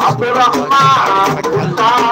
عبد الرحمن الرحمن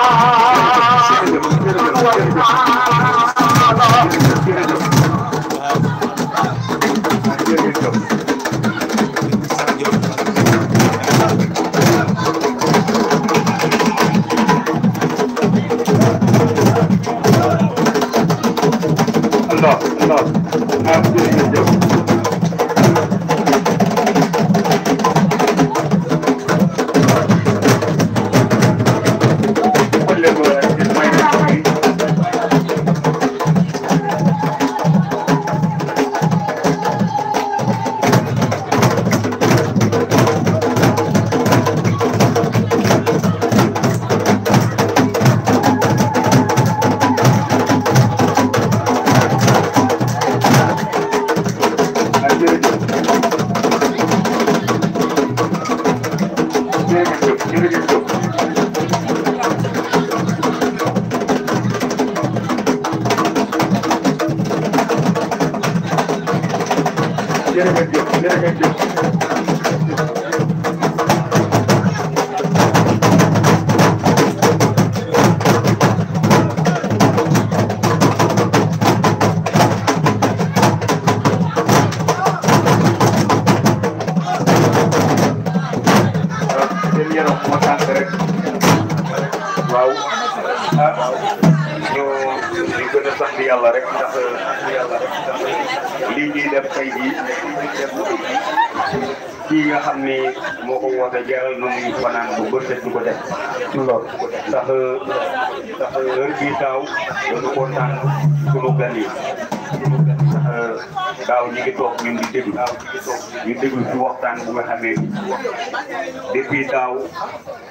depuis daaw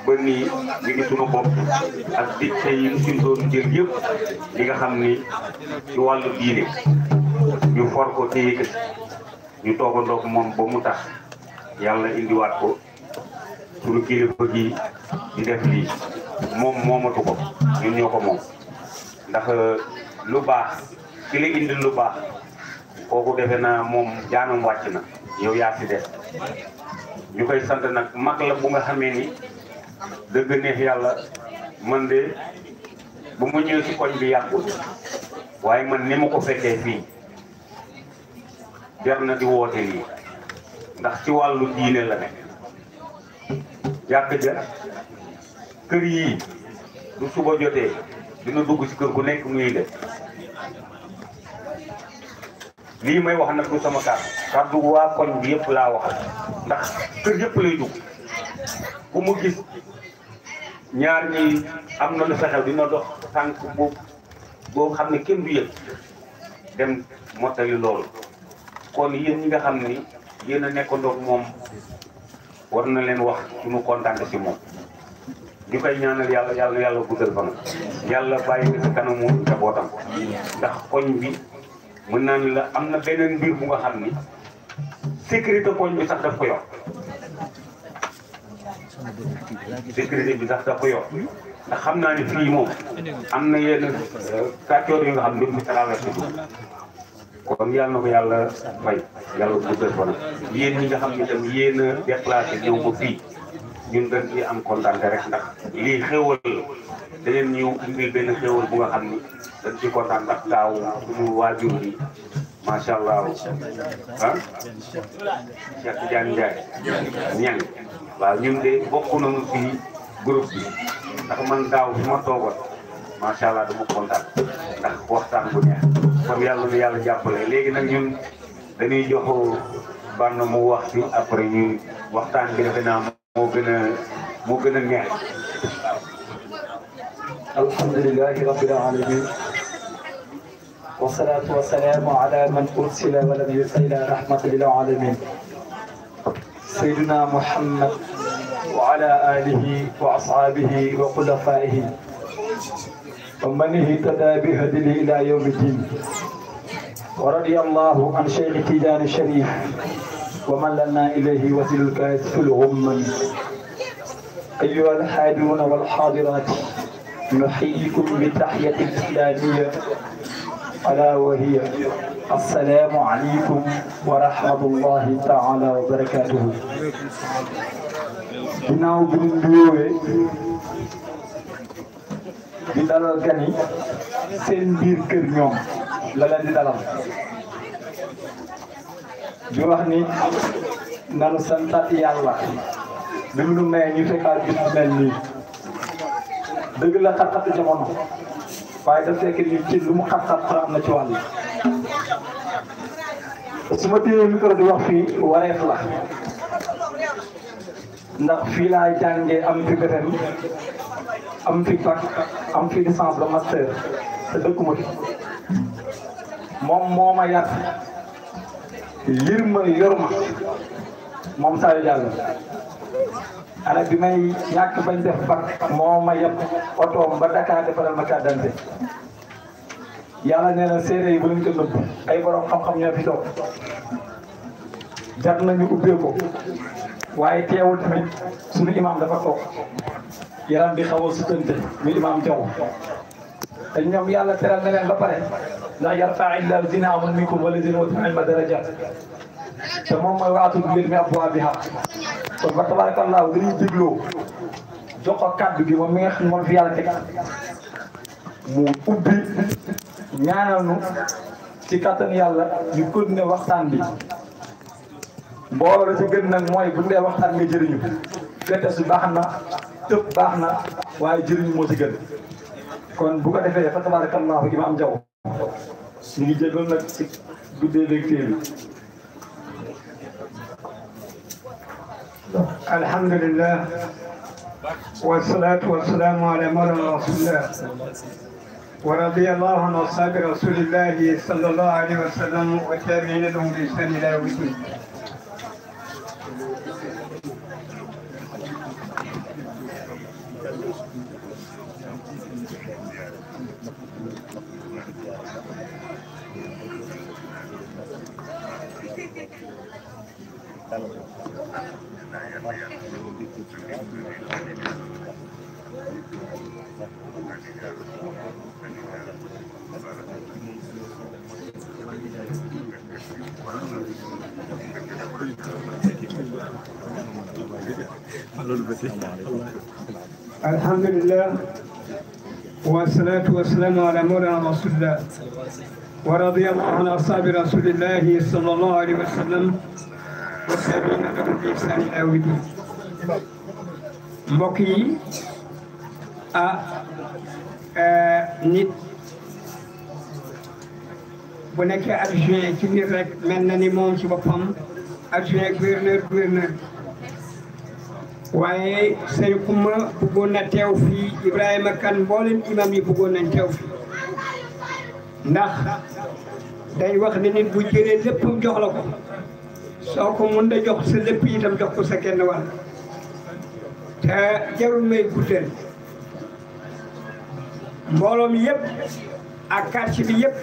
ba nii ñu ngi sunu bopp ak dicté yi ñu doon jël nga xam ni ci wàllu diine ñu for ko téye ñu toogandoo ko moom ba mu tax yàlla indiwaat ko sunu ki gi di def lii moom moomatu ko ñun ñoo ko moom ndax euh, lu baax ki la indi lu baax kooku defe naa moom jaanam wàcc na yow yaa si ñu koy sant nag mag la bu nga xamee ni dëgg neex yàlla man de bu ma ñëwee si koñ bi yàggul waaye man ni ma ko fekkee fii jar na di woote lii ndax ci wàllu diine la nekk jàkk ja kër yii du suba jotee dina dugg ci kër gu nekk muy def lii may wax nag du sama kàddu kàddu waa koñ bi yëpp laa waxal ndax kër yëpp lay dugg ku mu gis ñaar ñi am na lu fexew dina dox tànk boobu boo xam ne kenn du yëg dem mottali loolu kon yéen ñi nga xam ni yéen a nekkandoog moom war na leen wax suñu kontaan si moom ñu koy ñaanal yàlla yàlla yàlla guddal fan yàlla bàyyi sa kanamu njabootam ndax koñ bi mën naa ni la am na beneen mbir bu nga xam ni sécurité koñ bi sax daf ko yor sécurité bi sax daf ko yor xam naa ni fii moom am na yenn kàccoor euh, yu nga xam ne du mu traversé kon yàlla na ko yàlla fay yàlla bu dee yéen ñi nga xam ne itam yéen a déplacé ñëw ba fii ñun dañ ci am kontaan rek ndax li xewal da leen ñëw indi ben xewal bu nga xamni dañ ci kontaan ndax mu wajur ni ma sha allah ha ah Cheikh Tidiane Ndiaye ñang wa ñun de bokk nañu fi groupe bi ndax man daaw bi ma toogoon macha allah dama kontaan ndax waxtan bu neex kon yalla na yalla jàppale léegi nak ñun dañuy joxo ban mu wax ci après ñu waxtan bi defe naa ممكن ممكن نعيش الحمد لله رب العالمين والصلاة والسلام على من أرسل ولم يرسل رحمة للعالمين سيدنا محمد وعلى آله وأصحابه وخلفائه ومن اهتدى بهديه إلى يوم الدين ورضي الله عن شيخ تيجان الشريف وما لنا إليه وسيلك يدخل من أيها الحاضرون والحاضرات نحييكم بتحية إسلامية ألا وهي السلام عليكم ورحمة الله تعالى وبركاته ginnaaw bi ñu nuyoowe di dalal gan seen biir kër ñoom la leen di dalal ñu wax ni nanu santaat yàlla bi mu nu may ñu fekkaat gis bu mel nii dëgg la xat-xat jamono waaye daf fekk ni ci lu mu xat-xat xaram na ci wàll su ma téyee micro di wax fii wareef la ndax fii laay jàngee am fi am fi bac am fi licence ba master te dëkkuma moom moo yar yër ma yor ma moom Sadio Diallo ana bi may ñàkk bañ def bac moo ma yeb otoom ba Dakar defaral ma carte d'identité yàlla nee na séeréer yi bu leen ko nëbb ay borom xam-xam ñoo fi toog jar nañu ubbee waaye teewul tamit suñu imaam dafa toog yaram bi xaw a sukkante imaam Jaw te yàlla teral na leen ba pare ndax yarfa illahu zina amun minkum wala zina wut ilma darajat te moom mooy waatu mbir mi abwaabiha kon ba tabarakallahu dañuy dégloo jox ko kàddu gi moom mi nga xam fi yàlla teg mu ubbi ñaanal nu ci kattan yàlla ñu continuer waxtaan bi mbooloo la ci gën nag mooy bu ñu dee waxtaan nga jëriñu fete su baax na tëb baax na waaye jëriñu moo ci kon bu ko defee fa tabarakallahu imaam Jaw الحمد لله والصلاة والسلام على مولانا رسول الله ورضي الله عن أصحاب رسول الله صلى الله عليه وسلم والتابعين لهم بإحسان إلى يوم الدين Elhamdülillah ve salatu ve selamu ala Mevlana Resulullah ve radıyallahu anh ashabi Resulillahi sallallahu aleyhi ve sellem ve sebine lehum bi ihsan ila yevmiddin. Mbokk yi ah nit bu nekkee adjoint ci nit rek mel ni moom ci boppam adjoint gouverneur gouverneur waaye sëñ Kumba bëggoon na teew fii Ibrahima Kane mboolem imam yi bëggoon nañ teew fii ndax day wax ne nit bu jëlee léppam jox la ko soo ko mën da jox sa lépp itam jox ko sa kenn wàll te jarul may guddal mbooloom yëpp ak quartier bi yëpp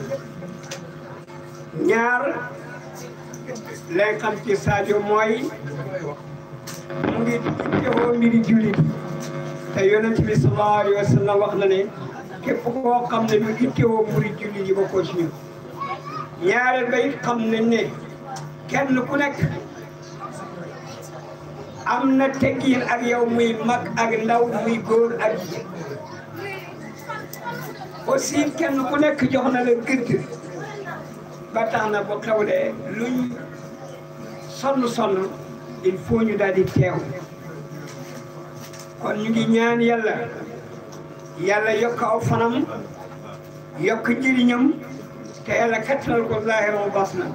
ñaar lañ xam ci Sadio mooy mu ngi teewoo mbiri jullit te yonent bi sallallahu alayhi wa sallam wax na ne képp koo xam ne ñu ittewoo mbiri jullit yi bokkoo ci ñun ñaareel ba it xam nañ ne kenn ku nekk am na teggin ak yow muy mag ak ndaw muy góor ak jigéen aussi kenn ku nekk jox na la gëdd ba tax na bu xewlee luñ sonn sonn il faut ñu daal di teew kon ñu ngi ñaan yàlla yàlla yokk aw fanam yokk njëriñam te yàlla kattanal ko zaahira bas na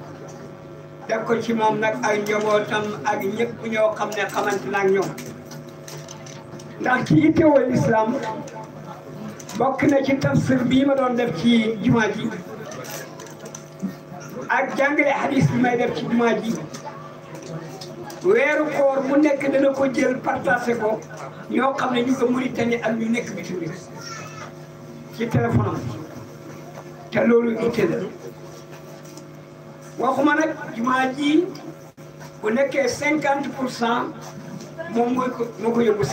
def ci moom nag ak njabootam ak ñëpp ñoo xam ne xamante na ak ñoom ndax ci yittewoo lislaam bokk na ci tafsir bii ma doon def ci jumaa ji ak hadis may def ci jumaa weeru koor bu nekk dana ko jël partagé ko ñoo xam ne ñu ko Mauritanie ak ñu nekk bitim réew ci téléphone am te loolu itte la waxuma nag jumaa ji bu nekkee cinquante pour cent moom mooy ko moo ko yóbbu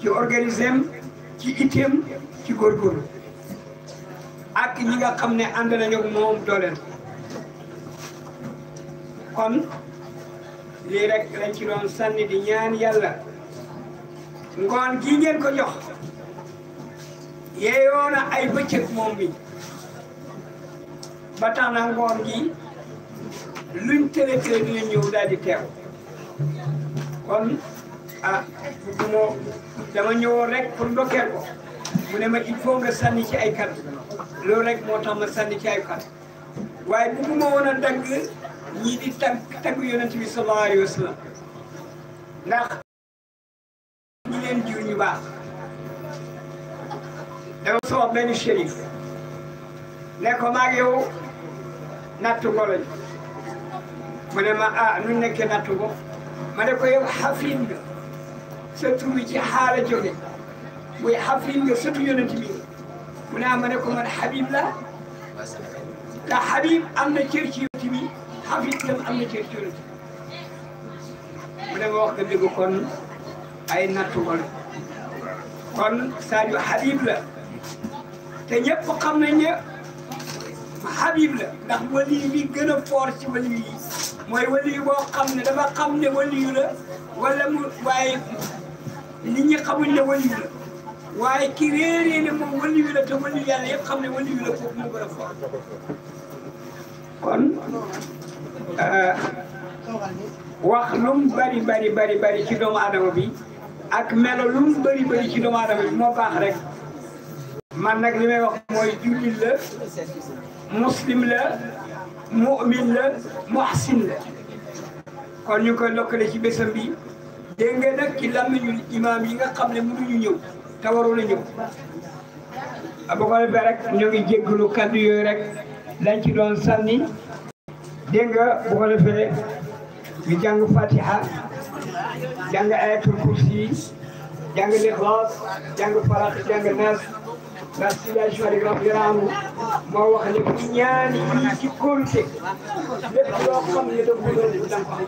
ci organisem ci itteem ci ak ñi nga xam ne ànd nañu moom dooleel kon lii rek lañ ci doon sànni di ñaan yàlla ngoon gi ngeen ko jox yeeyoo na ay bëccëg moom bi ba ngoon gi luñ tële tële dina ñëw daal di teew kon ah duma dama ñëwoon rek pour ndokkeel ko mu ne ma il fo nga sànni ci ay kàddu loolu rek moo tax ma sànni ci ay kàddu waaye bëgguma woon a dagg ñii di tag tagg yonent bi sallallahu alayhi wa sallam ndax ñi baax dama sama benn shérif ne ko yow nattu ko lañ mu ne ma ah nekkee nattu ko ma ne ko yow xafin nga sa ci xaala jóge muy xafin nga sëtu yonent bi mu ne ah ma ne ko man xabib la te xabib am na cër ci yonent xafis tam am na cër cër mu ne ma wax nga dëgg kon ay nattu wala kon Sadio Habib la te ñëpp xam ne ne Habib la ndax wali bi gën a fort ci wali yi mooy wali boo xam ne dafa xam ne wali la wala mu waaye nit ñi xamuñ ne wali la waaye ki réeree ne moom wali la te wali yàlla yëpp xam ne wali la foofu mu gën a fort kon. Euh, wax lu mu bari bari bari bari ci doomu adama bi ak melo lu mu bari bari ci doomu adama bi moo baax rek man nag li may wax mooy jullit la muslim la mu'min la muhsin la kon ñu koy lokkale ci bésam bi dégg nga nag ci làmmiñu imaam yi nga xam ne ñu ñëw te waroon a ñëw ah, bu ko defee rek ñu ngi jéggalu kàddu yooyu rek dañ ci doon sànni dégg nga fatiha jàng ayatul kursi jàng lixlaas jàng falaq jàng naas ndax situation bi nga xam ne moo wax ne bu ñaan ci kóolute lépp loo xam ne daf ko doon dam ko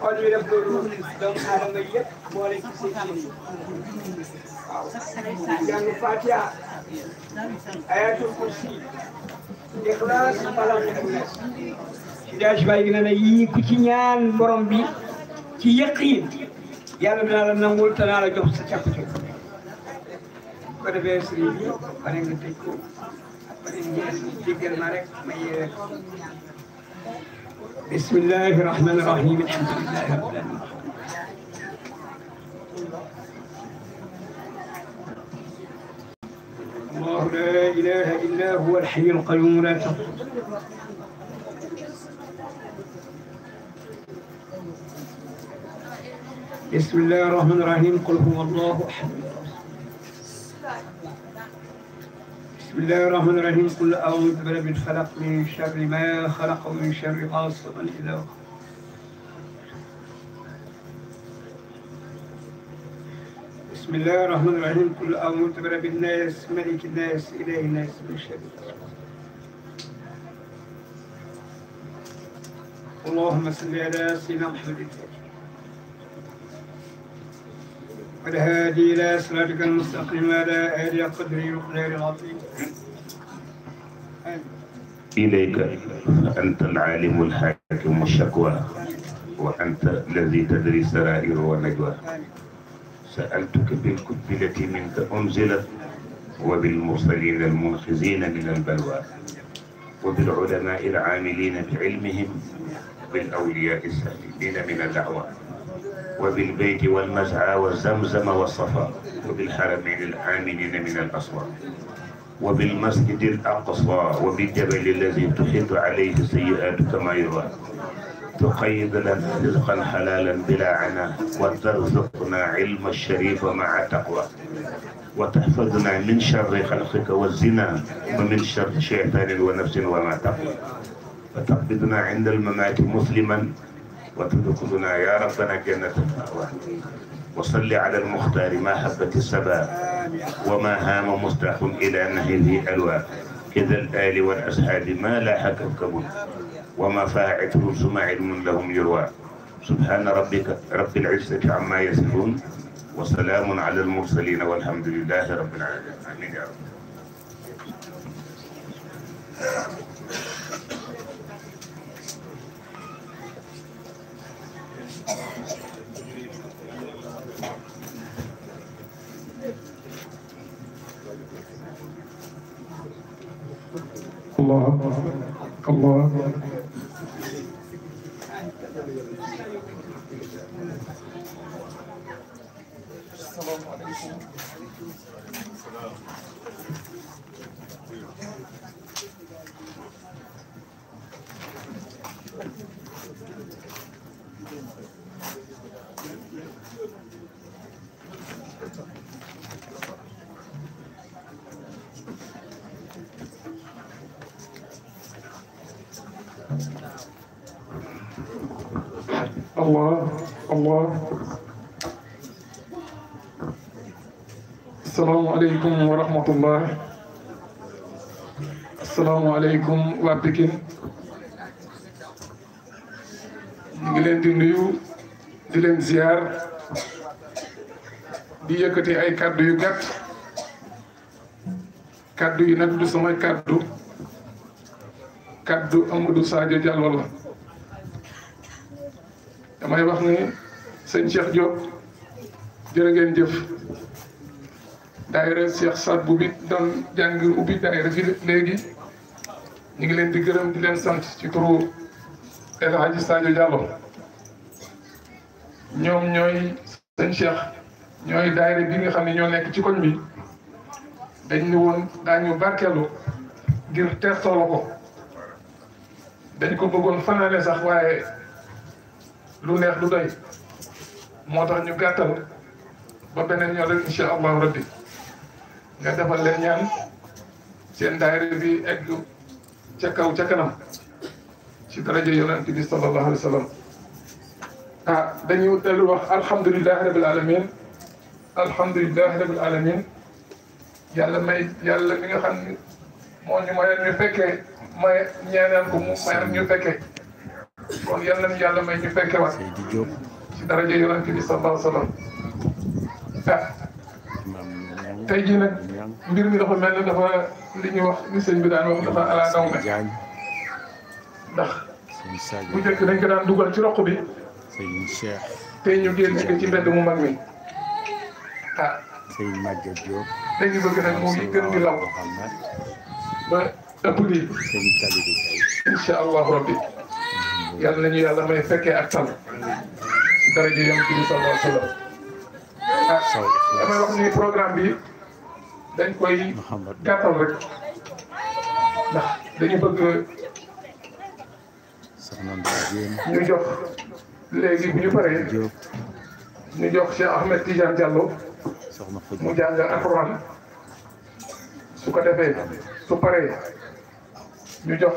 kon ñu def loolu doomu aadama yëpp boole ci seen yi waaw jàng fatiha ayatul kursi ixlaas balaa ixlaas Sidaaj Baay gi ne na yii ku ci ñaan borom bi ci yëqiin yàlla dinaa la nangul te naa la jox sa càkk coono bu ko defee sëriñ bi pare nga tëj ko pare ngeen jéggal ma rek ma yee bismillahi rahmani rahim alhamdulillahi rabbil alamin الله لا إله إلا هو الحي القيوم لا تقوم بسم الله الرحمن الرحيم قل هو الله أحد بسم الله الرحمن الرحيم قل أعوذ برب الفلق من شر ما خلق ومن شر غاصب إذا وقب بسم الله الرحمن الرحيم كل أمرت برب الناس ملك الناس إله الناس من اللهم صل على سيدنا محمد والهادي إلى صراطك المستقيم على آل قدر وقدره العظيم إليك أنت العالم الحاكم الشكوى وأنت الذي تدري سرائر ونجوى سألتك بالكتب التي منك أنزلت وبالمرسلين المنقذين من البلوى وبالعلماء العاملين بعلمهم بالأولياء السالمين من الدعوة وبالبيت والمسعى والزمزم والصفا وبالحرمين العاملين من الأسوار وبالمسجد الأقصى وبالجبل الذي تحيط عليه السيئات كما يرى تقيد لنا رزقا حلالا بلا عنا وترزقنا علم الشريف مع تقوى وتحفظنا من شر خلقك والزنا ومن شر شيطان ونفس وما تقوى وتقبضنا عند الممات مسلما وتدخلنا يا ربنا جنة المأوى وصل على المختار ما حبت السبا وما هام مستحق إلى نهله ألوى إذا الآل والأصحاب ما لاح كوكب وما ومفاعل ثم علم لهم يروى سبحان ربك رب العزة عما يصفون وسلام على المرسلين والحمد لله رب العالمين آمين يا رب الله الله 阿妈，阿妈。Assalamualaikum wa Assalamualaikum wabikin ngi len di nuyu di len ziar di yëkëti ay kaddu yu gatt kaddu yi nak du sama kaddu kaddu Amadou Sadio Diallo la damay wax ni Cheikh Diop jërë jëf. daayira Cheikh Saad bu bi doon jàng ubbi daayira rek léegi ñu ngi leen di gërëm di leen sant ci turu El Hadji Sadio Diallo ñoom ñooy sëñ Cheikh ñooy daayira bi nga xam ne ñoo nekk ci koñ bi dañ ni woon daañu barkeelu ngir teertoo ko dañ ko bëggoon fanaane sax waaye lu neex lu doy moo tax ñu gàttal ba beneen yoon rek incha allahu rabbi nga defal leen ñaan seen daayira bi egg ca kaw ca kanam ci daraja yonent bi sallallahu alayhi wa sallam ah dañu dellu wax alhamdulilahi rabil alamin alhamdulilahi rabil alamin yàlla may yàlla mi nga xam ne moo ñu mayal ñu fekkee may ñaanaan ko mu mayal ñu fekkee kon yal nañu yàlla may ñu fekke waat ci daraja yonent bi sallallahu alayhi wa sallam ah tey jii mbir mi dafa mel dafa li ñuy wax li sëñ bi daan wax dafa ala daw me ndax bu njëkk dañ ko daan dugal ci roq bi tey ñu ci ci mbedd mu mag mi ah. bëgg ngi gën di law ba ëpp lii incha allahu rabbi yàlla nañu yàlla may fekkee ak tal dara ji yam ci sallallahu alayhi ah, wax ni programme bi dañ koy gàttal rek ndax dañu bëgg ñu jox léegi bu ñu paree ñu jox Cheikh Ahmed Tidiane Diallo mu jàng alxuraan su ko defee su paree ñu jox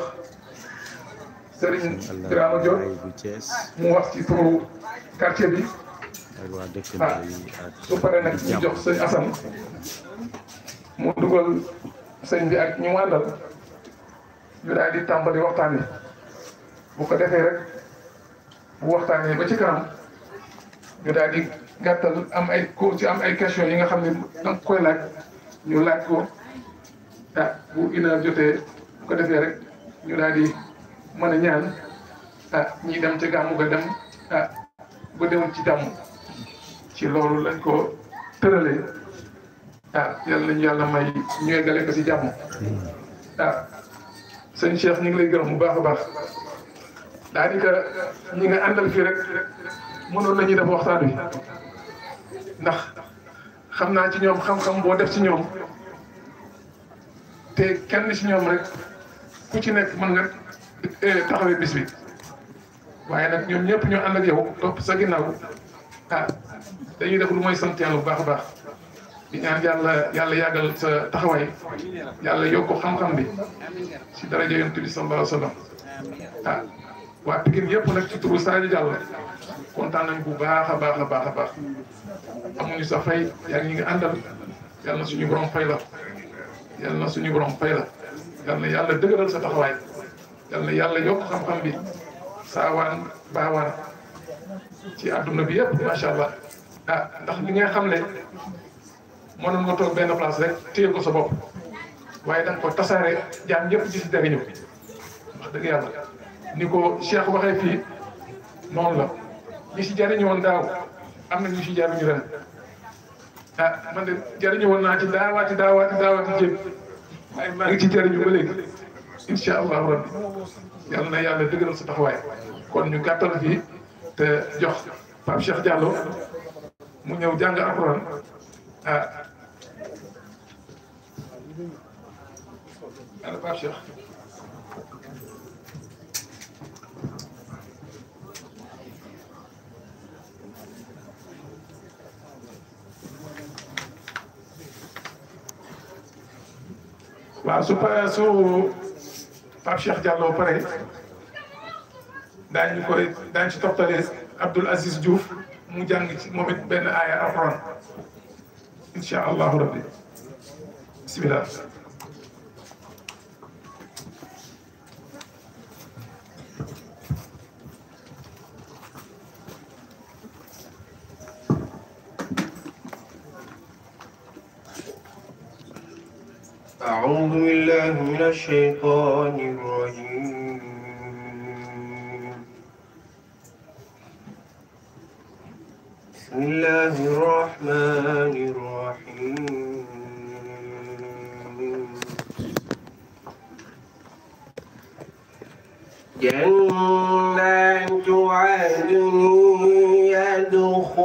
Serigne Birama Diop mu wax ci turu quartier bi ah su paree nag ñu jox sëñ Assane moo dugal sëñ bi ak ñu mu àndal ñu daal di tàmbali waxtaan yi bu ko defee rek bu waxtaanee ba ci kanam ñu daal di gàttal am ay ko ci am ay question yi nga xam ne danga koy laaj ñu laaj ko ah bu une jotee bu ko defee rek ñu daal di mën a ñaan ah ñii dem ca gàmmu ga dem ah ba demoon ci jàmm ci loolu lañ ko tëralee. ah yàlla nañu yàlla may ñu eggale ko si jàmm ah sëñ Cheikh ñu ngi lay gërëm bu baax a baax daanaka ñi nga àndal fii rek mënoon nañu def waxtaan wi ndax xam ci ñoom xam-xam boo def ci ñoom te kenn ci ñoom rek ku ci nekk mën nga eh, taxawee bis bi waaye nag ñoom ñëpp ñoo ak yow sa ah dañuy def lu mooy sant yàlla bu baax baax. di ñaan yàlla yàlla yàggal sa taxawaay yàlla yokk xam-xam bi si daraja yonent bi sallallahu alayhi wa sallam ah waa yëpp nag ci turu Sadio Diallo kontaan nañ bu baax a baax a baax a baax amuñu sa fay yaa ñu ngi àndal yàlla na suñu borom fay la yàlla na suñu borom fay la na yàlla dëgëral sa taxawaay yàlla na yàlla yokk xam-xam bi saawaan baawaan ci àdduna bi yëpp macha allah ah, ndax li nga xam ne. mënoon nga tok ben place rek tey ko sa bop waye dang ko tassare jam ñëpp ci si jariñu wax deug yalla niko Cheikh waxe fi non la ñi ci jariñu won daaw amna na ñu si jariñu ren ah man de jariñu won na ci daawati daawati daawati jéem ay ma ngi ci jariñu ba leg incha allahu rabbi yalla na yàlla dëgëral sa taxaway kon ñu gattal fi te jox pap Cheikh Diallo mu ñew jang alquran ah انا بعرفش احكم waaw su pa su Pape Cheikh Diallo pare daañu koy daañu ci toppale Abdoul Aziz Diouf mu jàng ci moom it benn aaya alquran incha allahu rabbi bismillah أعوذ بالله من الشيطان الرجيم بسم الله الرحمن الرحيم جنات عدن يدخلونها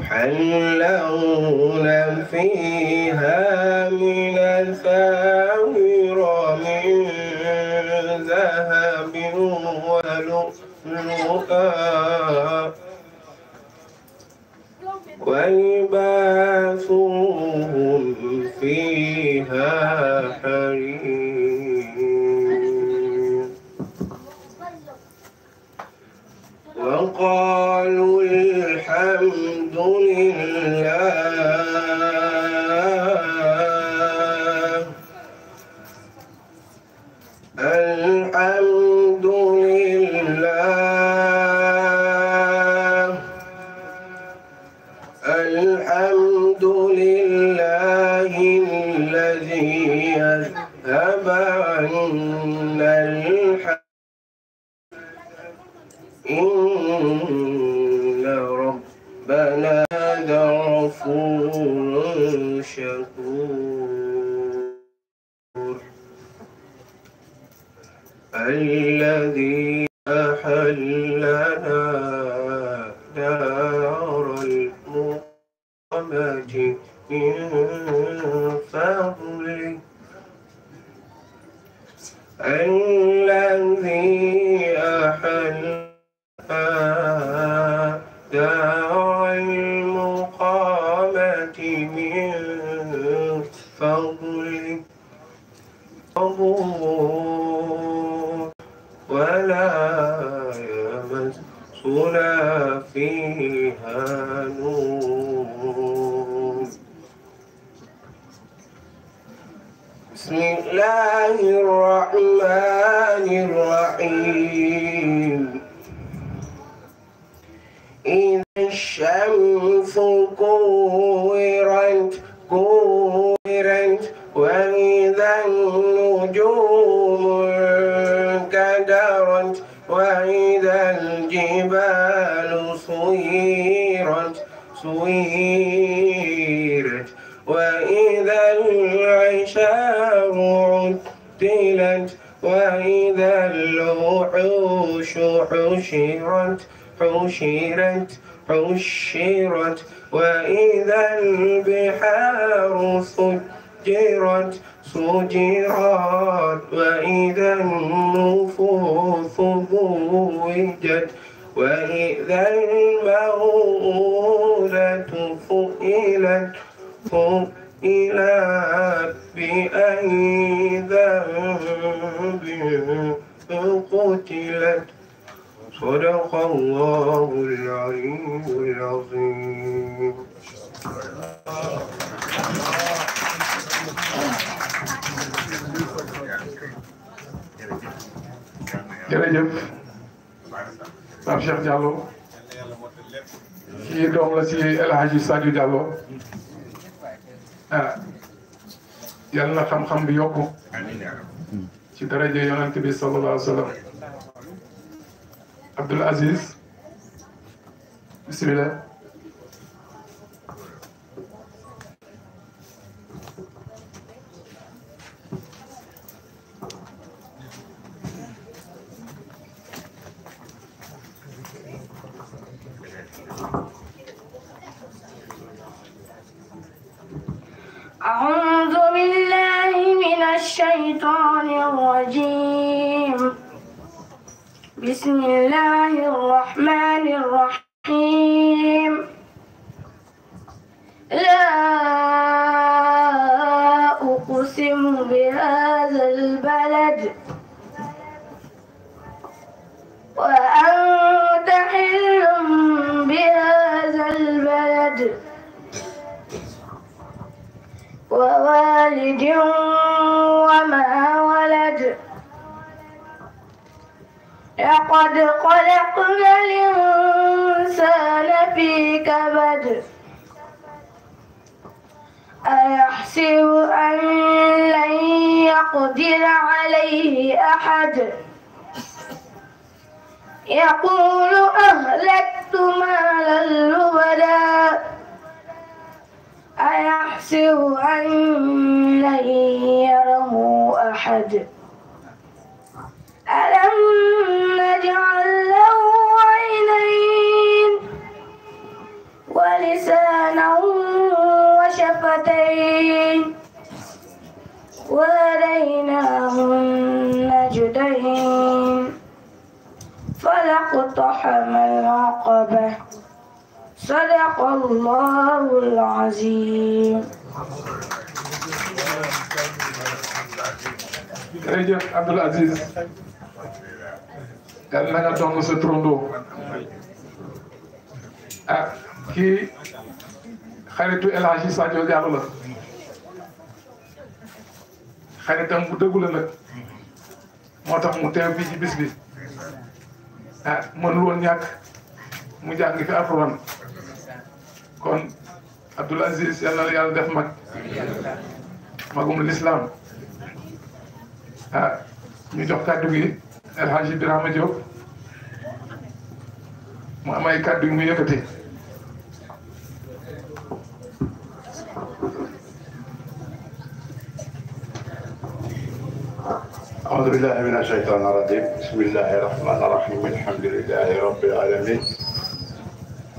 يحلون فيها من أساور من ذهب ولؤلؤا ولباسهم فيها حرير وقالوا الحمد لله soxla si El Hadji Sadio Diallo ah, yal na xam-xam bi yokku ci daraje yonent bi sallallahu alayhi wa bismillah الشيطان الرجيم بسم الله الرحمن الرحيم لا أقسم بهذا البلد وأنت حل بهذا البلد ووالد وما ولد لقد خلقنا الإنسان في كبد أيحسب أن لن يقدر عليه أحد يقول أهلكت مالا لبدا أيحسب أن لن يره أحد ألم نجعل له عينين ولسانا وشفتين وهديناه النجدين فلقتحم العقبة Sadaqallahul azim. jërëjëf Abdul Aziz yàlla na dong doon sa turandoo ah kii El Hadji Sadio Diallo la xaritam bu dëggu la nag moo mu ci bis bi ah mënul woon mu fi kon Abdoul Aziz yal na la yàlla def mag magum lislaam ah ñu jox kàddu gi El Hadji Birama Diop mu am ay kàddu yu mu yëkkati أعوذ بالله من الشيطان الرجيم بسم الله الرحمن الرحيم الحمد لله رب العالمين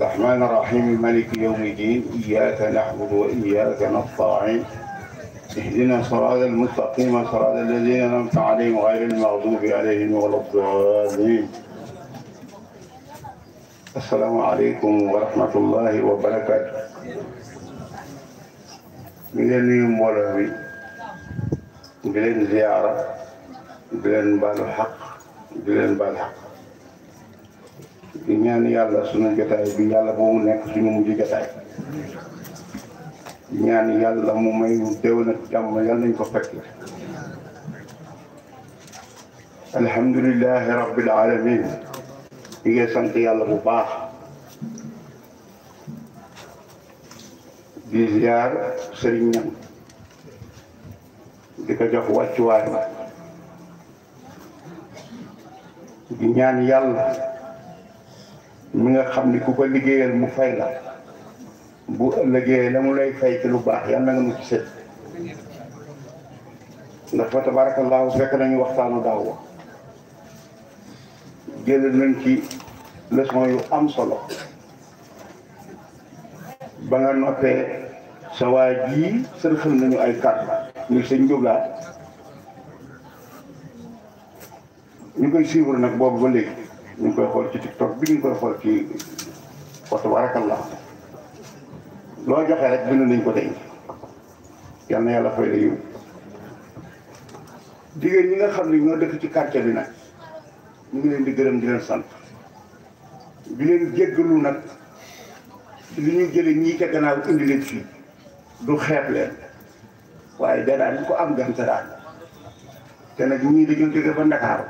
الرحمن الرحيم ملك يوم الدين إياك نعبد وإياك نستعين اهدنا صراط المستقيم صراط الذين أنعمت عليهم غير المغضوب عليهم ولا الضالين السلام عليكم ورحمة الله وبركاته من اليوم ولوي بلين زيارة بلين بالحق بلين بالحق di ñaan yàlla suñu jotaay bi yàlla bu mu nekk suñu mujj jotaay di ñaan yàlla mu may mu déwén ak jàmm yàlla nañ ko fekk alhamdulilahi rabbil alamin ñu ngi sant yàlla bu baax di ziar sëriñ ñam di ko jox wàccuwaay di ñaan yàlla mu nga xam ni ku ko liggéeyal mu fay la bu ëllëgee la mu lay fay ci lu baax yàlla nga mu ci sët ndax fa tabaarakallaahu fekk nañu waxtaanu daaw wa jël nañ ci leçon yu am solo ba nga noppee sa waa ji sërxal nañu ay kàddu ñu sëñ njóglaa ñu koy suivre nag boobu ba léegi ñu ngi koy xool ci tiktok bi ñu ngi koy xool ci wa tabarakallah loo joxe rek bind nañ ko denc na yàlla fay la yiw jigéen nga xam ne ñoo dëkk ci quartier bi nag ñu ngi leen di gërëm di leen sant di leen jéggalu nag ci li ñu jële ñii ca gannaaw indi waaye danaa ñu ko am gan te nag ñuy dañoo jóge ba Ndakaaru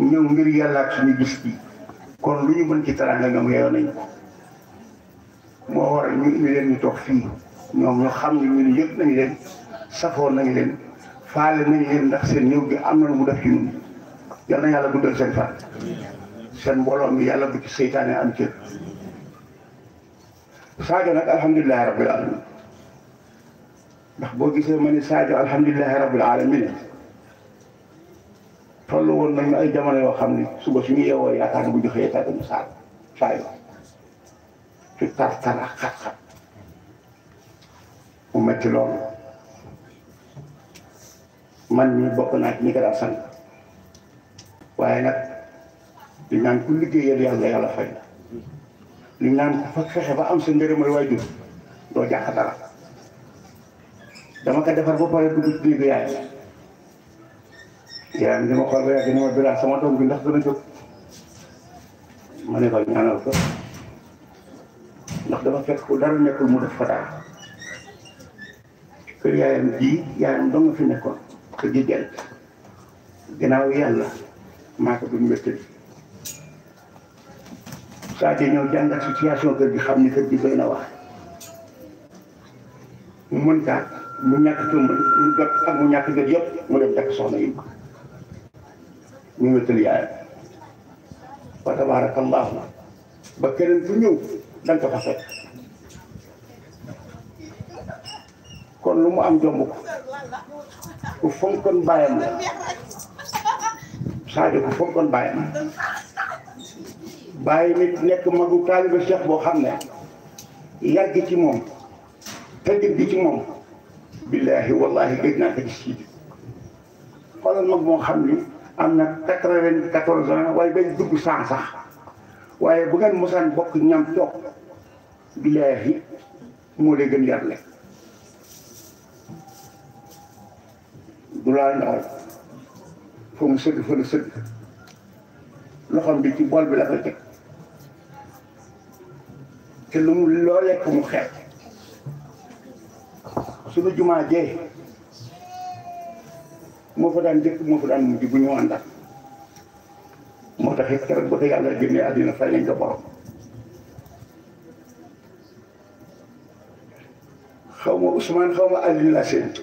ñëw ngir yàlla ak suñu gis bi kon lu ñu mën ci taranga ñoom yeyoo nañ ko moo waral ñu indi ñu toog fii ñoom ñu xam ne ñun yëg nañ leen safoon nañ leen faale nañ leen ndax seen ñëw gi am na lu mu def ci ñun yal na yàlla guddal seen fan seen mbooloo mi yàlla bu ci seytaane am cër Sadio nag alhamdulilahi rabbil alamin boo gisee ma ne Sadio alhamdulilahi rabbil tollu woon nag ay jamono yoo xam suba suñu yeewoo yaakaar bu joxee état dañu saal saay wa ci tar tar mu metti loolu man ñi bokk naa ci ñi sant waaye ku fay li ku fa ba am sa dama ko defar pare yaay yaa ngi ma xool ba yàgg ne ma bilaa sama doom bi ndax dana jóg ma ne ko ñaanal ko ndax dama fekk ku dara nekkul mu def fa daal kër yaayam ji yaayam dong nga fi nekkoon te ji del gannaaw yàlla maa ko duñ wéttali saa di ñëw jàngat situation kër gi xam ni kër gi doy na wax mu mën kaa mu ñàkk jom mu jot ak mu ñàkk jot yëpp mu dem takk soxna yi ñu wétali yaayam fa tabarakallahu ba keneen fu ñëw da nga ko fa fekk kon lu mu am jomb ko ku bayam bàyyam la Sadio ku fonkoon bàyyam bàyyi nit nek magu taaliba ya. cheikh bo xamne ne ci mom tëjëg gi ci mom billahi wallahi gëj naa ko gis ci xolal mag moo xam am na quatre-vingt-quatorze ans waaye bañ dugg cent sax waaye bu ngeen mosaan bokk ñam toog billaahi moo lay gën du laa ndaal fa mu sëgg fa la sëgg loxoom bi ci bool bi la ko teg te lu mu loo lekk mu xeet suñu jumaa jee moo fa daan dëkk moo fa daan mujj bu ñu àndal moo tax it keroog ba ko yàlla génnee àddina fay nañ ko borom xaw ma Ousmane xaw ma Alioune laa séentu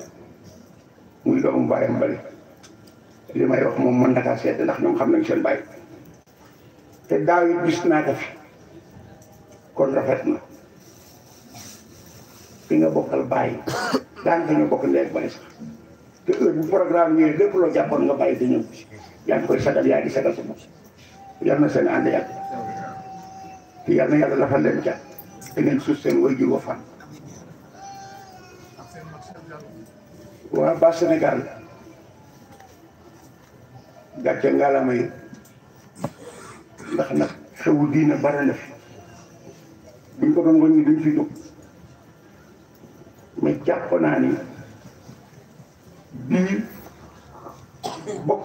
muy doomu bàyyam bari li may wax moom mën na kaa seet ndax ñoom xam nañ seen bàyyi te daaw it gis naa ko fi kon rafet na ki nga bokkal bàyyi daan ka ñu bokk ndee bàyyi sax te heure bu programme ñëwee loo jàppoon nga bàyyi te ñëw ci yaa ngi koy sagal yaa ngi sagal sa yal na seen ànd yàgg te yal na yàlla lafal leen cat te ngeen suuf seen way jur wa fan waa ba Sénégal gàcce ngaalama yi ndax nag xewu diina bari na fi buñ ko doon wëññi duñ fi dugg mais jàpp naa ni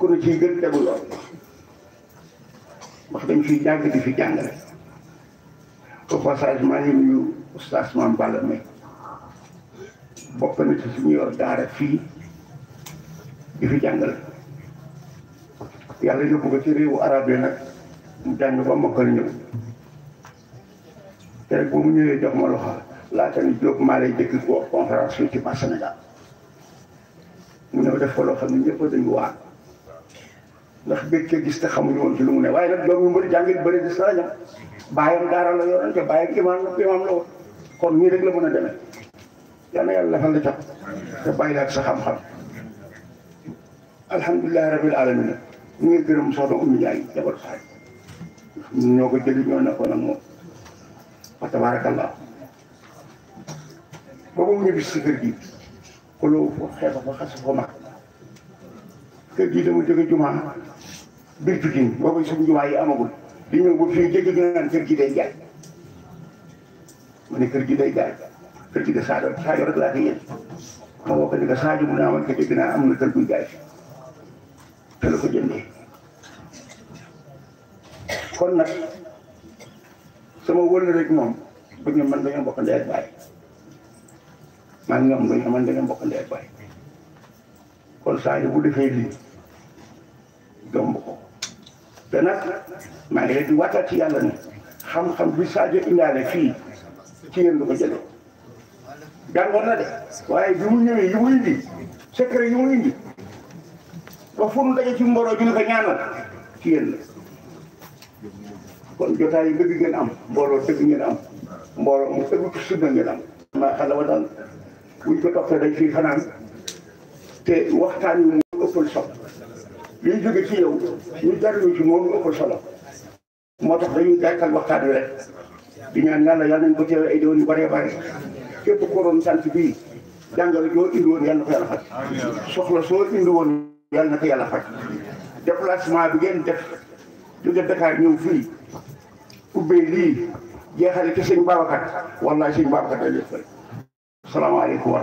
bokk na ci gën tegu yoon wax dañ fi jàng di fi jàngale au passage maa ngi nuyu oustaz Mame Balla bokk na ci suñu yor daara fii di fi jàngale yàlla yóbbu ko ci réewu arab yi nag mu jàng ba mokkal ñëw te rek ñëwee jox ma loxo laata ni Diop maa lay dëkk conférence fii ci ba Sénégal mu ñëw def ko loo xam ne dañu waar ndax bëgg ko gis te xamuñu woon ci lu mu ne waaye nag doom yu mbëri jàngit bëri gis naa ñam bàyyam daara la yoroon te bàyyi ak imaam la la woon kon nii rek la mën a demee yal na yàlla defal la cap te bàyyi la ak sa xam-xam alhamdulilah rabil alamin ñu ngi gërëm soxna Oumy Ndiaye jabar Faye ñoo ko ñoo nekkoon ak moom wa tabarakallah boobu ñu bis si kër gi xuloo fa xeeba fa xas fa mag kër gi dama jóge jumaa amagul di day jaay ma kër gi day jaay kër gi de Sadio Sadio rek laa fi ah am na kër guy kon nag sama wëlle rek moom bu ñu mën dañoo bokk ndey ak baay man ñoom dañoo mën bokk ndey ak kon Sadio bu defee lii. yomb ko te di waataat ci yàlla ni xam-xam bi Sadio indaale fii ci yéen lu ko na de waaye bi mu ñëwee yi mu indi secret yi mu indi ba fu mu daje ci mboroo ju ñu ko ñaanal ci yéen kon jotaay yi ngeen am mbooloo dëgg ngeen am mbooloo mu dëgg sunna ngeen am maa xam wa daal buñ ko toppee dañ fii fanaan te waxtaan wi mu ëppal soppi liy jóge ci yow ñu jariñu ci moom ëpp solo moo tax dañuy gàttal waxtaan wi rek di ñaan yàlla yàlla nañ ko teewee ay déwén yu bare bëri képp ko sant bii jàngale joo indi woon yàlla na ko yàlla faj soxla soo indi woon yàlla na ko yàlla faj déplacement bi ngeen def jóge Dakar ñëw fii ubbee lii jeexale ci sëñ Babacar wallaay sëñ Babacar dañ lay fay salaamaaleykum wa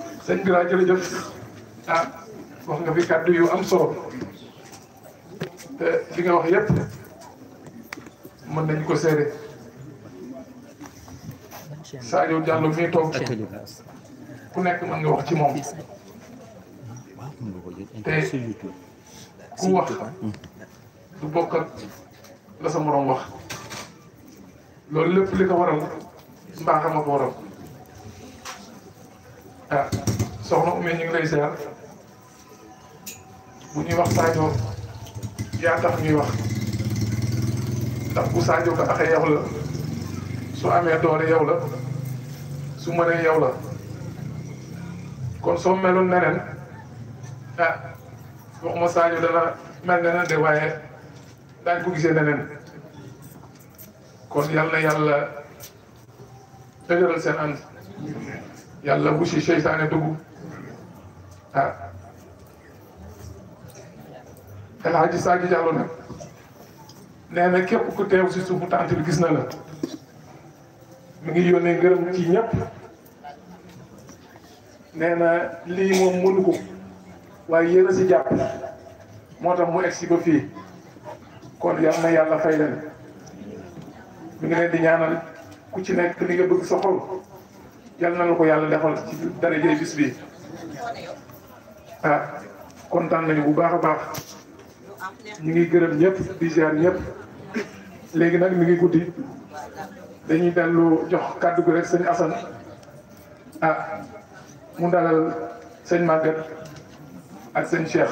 sëñ Bira jërëjëf ah wax nga fi kàddu yu am solo te li nga wax yépp mën nañ ko seede Sadio Diallo mii toog ku nekk mën nga wax ci moom te ku wax du bokk la sa moroom wax loolu lépp li ko waral mbaaxam a ko waaw ah, soxna Oumy ñu lay ziar bu ñuy wax Sadio yaa tax ñuy wax ndax bu Sadio ko axee yow la su amee doole yow la su mënee yow la kon soo meloon neneen ah waxuma Sadio dana mel neneen de waaye daañ ko gisee neneen kon yal yàlla dëgëral seen ànd. yàlla bu si seytaane dugg ah El Hadj Sadji Diallo nag nee na képp ku teew si suufu tànt gis na la mi ngi yónnee ngërëm ci ñëpp nee na lii moom mënu ko waaye yéen si jàpp moo tax mu egsi ba fii kon yal na yàlla fay mu ngi leen di ñaanal ku ci nekk li nga bëgg sa xol. yàlla na la ko yàlla defal ci darajay bis bi ah kontaan nañu bu baax a baax ñu ngi gërëm ñëpp di ziar ñëpp léegi nag mi ngi guddi dañuy dellu jox kàddu gi rek sëñ Assane ah mu dalal sëñ Maguette ak sëñ Cheikh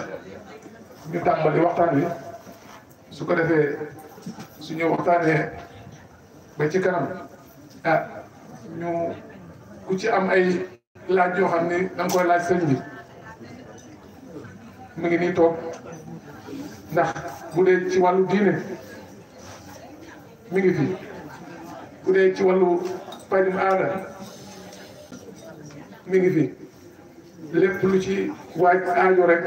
ñu tàmbali waxtaan wi su ko defee suñu waxtaanee ba ci kanam ah ñu. ku ci am ay laaj yoo xam ni da nga koy laaj sëñ bi mu ngi nii toog ndax bu dee ci wàllu diine mi ngi fi bu dee ci wàllu pajum aada mi ngi fi lépp lu ci waaj aajo rek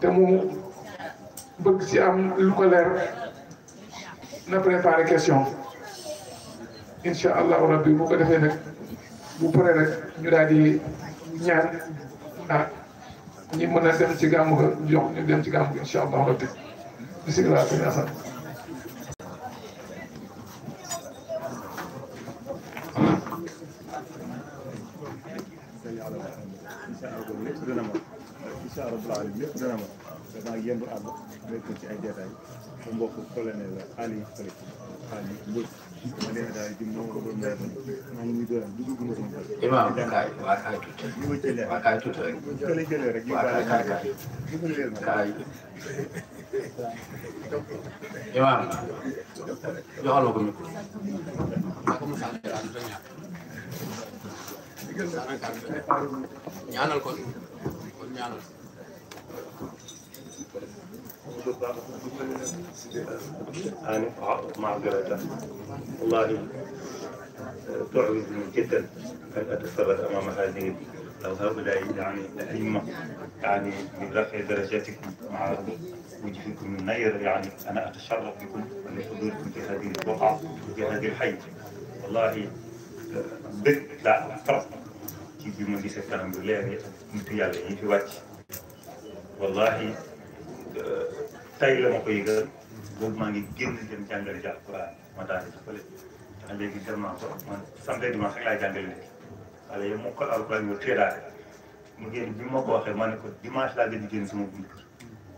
te mu bëgg ci am lu ko leer na préparé question incha allahu rabbi bu ko defee nag. bu paree rek ñu daal di ñaan ah ñi mën a dem ci gàmmu ga jox ñu dem ci gàmmu ga incha allah rabbi bisimilah sëñ Assane incha allah rabbil alamin lépp dana ma danaa yendu ànd Ali Ali Imam kai wa ka tuta wa ka tuta wa ka ka ka kai Imam joxal ma ko micro ñaanal ko ñaanal أنا مع أقدر والله تعجبني جدا أن أتثبت أمام هذه أو هؤلاء يعني الأئمة يعني من رفع درجاتكم مع وجهكم النير يعني أنا أتشرف بكم ولحضوركم في هذه الوقعة وفي هذه الحي والله بك لا أعترف كي بما ليس الحمد لله في وجهي والله tey la ma ko yëgal boobu maa ngi génn dem jàngale ji alquran ma daal di dimanche rek laay jàngale léegi wala yow mokkal alquran yow téedaale mu génn bi ma ko waxee ma ne ko dimanche laa gën di génn sama bunt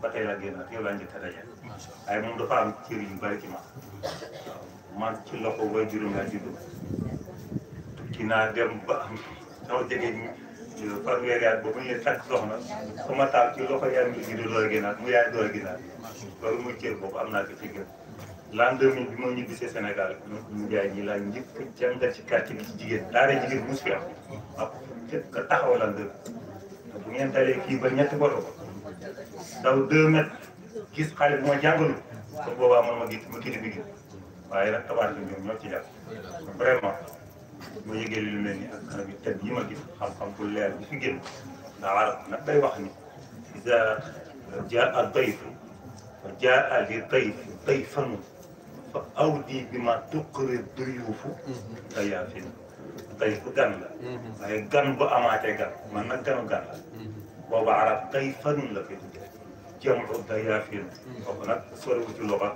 ba tey laa génn ak yow laa njëkk a daje waaye moom dafa am cër yu bari ci ma man ci loxo way juróom laa juddoo tukki naa dem ba am sama jege fanweeri at ba bu ñu takk soxna su ma taal ci loxo yaay mi giddi looy ginaar mu yaay dooy ginaar loolu muy cër boobu am naa ko ci gën l'an 2000 bi ma ñibbisee Sénégal ñu jaay ñi laa njëkk jàngal ci quartier bi ci jigéen daara jigéen mus fi am waaw nga taxaw l'an 2000 bu ngeen dalee kii ba ñetti boto daw 2 mètres gis xale bu ma jàngalu ko boobaa man ma gis ma kilifi gi waaye nag tabaar bi ñoom ñoo ci jàpp vraiment mu yëgee lu mel ni ak xarab yu tedd yi ma gis xam-xam bu leer bi fi génn ndax arab nag day wax ni isa jaa dayfu fa jaa li dayfi dayfan fa awdi bi ma tuqri duyuufu dayaafin dayfu gan la waaye gan bu amaatee gan man nag ganu gan la boobu arab dayfan la fi jamu dayaafin kooku nag soriwu ci loxo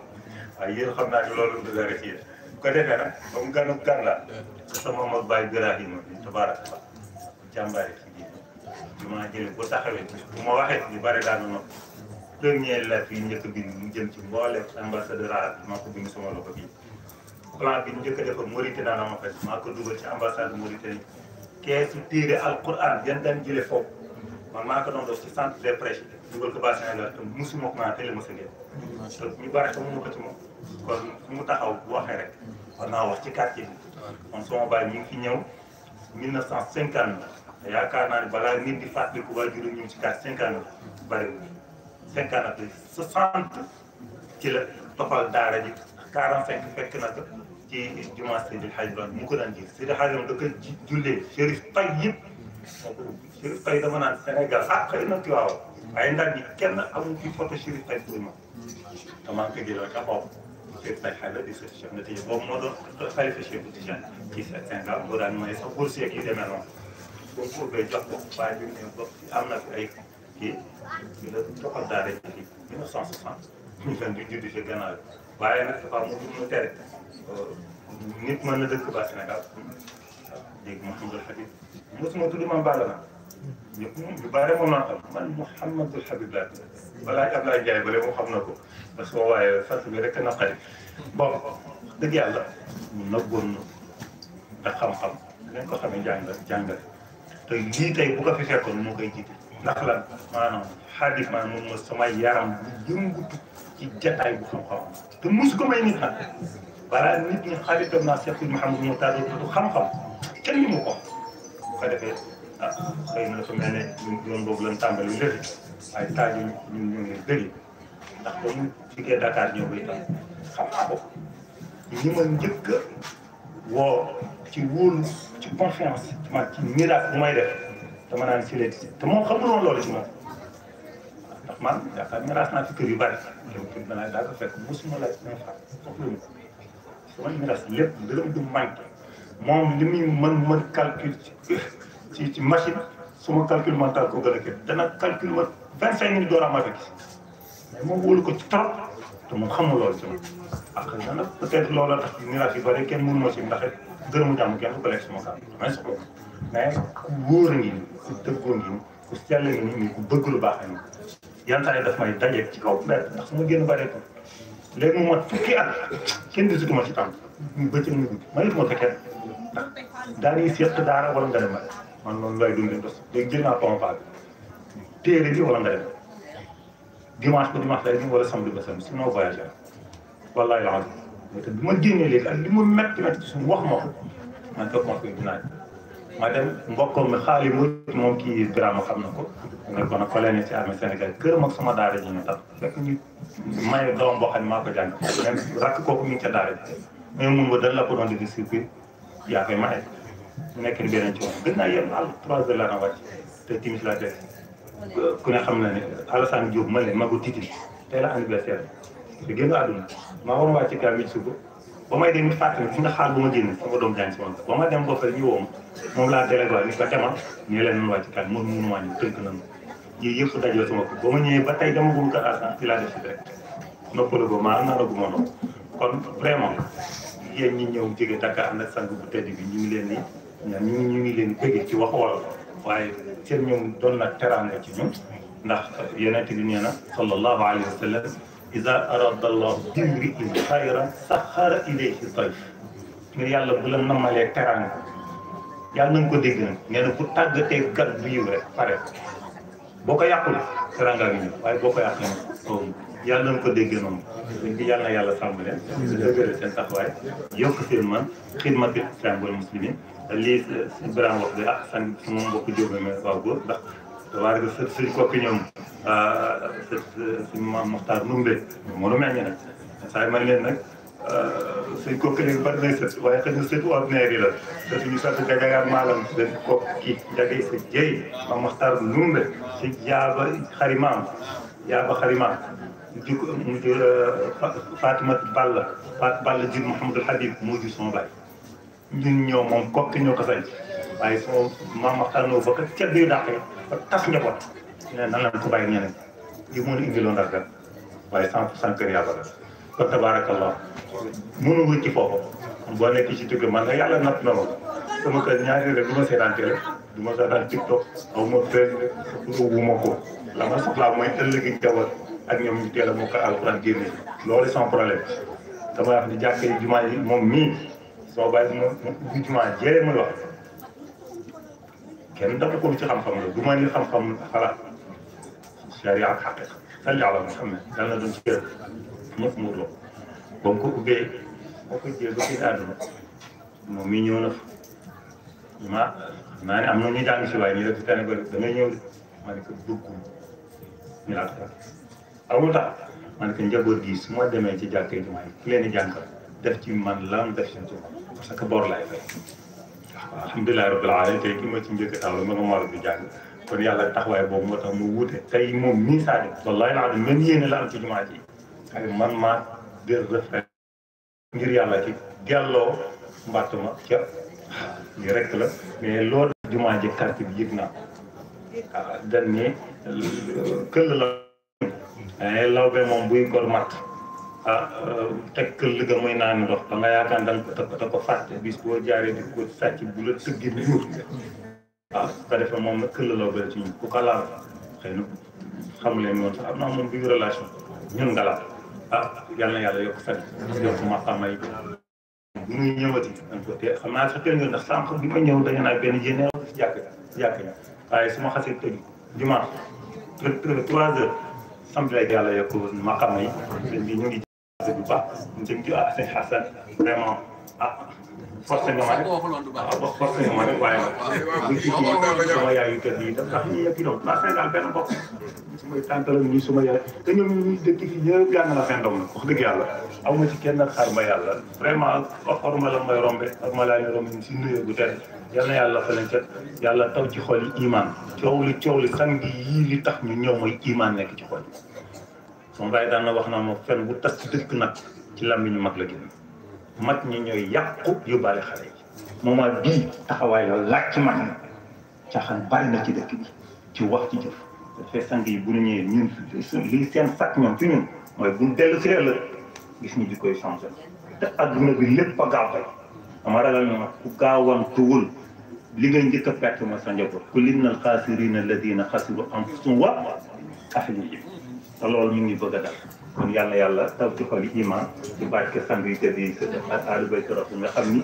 waaye yéen xam naa ne loolu dëgg rek yéen ko defee nag comme ganu gan la sama mag Baye Birahima bi tabaaraka jàmbaare ci biir bi maa jëlee bu taxawee bu ma waxee ñu bare daanu ma premier lettre yi njëkk bi mu jëm ci mboolem ambassadeur a bi maa ko bind sama loxo bi plan bi njëkk a defar Mauritanie na ma fes maa ko dugal ci ambassade Mauritanie keesu téere alquran yan daan jële foofu man maa ko doon def ci centre de dugal ko ba Sénégal te musuma ko ma kon fu mu taxaw bu waxee rek war naa wax ci quartier bi man sama baay mi fi ñëw 1950 te yaakaar naa ni balaa nit di fàttaliku waajur ñu ci quartier 50 bariwul 50 ak 60 ci la toppal daara ji 45 fekk na ko ci jumaa Seydi Hadj Ba mu ko daan ji Seydi Hadj Ba da ko jullee Chérif Tay yëpp moo ko dama naan Sénégal ah xëy na waaw waaye ndax bi kenn amul ci photo Chérif Tay pour ma damaa ko jëlee ak a website xayla di search na tey boobu moo doon qualification bu Tijaan ci Sénégal boo daan may sax bourse yeeg yu demee noonu boobu pour bay jox ko waaye bi mu ne bopp am na fi ay kii ñu la doxal daara ji fi 1960 ñu fen duñ judd fi gannaaw waaye nag dafa mu mu tere nit mën na dëkk ba Sénégal dégg Mouhamadul Habib mosuma tudd man Balla na ñëpp ñu bare moom naa xam man Mouhamadul Habib laa tudd balaa Ablaye Ndiaye ba léegi moom xam na ko parce que waaye fas bi rek naqari bon dëgg yàlla nëbboon na ndax xam-xam dinañ ko xamee jàngal jàngal te lii tey bu ko fi fekkoon moo koy jiite ndax lan maanaam xaalis maanaam moom mooy sama yaram bu yëngutu ci jataay bu xam-xam te mus ko may nit nag balaa nit ñi xaritam naa Cheikh Mouhamadou Moukhtar du xam-xam kenn ñu mu ko bu ko defee ah xëy na dafa mel ne yoon boobu lañ tàmbali léegi. waaye taal yi ñun ñoo ngi bëri ndax ba mu jugee Dakar ñëw ba itam xam naa ko ñi ma njëkk a woo ci wóolu ci confiance man ci miracle bu may def dama naan si te moom xamul woon ci kër yu bari yow kër danaa daa lépp dërëm du manqué moom li muy mën mën calcul ci ci machine suma calcul mental ko gën a kër dana calcul ma vingt cinq mille dollars ma fekk mais moom wóolu ko ci trop te moom xamul loolu ci moom. ah xëy na nag peut loolu la tax miraas yu kenn mënu ma si ndax gërëmu jàmm kenn du ko lekk sama kàddu mais mais ku wóor ngi ni ku dëggoo ngi ni ku sell ngi ni ku bëgg lu baax a ngi yan saa yi daf may daje ci kaw ndax su ma génn bëreetul léegi mu fukki at kenn gisatu ma ci tànk ñu bëccëg ñu guddi ma yëg ma ko kenn ndax daal di seq daara wala nga dem man loolu lay dundee dos léegi jël naa pompa bi téere bi wala nga dem dimanche ba dimanche lay dem wala samedi ba samedi sinon voyagé wallahi la xam te bi ma génnee léegi ak li mu metti metti ci suñu wax ma ko man toog ma ko dinaa ma dem mbokkoo mi xaali mu moom kii Birama xam na ko ne ko nag fa leen ci armée Sénégal kër mag sama daara ji ñu tax fekk ñu maye doom boo xam ne maa ko jàng même rakk kooku ñu ngi ca daara ji mais mun ba dañ la ko doon di distribué yaa koy maye nekk ni beneen ci woon gën naa yem àll trois heures laa na wàcc te timis laa def ku ne xam na ne Alassane Diop ma ne magu Titi tey la anniversaire bi te génn àdduna maa waroon wàcc gaal mi suba ba may dem it fàttali fi nga xaar bu ma génn sama doom jàng si moom ba ma dem ba fa ñu ñu leen mën wàcc gaal moom mënu maa ñëw tënk nañu yii yëpp dajoo sama ko ba ma ñëwee ba tey dama bëgg ma noonu kon vraiment ñi ñëw jóge Dakar ànd ak sang bu tedd bi ñu ngi leen di ñu ngi ñu leen di bëgg ci wax wala waaye cër ñoom doon na teraanga ci ñun ndax yonent bi nee na sallallahu alayhi wa sallam ida arada allahu bimri in xayra saxara ilayhi dayf ngir yàlla bu la nammalee teraanga yàlla nañ ko dégg nag nee na bu tàggatee gan bu yiw rek pare boo ko yàqul teraanga bi ñu waaye boo ko yàqee soo yàlla nañ ko dégg noonu dañ ci yàlla na yàlla sàmm leen dëgëral seen taxawaay yokk seen man xidmatul islam wal muslimin lii suñu Birame wax de ah san su moom mbokk jóob ma waaw góor ndax waaye que së suñ kokki ñoom së suñ maam Moxtaar man leen nag suñ kokki léegi bari nay sët waaye xëy na sëtu ordinaire yi la te suñu sa jéy maam Moxtaar Numbe si jaaba xarimaam jaaba xarimaam jukk mu ah, Balla Fat Balla jur Mouhamadul Habib moo jur ñun ñoo moom kooku ñoo ko sañ waaye sama maam waxtaan noo ba kat ceeb bi dàqee ba tas njaboot ñu ne nan la ko bàyyi li mu mën a indiloon ak waaye cent pour kër yàlla la kon tabaarakallah mënu wëcc ci foofu boo nekk ci dugg man nga yàlla natt na loolu sama kër ñaari rek du ma seetaan télé du ma seetaan tiktok aw ma Facebook wu ma ko la ma soxlaa mooy ëllëgi njaboot ak ñoom ñu teel a mokkal alxuraan génne loolu sans problème dama wax ni jàkk yi jumaa moom mii soo bàyyi ma ubbi jumaa jeeree muy wax kenn dafa ko ci xam-xam la du ma ni xam-xam xalaat sharia ak xaqiqa salli ala Muhammad dal na doon ci mu mu ko ubbee maa ne am na ñu jàng si waaye ñu def si tànn ba da ngay ne ko duggul ñu laal ko amul tax ma ne ko njaboot gi su ma demee ci jàkkee jumaa yi ki leen di jàngal def ci man lan def ci man parce que boor laay fay waaw alhamdulilah rabbil tey ki ma ci njëkk a tàmbali ma nga moral bi jàng kon yàlla taxawaay boobu moo tax mu wuute tey moom nii Sadio wallahi naa dem même yéene la am ci jumaa ji man maa dër rek la mais loolu jumaa ji quartier bi yëg naa waaw dañ ne euh, këll la eh, law moom buy gor matt ah teg këll ga muy naan ndox ba nga yaakaar da nga ko da ko fàtte bis boo jaaree di ko sàcc bu la tëggi nuur waaw su ko defee moom nag këll xam leen noonu sax am naa relation ñun nga laal ah yal na yàlla yokk te xam naa ma ñëw dañu naa benn yéene si waaye su ma xasee tëj dimanche trois heures samedi yàlla yokk maqaama yi ñu ngi du baax jëm ji ah sëñ Xasan vraiment ah forcé nga ma rek ah forcé nga ma rek waaye nag buñ ci kii sama yaayu kër yi daf tax ñu yegg ñoom waa Sénégal benn bopp sumay tànta la ñuy suma yaay te ñoom ñu dëkk yi ñëpp yaa nga la fen dom na wax dëgg yàlla aw ma ci kenn ak xar ma yàlla vraiment xorma la may rombe ak ma laa ñu rombe ñu si nuyoo bu tere yal na yàlla fa leen set yàlla taw ci xol yi iman coow li coow li sang yi li tax ñu ñëw mooy iman nekk ci xol yi sama bàyyi daan na wax naa ma fen bu tas ci dëkk nag ci làmmiñu mag la génn mag ñi ñooy yàqu yóbbaale xale yi moment bii taxawaay la laaj ci mag ñi caaxaan bari na ci dëkk bi ci wax ci jëf dafay sang yi bu ñu ñëwee ñun lii seen sàkk ñoom ci ñun mooy bu ñu dellu si ëllëg gis ñu di koy changé te adduna bi lépp a gaaw tey dama ragal na ku gaawantuwul li ngay njëkk a perte mooy sa njaboot ku lim na alxaasirina alladina xasiru anfusum wa ahli lool loolu ñu ngi bëgg a dal kon yal yàlla taw ci xol yi iman ci barke sang yi tëdd yi sa def ak alu bay torop nga xam ni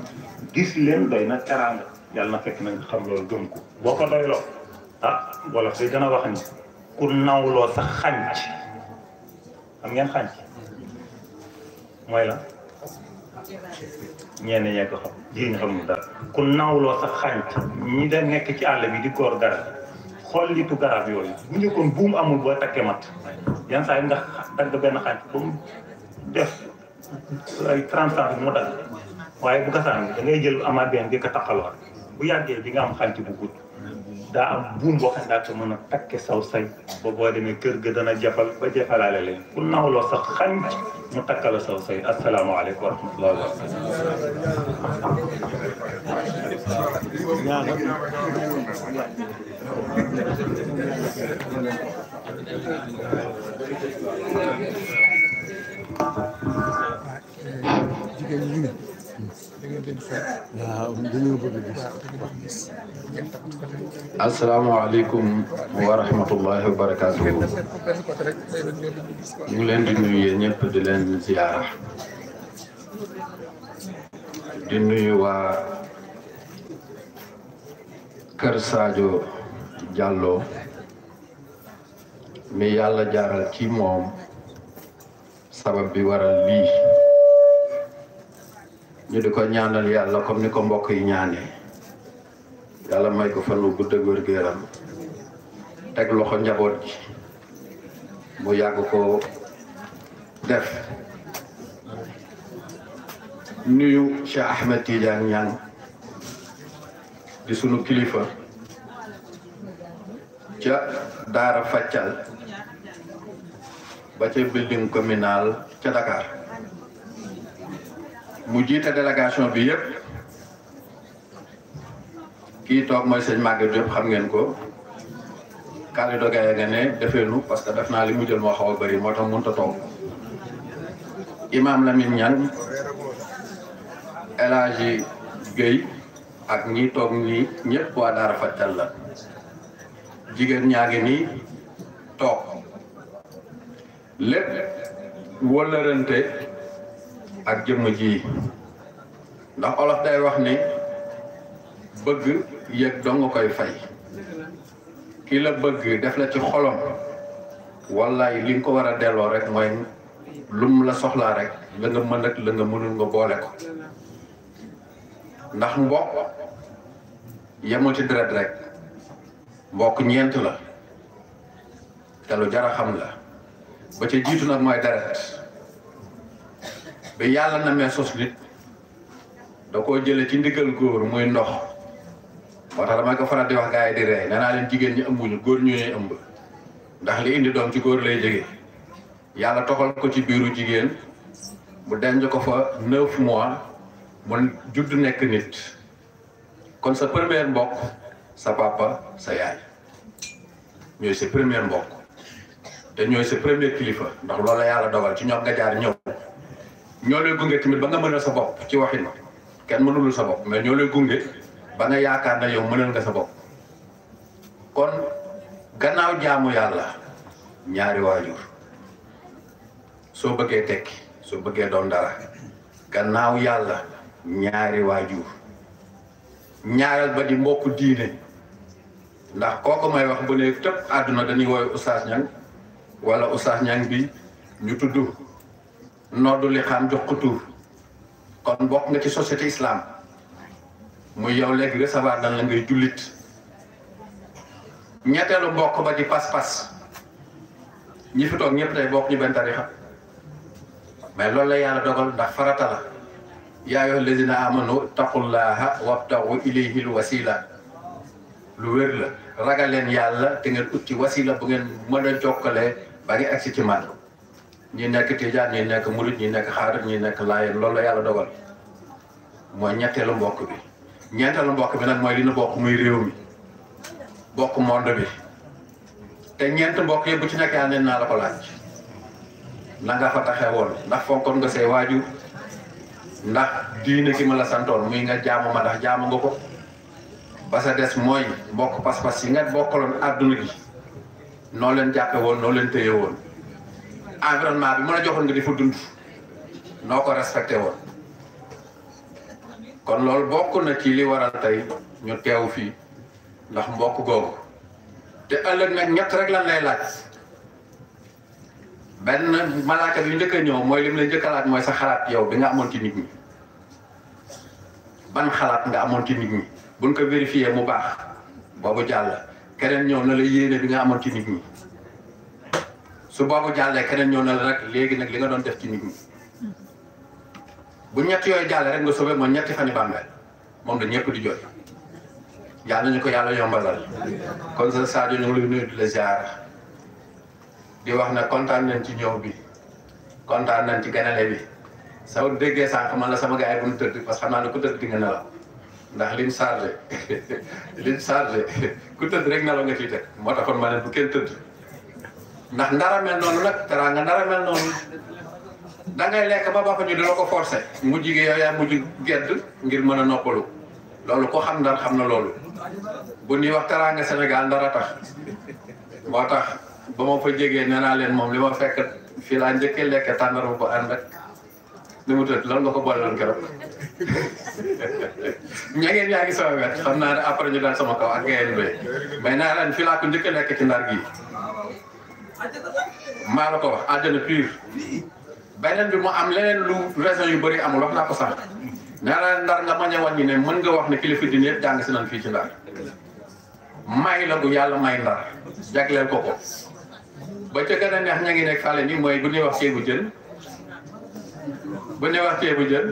gis leen doy na teraanga yàlla na fekk na nga xam loolu gëm ko boo ko doyloo ah wala fay dana wax ni ku nawloo sa xànc xam ngeen xànc mooy la ñenn ñee ko xam jiiñ xamul dara ku nawloo sa xànc ñi da nekk ci àll bi di góor dara tu garab yoy bu njëkkoon buum amul bo takke mat yan say ndax dag ben benn bu def ay 30 ans mo dal waye bu gasaan da ngay jël amaat benn bi ko taxaloon bu yagge di nga am xaaj bu gud da am buum bo xam daa ko mëna takke saw say bo bo demé kër ga dana jafal ba jafalaale leen ku nawloo sax xañ mu takkala saw say alaykum wa rahmatullahi wa barakatuh jigéen ñi ñu ne. da ngeen leen fekk. waaw dañoo bëgg a gis. waaw dañoo bëgg a gis. asalaamaaleykum wa rahmatullahi wa barakaatu. ñu ngi leen di nuyu ñëpp di leen ziyaara. di nuyu waa Kër Sadio. jallo mi yalla jaaral ci mom sabab bi waral li ñu diko ñaanal yalla comme ni ko mbokk yi ñaané yalla may ko fan wu gudd ak wér-gu yaram loxo njabot ci mu yag ko def nuyu Cheikh Ahmed Tidiane ñaan di sunu kilifa ca Daara Fàccal ba ca building communal ca Dakar mu jiite délégation bi yëpp kii toog mooy sëñ Maguette Diop xam ngeen ko Kalidou Gaye nga ne defee parce que def naa li mu jël moo xaw a moo tax mënut toog Imaam Lamine Niang El Hadji Gueye ak ñi toog ñi ñëpp waa Daara Fàccal la. jigéen ñaa ngi nii toog lépp wëllërante ak jëmm ji ndax olof day wax ni bëgg yëg dong nga koy fay ki la bëgg def la ci xolom wallaay li nga ko war a delloo rek mooy lum la soxlaa rek la nga mën ak la nga mënul nga boole ko ndax mbokk yemul ci deret rek mbokk ñeent la te lu jar la ba ca jiitu nag mooy deret bi yàlla na mee sos nit da koo jële ci ndigal góor muy ndox moo tax ko faral di wax gars yi di rey nee naa leen jigéen ñi ëmbuñu góor ñu ñuy ëmb ndax li indi doom ci góor lay jóge yàlla toxal ko ci biiru jigéen mu denc ko fa neuf mois mu judd nekk nit kon sa première mbokk sa papa sa yaay ñooy sa premier mbokk te ñooy sa premier kilifa ndox loolu la yàlla dogal ci ñoom nga jaar ñëw ñoo lay gunge tamit ba nga mënal sa bopp ci waxin ma kenn mënulul sa bopp mais ñoo lay gunge ba nga yaakaar na yow mënal nga sa bopp kon gannaaw jaamu yàlla ñaari waajur soo bëggee tekki soo bëggee doon dara gannaaw yàlla ñaari waajur ñaareel ba di mbokk diine ndax koko may wax bu ne tepp aduna dañuy woy oustaz ñang wala oustaz ñang bi ñu tuddu noddu li xam jox ko tour kon bok nga ci société islam mu yow re savoir dan la ngay julit ñettelu mbokk ba di pass pass ñi fi tok ñepp day bok ñu ben tarixa mais loolu la yalla dogal ndax farata la ya yoo amanu taqullaha wabtaghu ilayhi lwasila lu wér la ragal leen yàlla te ngeen ut wasila bu ngeen mën a jokkalee ba ngeen agsi ci man ñi nekk tijaan ñi nekk murit ñi nekk xaarit ñi nekk laayeen loolu la yàlla dogal mooy ñetteelu mbokk bi ñeenteelu mbokk bi nag mooy li nu bokk muy réew mi bokk monde bi te ñeent mbokk yëpp bu ci nekk naa la ko laaj na nga fa taxee woon ndax fonkoon nga say waajur ndax diine ma la santoon muy nga jaamu ma ndax jaamu nga ko ba sa des mooy bokk pas-pas yi nga bokkaloon àdduna gi noo leen jàppe woon noo leen téye woon environnement bi mën a joxoon nga di fa dund noo ko respecté woon kon loolu bokk na ci li waral tey ñu teew fii ndax mbokk googu te ëllëg nag ñett rek lan lay laaj benn malaaka bi njëkk a mooy lim lay njëkk laaj mooy sa xalaat yow bi nga amoon ci nit ñi ban xalaat nga amoon ci nit ñi buñ ko vérifié mu baax boobu jàll keneen ñëw na la yéene bi nga amoon ci nit ñi su boobu jàllee keneen ñëw na la rek léegi nag li nga doon def ci nit ñi bu ñett yooyu jàllee rek nga sobe mooy ñetti fani bàmmeel moom la ñëpp di jooy yàlla ñu ko yàlla yombalal kon sa Sadio ñu ngi lay nuyu di la ziar di wax ne kontaan nañ ci ñëw bi kontaan nañ ci ganale bi saw déggee sànq man la sama gars yi bu ñu tëdd parce que xam naa ne ku tëdd di nga nelaw ndax liñ chargé liñ chargé ku tëdd rek nelaw nga ciy teg moo taxoon ma ne bu kenn tëdd ndax ndara mel noonu nag dara nga mel noonu da lekk ba baax ñu dina ko forcé mujj gi yow yaa mujj gedd ngir mën a noppalu loolu ko xam ndar xam na loolu bu ñuy wax teraanga Sénégal ndara tax moo tax ba ma fa jegee nee naa leen moom li ma fekk fii laa njëkkee lekk tàndar ba ànd ak li mu tudd lan la ko boole lan keroog ñageen yaa sama wet xam naa ne après ñu dal sama bi am leneen lu raison yu bëri amul wax naa ko sax ñaareel ndar nga mañ a wàññi ne mën nga wax ne kilifa dine yëpp jàng si nan fii ci ndar may la yàlla may ndar jagleel ko ko ba ca gën a neex ña ngi nekk xale ni mooy bu ñuy wax jën bu ne wax ceebu jën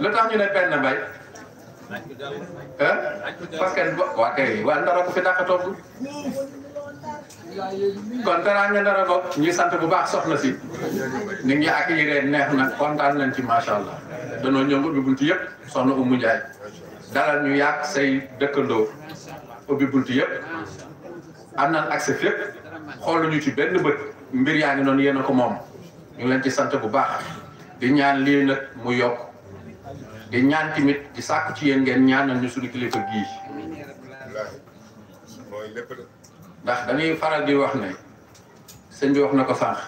lu tax ñu na bay hein parce que waa kay wa ndara ko fi dàq togg kon dara nga dara bok ñu sant bu baax soxna ci ni ngi ak yi reen neex na kontaan lan ci machallah da no ñëngu bi bunt yépp soxna umu jaay dalal ñu yaak say dekkando ubbi bunt yëpp am nañ accès fépp ñu ci benn bëtt mbir yaa ngi noonu yéen a ko moom ñu leen ci sant bu baax di ñaan lii nag mu yokk di ñaan tamit di sàkk ci yéen ngeen ñaanal ñu suñu kilifa gii ndax dañuy faral di wax ne sëñ bi wax na ko sànq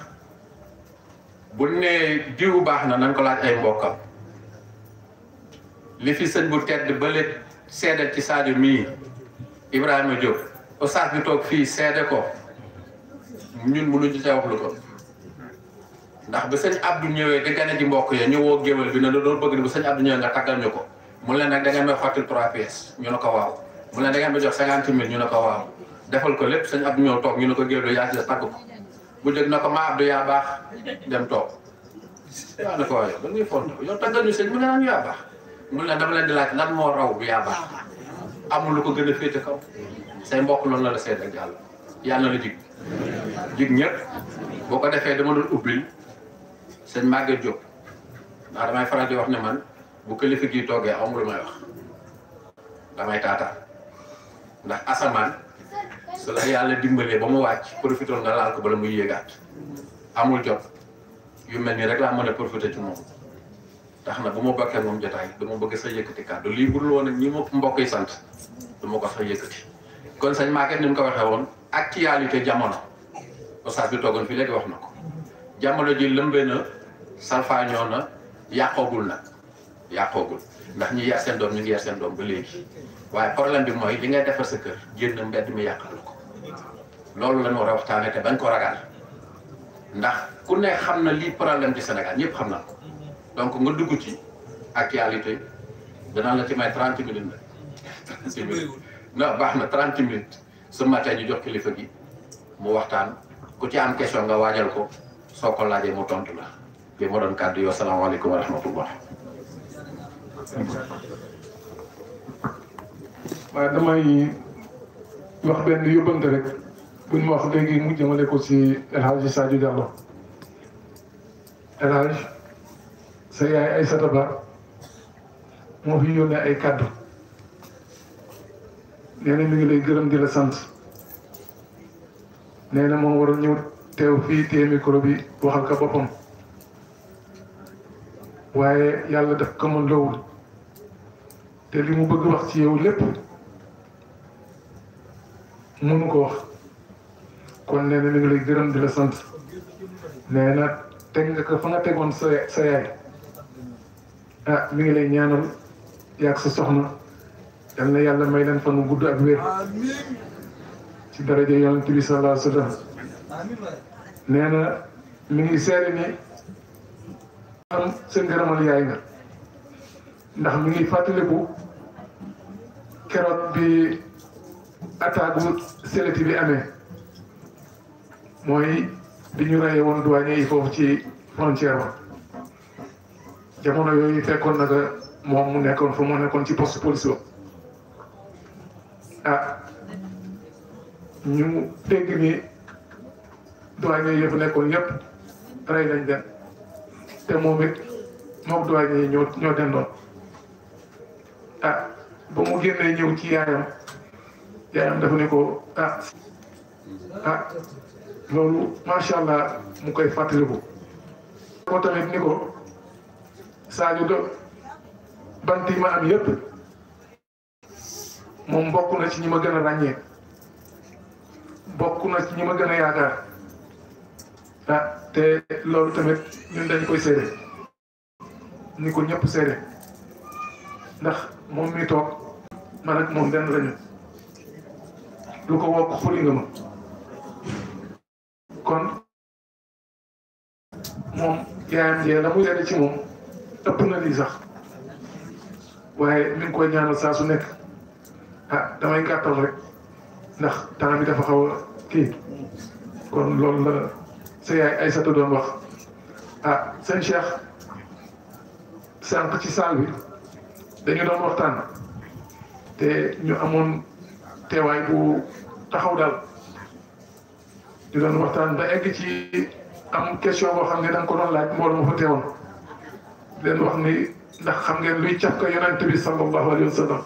bu ne diwu baax na nañ ko laaj ay mbokkam li fi sëñ bu tedd ba bële seede ci Sadio mii Ibrahima Diop oustaz bi toog fii seede ko ñun mënuñu ca wax lu ko ndax bi sëñ Abdou ñëwee di gane ji mbokk ya ñëwoo géwél bi ne da doon bëgg ne bu sëñ Abdou ñëwee nga tàggal ñu ko mu leen nag da ngeen may xottil trois ko waaw mu leen da jox cinquante mille ñu ne ko waaw defal ko lépp sëñ Abdou ñëw toog ñu ne ko géwél yaa ci tàgg ko bu jóg na ko maa Abdou yaa baax dem toog yaa ne ko waaye ba ngay fond yow tàggal ñu sëñ mu ne naan yaa baax mu leen dama leen di laaj nan moo raw bu yaa baax amul lu ko gën a féete kaw seen mbokk loolu la la ak yàlla yàlla na la boo ko defee dama doon sëñ Maguette Diop ndax damay faral di wax ne man bu kilifa gi toogee amul lu may wax damay taataan ndax asamaan su la yàlla dimbalee ba mu wàcc profité nga laal ko bala muy yéegaat amul jot yu mel nii rek laa mën a profité ci moom tax na bu ma bokkee moom jotaay dama bëgg sa yëkkati kàddu lii bu dul woon ak ñi ma mbokk yi sant du ma ko sa yëkkati kon sëñ Maguette ni mu ko waxee woon actualité jamono oustaz bi toogoon fii léegi wax na ko jamono ji lëmbee na. salfaañoo na yàqoogul na yàqoogul ndax ñi yar seen doom ñu ngi yar seen doom ba léegi waaye problème bi mooy li ngay defar sa kër génn mbedd mi yàqal la ko loolu lañu war a waxtaanee te bañ ko ragal ndax ku ne xam na lii problème du senegal ñëpp xam na ko donc nga dugg ci actualité danaa la ci may 30 minutes la. 30 minutes non baax na 30 minutes ce matin ñu jox kilifa gi mu waxtaan ku ci am question nga waajal ko soo ko laajee mu tontu la. bi moo doon kàddu yoo salaamaaleykum wa rahmatullah waaye damay wax benn yóbbante rek bu ñu wax léegi mu jëmale ko ci El Hadj Sadio Diallo El sa yaay ay sataba moo fi yónnee ay kàddu nee na ngi lay gërëm di la sant nee na moom war a ñëw teew fii téye micro waxal ko boppam waaye yàlla def ko te li mu bëgg wax ci yow lépp mënu ko wax kon nee na mi ngi lay gërëm di la sant nee na teg nga ko fa nga tegoon sa sa yaay ah mi ngi lay ñaanal yàgg sa soxna yal na yàlla may leen fan mu gudd ak wér ci daraja yonent bi sallallahu alayhi wa sallam nee na mi am sa ngërëmal yaay nga ndax mu ngi fàttaliku keroog bi attaque bu seleti bi amee mooy bi ñu reye woon douanier yi foofu ci frontière ba jamono yooyu tekkoon na que moom mu nekkoon fa mu nekkoon ci poste police ba ah ñu dégg ni douanier yi nekkoon yëpp rey nañ leen te moom it moom doyen yi ñoo ñoo dendoon ah ba mu génnee ñëw ci yaayam yaayam dafa ne ko ah, ah loolu macha allah mu koy fàttaliku. ko tamit ni ko Sadio bant yi ma am yëpp moom bokk na ci ñi ma gën a ràññee bokk na ci ñi ma gën a yaakaar ah. te loolu tamit ñun dañ koy seede ni ko ñëpp seede ndax moom mi toog man ak moom benn lañu lu ko wokk xuli kon moom yaayam jee la mu ci moom ëpp na lii sax waaye mi ngi koy ñaanal saa su nekk ah damay gàttal rek ndax temps bi dafa xaw a kii kon loolu la sa ay Aysatu doon wax ah seen Cheikh sànq ci saal bi dañu doon waxtaan te ñu amoon teewaay bu taxaw daal ñu doon waxtaan ba egg ci am question boo xam ne da ko doon laaj mbooloo ma fa teewoon leen wax ni ndax xam ngeen luy caf ko yonent bi sallallahu alayhi wa sallam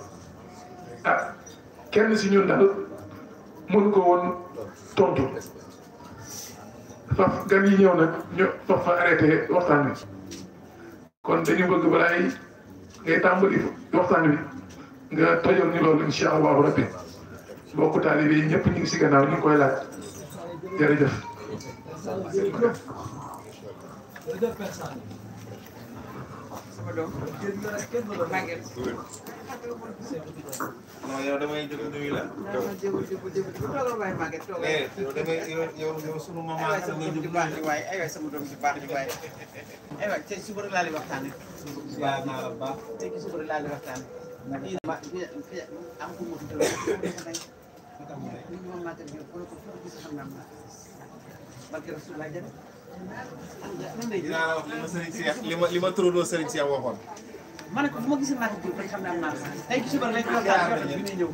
ah kenn si ñun daal mënu ko woon tontu. faf gan yi ñëw nag ñu faf fa arrêté waxtaan bi kon dañu bëgg balaay ngay tàmbali waxtaan bi nga tojal ñu loolu incha allahu rabbi mbokku taalibe yi ñëpp ñu ngi ñu koy laaj jërëjëf. sama doom Maguette. non yow damay jóg nuyu la. non non jéem a jéem a jéem a toogaloo waaye Maguette toogaloo. yow damay yow yow sunu maman. aywa sama doom ji baax ji waaye aywa sama doom ji baax ji waaye. aywa tey suba rek laa lay waxtaanee. waaw maa la baax. tey suba rek laa lay waxtaanee. fii ma fii am ko motu dara. ñu ngi ma matal yow foo ko foo ko gis xam naa ma. barke Rasulullah dinaa la wax li ma Serigne Cheikh li ma li ma turandoo Serigne Cheikh waxoon. ma ne ko bu ma gisee Malick Diouf rek xam ne am naa tey ci suba rek lañ kontaan bi muy ñëw.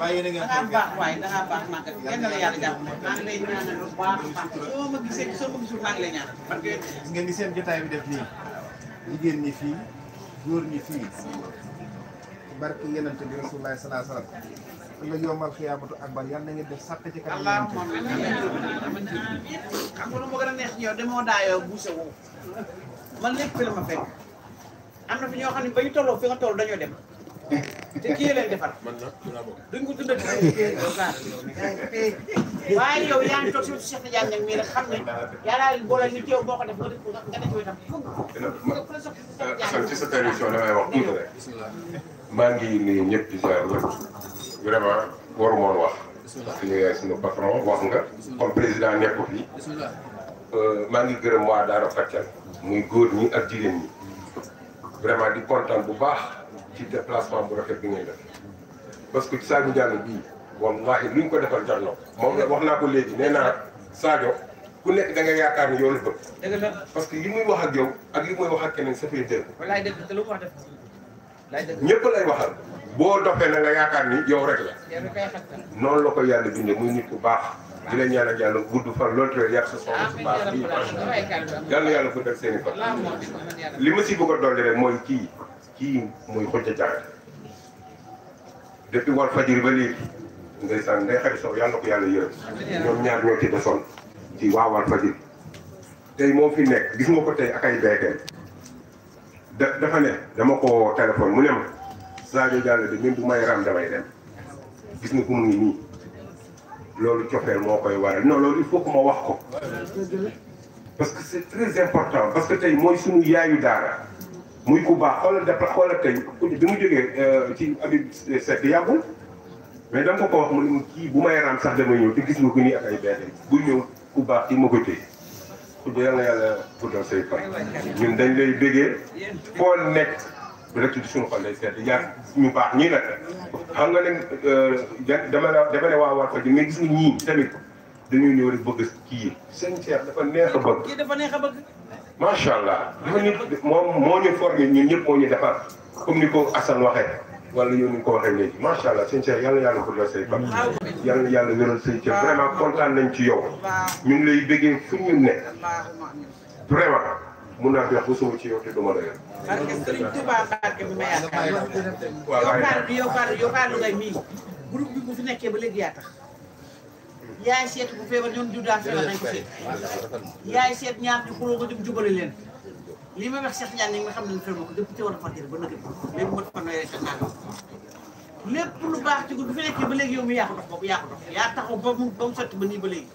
bàyyi na ngeen dangaa baax waaye dangaa baax maa ngi kenn la yàlla jàpp maa ngi lay ñaanal bu baax a baax soo ma gisee soo ma gisul maa ngi lay ñaanal. parce que gis ngeen ni seen jotaay bi def nii jigéen ñi fii góor ñi fii barke yenante bi Rasulullah sallallahu alayhi wasallam ëllëg yombal xiyaamatu akbar yal na ngeen def sàkk ci kanam xam nga lu ma gën neex yow demoo daayoo buuse woo man lépp la ma fekk fi ñoo fi nga dem te leen duñ ko yow si Cheikh Ndiaye nag mii rek xam ne yàllaa leen boole nit yow boo def nga def nga def itam fukk ci sa tradition damay wax tuuti ngi nuyu ñëpp di vraiment waru moon wax suñu yaay suñu wax nga comme président nekku fi euh, maa ngi gërëm waa Daara Fàcceel muy góor ñi ak jigéen ñi vraiment di kontaan bu baax ci déplacement bu rafet bi ngay def parce que Sadio Diallo bii wallahi luñ ko defal jar na moom wax naa ko léegi nee naa Sadio ku nekk da yaakaar ni yow la parce que li muy wax ak yow ak li muy wax ak keneen ça fait deux. wallaay wax def. boo doxee na nga yaakaar ni yow rek noonu la ko yàlla bindee muy nit ku baax di leen ñaanal yàlla gudd fan loolu te yar sa soxna su baax bii yàlla yàlla ko def seen i li ma si bëgg a dolli rek mooy kii kii muy xujja jàng depuis wal fajir ba léegi ndeysaan nday xarit sow yàlla ko yàlla yërëm ñoom ñaar ñoo ci desoon ci waa wal fajir tey moom fi nekk gis nga ko tey ak ay béykat dafa ne dama ko téléphone mu ne ma Sadio Diallo de même bu may ram damay dem gis nga ko mu nii loolu cofeel moo koy waral non loolu il ma wax ko parce que c'est très important parce que tey mooy suñu yaayu daara muy ku baax xoolal dafa xoolal tey bi mu jógee euh, ci Habib Seck yàggul mais dama ko ko wax mu ne kii bu may raam sax damay ñëw te gis nga ko nii ak ay benn bu ñëw ku baax ci ma ko téye ku yàlla yàlla poudre say fan dañ lay bégee xool nekk rek ci suñu xol lay sedd yàgg ñu baax ñii la xam nga leen euh, dama la dama ne waa war ko ji gis nga ñii tamit dañoo ñëw rek bëgg kii seen Cheikh dafa neex a bëgg. kii macha allah dafa ñu moom moo ñu formé ñun ñëpp moo ñu defar comme ni ko assan waxee. wala yow ni ko waxee nii macha allah seen Cheikh yàlla yàlla ko a say baax. yàlla yàlla wéral say Cheikh vraiment kontaan nañ ci yow. ñu lay bëggee fu ñu ne. vraiment. mun naa fi wax bu suma ci yow te duma doyal. parce que Serigne Touba barke bi ma yaakaar yaakaar bi yow Fallou yow Fallou Ngaye mii groupe bi bu fi nekkee ba léegi yaa tax. yaay seet bu feebar ñoom du daa feebar nañ ko seet. yaay seet ñaar ñu xuloo nga dem jubale leen. li ma wax Cheikh Niane ni nga xam ne nii feebar ko député war a fàtte ba nëgëm léegi mot fa nooy rek sa naan lépp lu baax ci groupe bu fi nekkee ba léegi yow mi yaa ko dox boobu yaa ko dox yaa taxaw ba mu ba mu sotti ba nii ba léegi.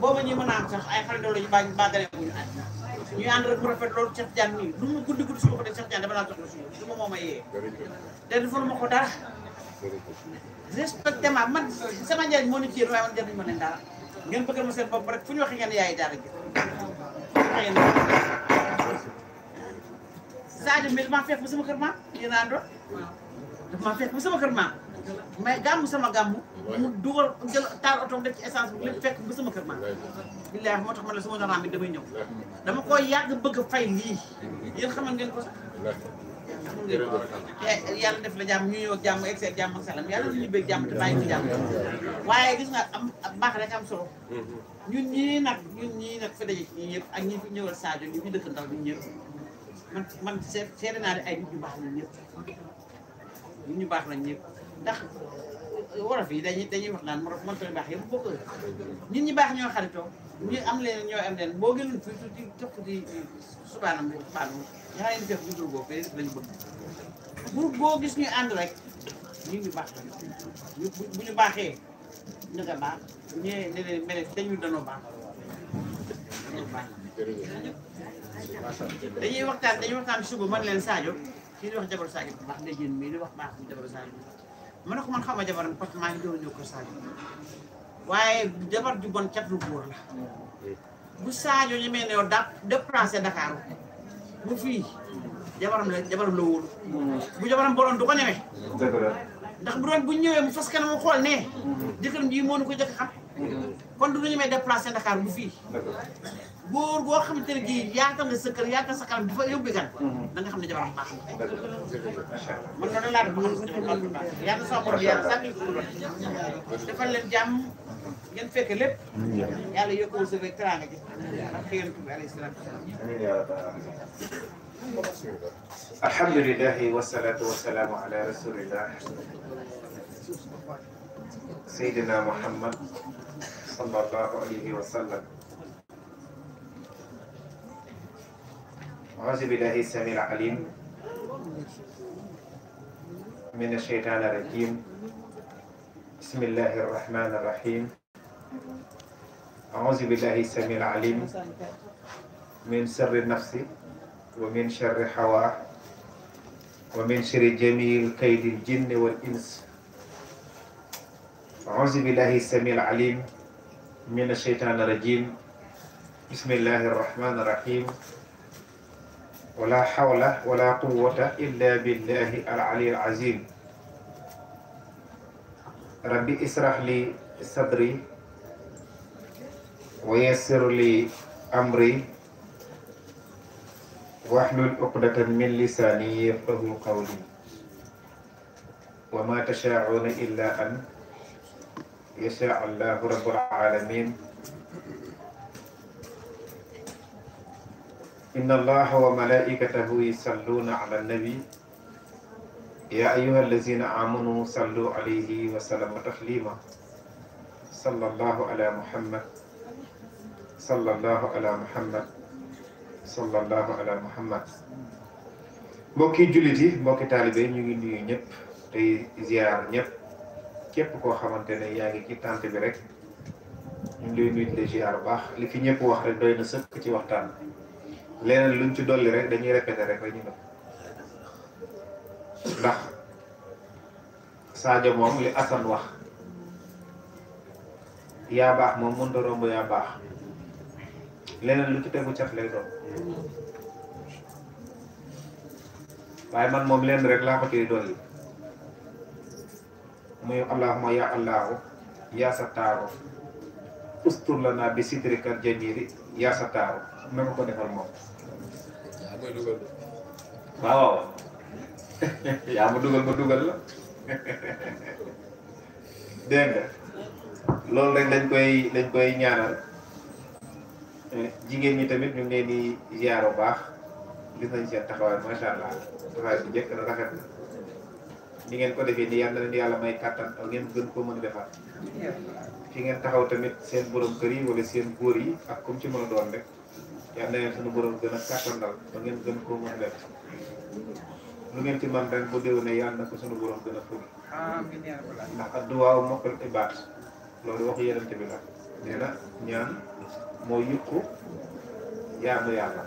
booba ñi mën a am sax ay xale doole ñu bàyyi bàggale bu ñu at ñu ànd rek mu rafet loolu Cheikh Tidiane nii lu mu guddi guddi su ko def Cheikh Tidiane dama laa jox suñu du ma moo ma yee te dara respecté ma man sama njëriñ moo ni ci yéen ma dara ngeen bëggal ma seen rek ngeen yaay fekk sama kër fekk sama kër mais gàmm sama gàmm mu dugal jël taal oto def ci essence bi lépp fekk ba sama kër man billaahi moo tax ma la sama daraam bi damay ñëw dama koy yàgg bëgg fay lii yéen xamal ngeen ko sax yàlla def la jàmm ñu ñëw ak jàmm egg jàmm ak salaam yàlla ñu ñibbeeg jàmm te bàyyi ñu jàmm waaye gis nga am baax rek am solo mm-hmm. ñun ñii nag ñun ñii nag fi daje ñi ñëpp ak ñi ñëw ñëwal Sadio ñu fi dëkk ndax ñu ñëpp man man seet seet naa ne ay nit ñu baax lañ ñëpp ñu baax lañ ñëpp ndax wolof yi dañuy dañuy wax naan morof mënta baax yëpp bokk nit ñi baax ñoo xaritoo ñu am leen ñoo am leen boo gënoon fii tuuti topp di subaanam subaanam ñu xale ni def ñu dul boobu lañu bëgg groupe boo gis ñu ànd rek ñu ngi baax bu ñu baaxee ñu nga baax ñu ne leen mel dañu danoo baax danoo baax dañuy waxtaan dañuy waxtaan suba man leen Sadio kii di wax jabar Sadio bu baax nga jën mii di wax baax bu jabar Sadio ma ne ko man xama jabaram parce que maa ngi doon ñëw ko Sadio waaye jabar ju bon cat lu góor la bu Sadio ñu mel ne yow da déplacé Dakar bu fii jabaram la jabaram la wóolu bu jabaram boloon du ko ñeme ndax bu doon bu ñëwee mu fas kanam mu xool ne mm-hmm. jëkkëram ji moo nu ko jëkk xam kon du ñu may déplacé Dakar mu fii góor goo xamante ne gii yaatal nga sa kër yaatal sa kanam di fa yóbbu gan da nga xam ne jabaram baax na man loolu laa bëgg yàlla sa borom yàlla sànni defal leen jàmm ngeen fekk lépp yàlla yokk woo sëfee teraanga ji ndax xëyantu bi alayhi salaam alhamdulilahi wasalaatu wasalaamu ala rasulillah sayyidina muhammad صلى الله عليه وسلم أعوذ بالله السميع العليم من الشيطان الرجيم بسم الله الرحمن الرحيم أعوذ بالله السميع العليم من سر النفس ومن شر حواء ومن شر جميل كيد الجن والإنس أعوذ بالله السميع العليم من الشيطان الرجيم بسم الله الرحمن الرحيم ولا حول ولا قوة إلا بالله العلي العظيم ربي اسرح لي صدري ويسر لي أمري واحلل عقدة من لساني يفقه قولي وما تشاءون إلا أن يشاء الله رب العالمين إن الله وملائكته يصلون على النبي يا أيها الذين آمنوا صلوا عليه وسلم تسليما صلى الله على محمد صلى الله على محمد صلى الله على محمد mbokki jullit yi طالبين taalibe نيو نيب تي زيار نيب képp koo xamante ne yaa ngi ci tànt bi rek ñu ngi lay bu baax li fi ñëpp wax rek doy na sëkk ci waxtaan leneen luñ ci dolli rek dañuy répété rek rek ñu def ndax Sadio moom li Assane wax yaa baax moom mënut a romb yaa baax leneen lu ci tegu caf lay doon waaye man moom lenn rek laa ko ciy dolli. muy allahumma ya allah ya sataru ustur lana bi sidrika jamili ya sataru na ko defal moom waaw ya ma dugal ma ya, dugal la deng nga loolu rek lañ koy lañ koy ñaanal jigen ni tamit ñu ngi ni ziaro bax bu baax gis nañ seen taxawaay allah taxawaay bi njëkk na rafet na ni ngeen ko defé ni yalla na yalla may katan ak ngeen gën ko mëna a defar fi ngeen taxaw tamit seen borom kër yi wala seen goor yi ak kum ci mëna doon rek yalla na sunu borom gëna a kàttanal ba ngeen gën ko mëna def lu ngeen iya, ci man rek bu déwénee yàlla na ko sunu borom gëna gën a ful ndax adduwaaw mokkal ibaat loolu waxu yenente bi la neena ñaan moo yukku yaamu yàlla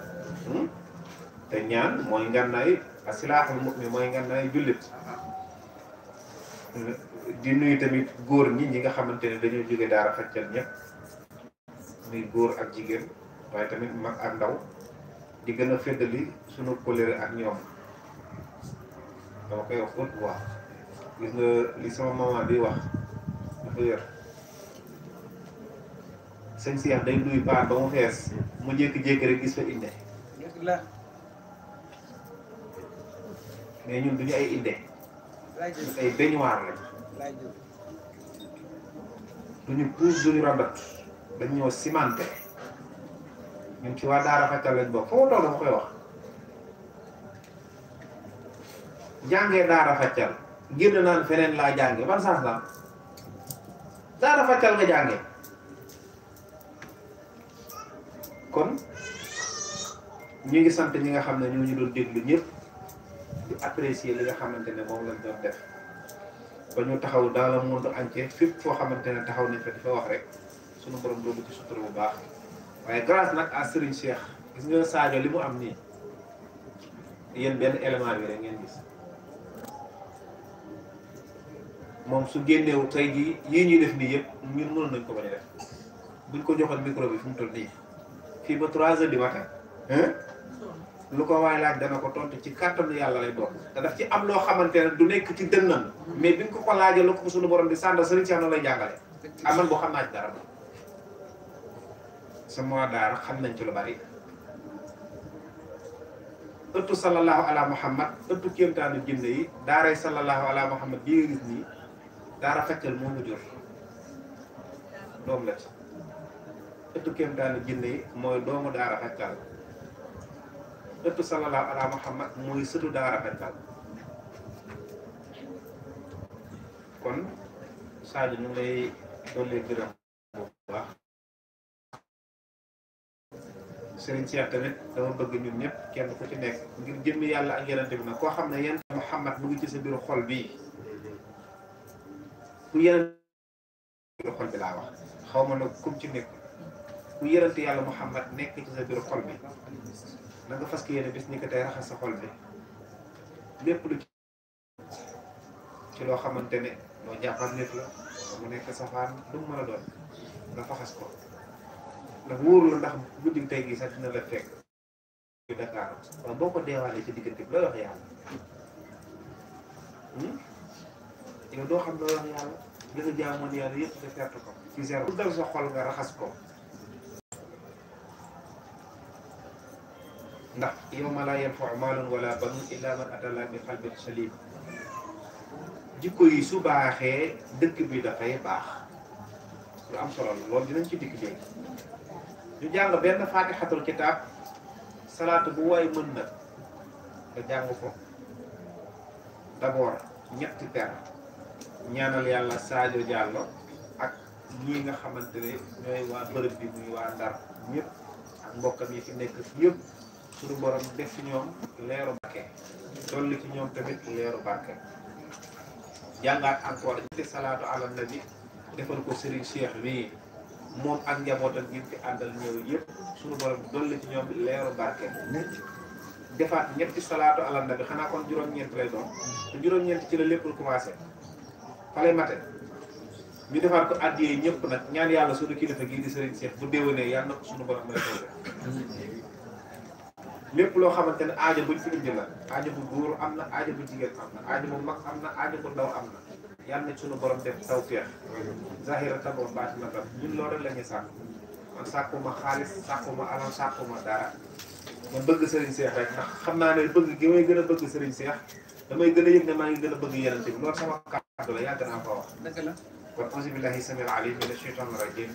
hmm? te ñaan moy ngannaay asilaaxul mu'min moy ngannaay julit di nuyu tamit góor ñi ñi nga xamante ne dañoo jóge daara xaccal ñëpp muy góor ak jigéen waaye tamit mag ak ndaw di gën a feddali sunu colère ak ñoom dama koy wax haute voix gis nga li sama maman di wax dafa yor sëñ Cheikh day nuyu paan ba mu fees mu jékki-jékki rek gis fa inde mais ñun duñu ay inde ñun ay baignoire lañ duñu puus duñu rabat dañ ñoo cimenté ñun ci waa daara Fajtal lañ bokk foo toll ma koy wax jànge daara Fajtal génn naan feneen laa jànge man saas la daara Fajtal nga jànge kon ñu ngi sant ñi nga xam ne ñoo ñu doon déglu ñëpp di apprécier li nga xamante ne moom lañ doon def ba ñu taxaw dans la monde entier fépp foo xamante ne taxaw nañ fa di fa wax rek suñu borom doomu ci sutura bu baax waaye grâce nag à Serigne Cheikh gis nga Sadio li mu am nii yéen benn élément bi rek ngeen gis moom su génneewu tey jii yii ñuy def nii yëpp ñun mënu nañ ko bañ def buñ ko joxoon micro bi fu mu toll nii fii ba 3 heures du matin. lu ko waay laaj dana ko tontu ci kàttanu yàlla lay doon te daf ci am loo xamante ne du nekk ci dënnam mais bi nga ko ko laajee lu ko suñu borom di sànda sëriñ Cheikh noonu lay jàngale aman boo xam naa ci dara ma daara xam nañ ci lu bari ëttu sallallahu ala muhammad ëttu kéemtaanu jinne yi daaray sallallahu ala muhammad bii nga gis nii moo mu jur doom la ci ëttu kéemtaanu jinne yi mooy doomu daara feccal ëpp sallallahu ala muhammad mooy sëtu daa rafet daal kon Sadio ñu ngi lay dolli gërëm bu baax Serigne tamit dama bëgg ñun ñëpp kenn ku ci nekk ngir jëmm yàlla ak yeneen bi nag koo xam ne yenn muhammad mu ngi ci sa biiru xol bi laa wax xaw ma nag kum ci nekk ku yeneen yàlla muhammad nekk ci sa biiru xol bi na nga fas yéene bis ni ko tey raxas sa xol bi lépp lu ci loo xamante ne loo jàppal nit la mu nekk safaan lu mu mën a doon nga faxas ko ndax wóorul ndax guddi tey gi sax dina la fekk ci Dakar waaw boo ko deewaalee ci diggante bi looy wax yàlla hmm? yow doo xam ne wax yàlla li nga jaamoon yàlla yëpp nga fert ko ci zéro dal sa xol nga raxas ko ndax yawma laa yanfa'u maalun wala banuun illaa man ataa Allaha bi qalbin saliim jikko yi su baaxee dëkk bi dafay baax lu am solo la dinañ ci dikk léegi ñu jàng benn faatixatul kitaab salaatu bu waay mën na nga jàng ko d'abord ñetti per ñaanal yàlla Sadio Diallo ak ñii nga xamante ne ñooy waa bërëb bi muy waa Ndar ñëpp ak mbokkam yi fi nekk yëpp suñu borom def ci ñoom leeru barke dolli tamit leeru barke jàngaat encore ñetti salaatu ala nabi defal ko Serigne Cheikh mii moom ak njabootam gi fi àndal ñëw yëpp suñu borom dolli ci ñoom leeru barke defaat ñetti salaatu ala nabi xanaa kon juróom-ñeent lay doon te juróom-ñeent ci la lépp lu commencé fale mate ñu defaat ko àddiyee ñëpp nag ñaan yàlla suñu kilifa gii di Serigne Cheikh bu déwénee yàlla ko suñu borom may lépp loo xamante ne aajo buñ fi indi la aajo bu góor am na aajo bu jigéen am na aajo bu mag am na aajo bu ndaw am na yal na suñu borom def tawfeex zahira taboon baati na tam ñun loolu rek la ñuy sàkk man sàkkuma xaalis sàkkuma alal sàkkuma dara ma bëgg sëriñ Cheikh rek ndax xam naa ne bëgg gi may gën a bëgg sëriñ Cheikh damay gën a yëg ne maa ngi gën a bëgg yeneen bi loolu sama kàddu la yàgg naa ko wax dëgg la kon auzu billahi samil alim min ashaytan rajim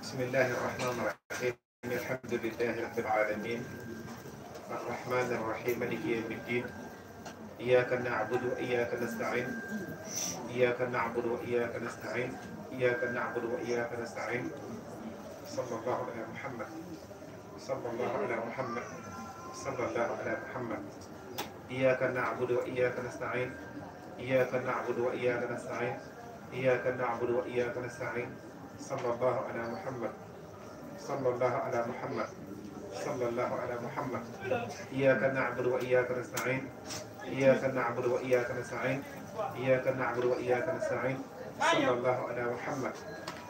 bismillahi rahmani rahim إن الحمد لله رب العالمين الرحمن الرحيم مالك يوم الدين إياك نعبد وإياك نستعين إياك نعبد وإياك نستعين إياك نعبد وإياك نستعين صلى الله على محمد صلى الله على محمد صلى الله على محمد إياك نعبد وإياك نستعين إياك نعبد وإياك نستعين إياك نعبد وإياك نستعين صلى الله على محمد صلى الله على محمد صلى الله على محمد إياك نعبد وإياك نستعين إياك نعبد وإياك نستعين إياك نعبد وإياك نستعين صلى الله على محمد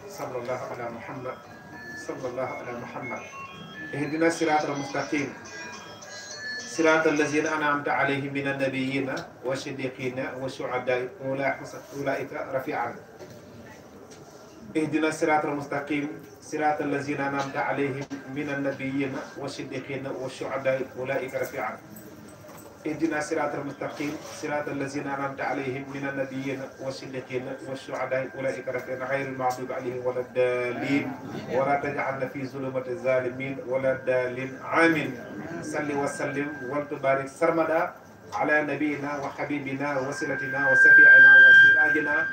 صلى الله على محمد صلى الله على محمد اهدنا الصراط المستقيم صراط الذين أنعمت عليهم من النبيين والصديقين والشهداء أولئك رفيعا اهدنا الصراط المستقيم صراط الذين أنعمت عليهم من النبيين والصديقين والشهداء أولئك رفيعا اهدنا صراط المستقيم صراط الذين أنعمت عليهم من النبيين والصديقين والشهداء أولئك رفيعا غير المغضوب عليهم ولا الدالين ولا تجعلنا في ظلمة الظالمين ولا الدالين آمين صل وسلم وتبارك سرمدا على نبينا وحبيبنا وسيلتنا وسفيعنا وسراجنا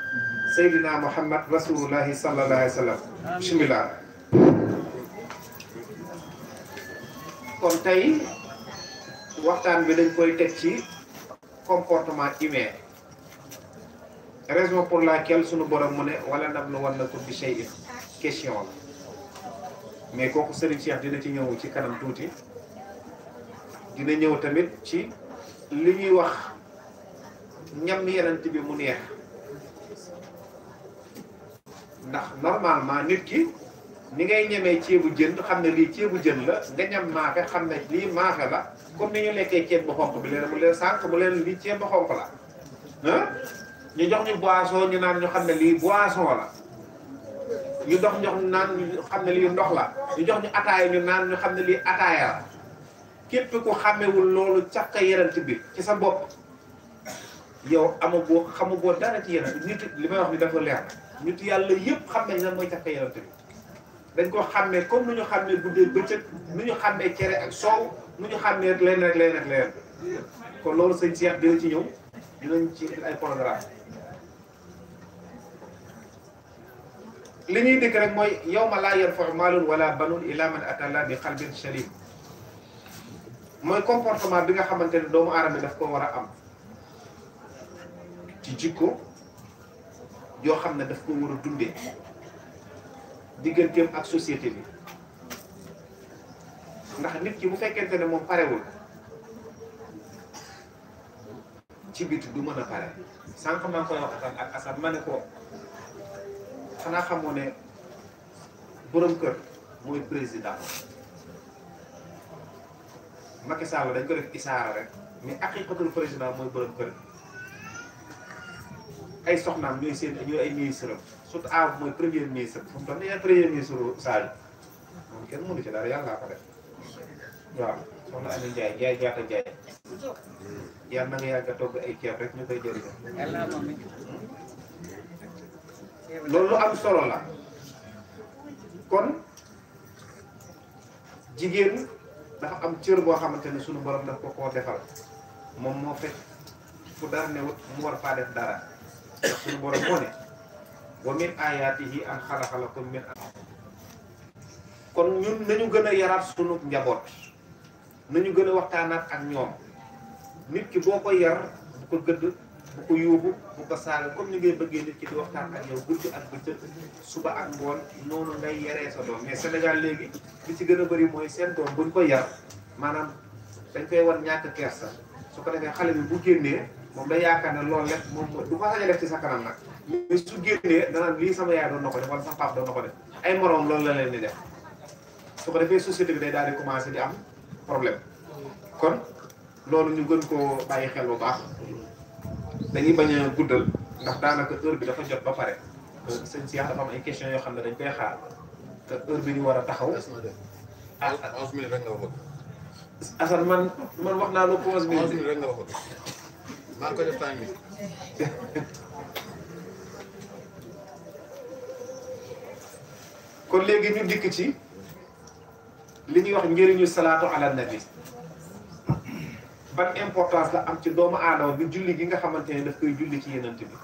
سيدنا محمد رسول الله صلى الله عليه وسلم بسم الله kon tey waxtaan bi dañ koy teg ci comportement humain raison pour laquelle sunu borom mu ne wala nab lu war na ko bi shay question la mais kooku Serigne Cheikh dina ci ñëw ci kanam tuuti dina ñëw tamit ci li ñuy wax ñam yenent bi mu neex ndax normalement nit ki ni ngay ñeme ceebu jën xam ne lii ceebu jën la nga ñam maafe xam ne lii maafe la comme ni ñu lekkee ceeb bu xonq bi leen mu leen sànq mu leen lii ceeb bu xonq la ñu jox ñu boisson ñu naan ñu xam ne lii boisson la ñu dox ñu naan ñu xam ne lii ndox la ñu jox ñu ataaya ñu naan ñu xam ne lii ataaya la képp ku xàmmewul loolu càq yerant bi ci sa bopp yow amagoo xamagoo dara ci yerant bi nit li may wax ni dafa leer nit yàlla yëpp xam nañ lan mooy càq yerant bi dañ ko ne comme nu ñu xam xàmmee guddee bëccëg nu ñu xam xàmmee cere ak soow nu ñu xam leen rek leen ak leen kon loolu sëñ Cheikh dina ci ñëw dinañ ci ay programme li ñuy dégg rek mooy yow yawma laa yanfa'u maalun wala banun illa man ataa Allaha bi xal qalbin saliim mooy comportement bi nga xamante ne doomu bi daf ko war a am ci jikko yoo xam ne daf ko war a dundee digganteem ak société bi ndax nit ki bu fekkente ne moom parewul ci biti du mën a pare sànq maa ngi koy wax ak Assane ma ne ko xanaa xamoo ne borom kër mooy président Macky Sall dañ ko def isaara rek mais aqiqatul président mooy borom kër ay soxnaam ñooy seen ñooy ay ministre surtout aar mooy premier ministre fu mu toll premier ministre Sadio moom kenn mënu ci dara yàlla ko def waaw soxna Ami Ndiaye Ndiaye jaata Ndiaye nga togg ay rek am solo la kon jigéen dafa am cër boo xamante sunu borom daf ko koo defal moom moo fekk fu mu war def dara sunu borom moo ne. wa min ayaatihi an xalaqa lakum min kon ñun nañu gën a yaraat sunu njaboot nañu gën a waxtaanaat ak ñoom nit ki boo ko yar bu ko gëdd bu ko yóbbu bu ko saaga comme ni ngay bëggee nit ki di waxtaan ak yow guddi ak bëccëg suba ak ngoon noonu ngay yaree sa doom mais Sénégal léegi li ci gën a bëri mooy seen doom buñ ko yar maanaam dañ koy war ñàkk kersa su ko defee xale bi bu génnee moom da yaakaar ne loolu rek moom du ko sañ a ci sa kanam nag. mais su sama yaay doon na ko def wala sama paap doon na ko def ay moroom loolu la leen di def su ko defee société bi day daal di commencé di am problème kon loolu ñu gën ko bàyyi xel bu baax dañuy bañ a guddal ndax daanaka heure bi dafa jot ba pare euh, sëñ si dafa am ay questions yoo xam ne dañ koy xaar te heure bi ñu war a taxaw. ah, ah. onze minutes rek nga waxoon. Assane man man wax naa lu ko onze rek nga waxoon maa ko def kon léegi ñu dikk ci li ñuy wax njëriñu salaatu ala bi ban importance la am ci doomu aadama bi julli gi nga xamante ne daf koy julli ci yenant bi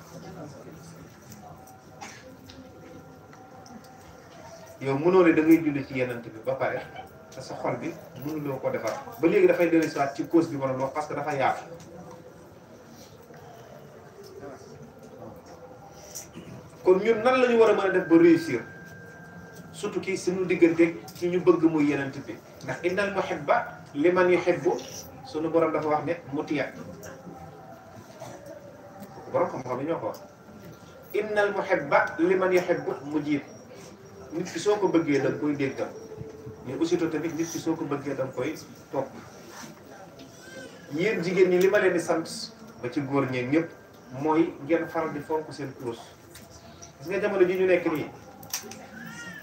yow mënoo ne da ngay julli ci yenant bi ba pare te sa xol bi loo ko defar ba léegi dafay dellu ci cause bi ma doon wax parce que dafa yaatu kon ñun nan lañu war a mën a def ba réussir surtout kii suñu diggante ki ñu bëgg muy yenent bi ndax innal muhibba liman yuhibbu suñu borom dafa wax ne mutiya borom xam-xam bi ñoo ko wax innal muhibba liman yuhibbu mujib nit ki soo ko bëggee danga koy déggal mais aussitôt tamit nit ki soo ko bëggee danga koy topp yéen jigéen ñi li ma leen sant ba ci góor ñeen ñépp mooy ngeen faral di fonk seen kurus gis nga jamono ji ñu nekk nii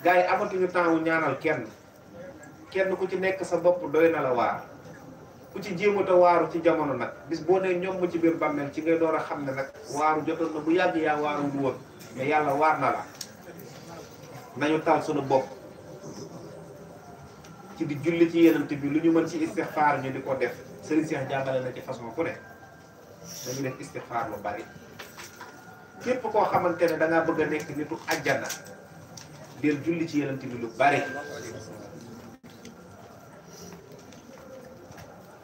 gars amon amatuñu temps wu ñaanal kenn kenn ku ci nekk sa bopp doy na la waar ku ci jéemata waaru ci jamono nag bis boo ne ñoom ci biir bàmmeel ci ngay door a xam ne nag waaru jotoon na bu yàgg yaa waaru bu woon mais yàlla waar na la nañu tal sunu bopp ci di julli ci yenante bi lu ñu mën ci istighfar ñu di ko def sëriñ Cheikh jàngale na ci façon ku ne dañu def istighfar lu bari képp koo xamante da ngaa bëgg a nitu àjjana del julli ci yonent bi lu bari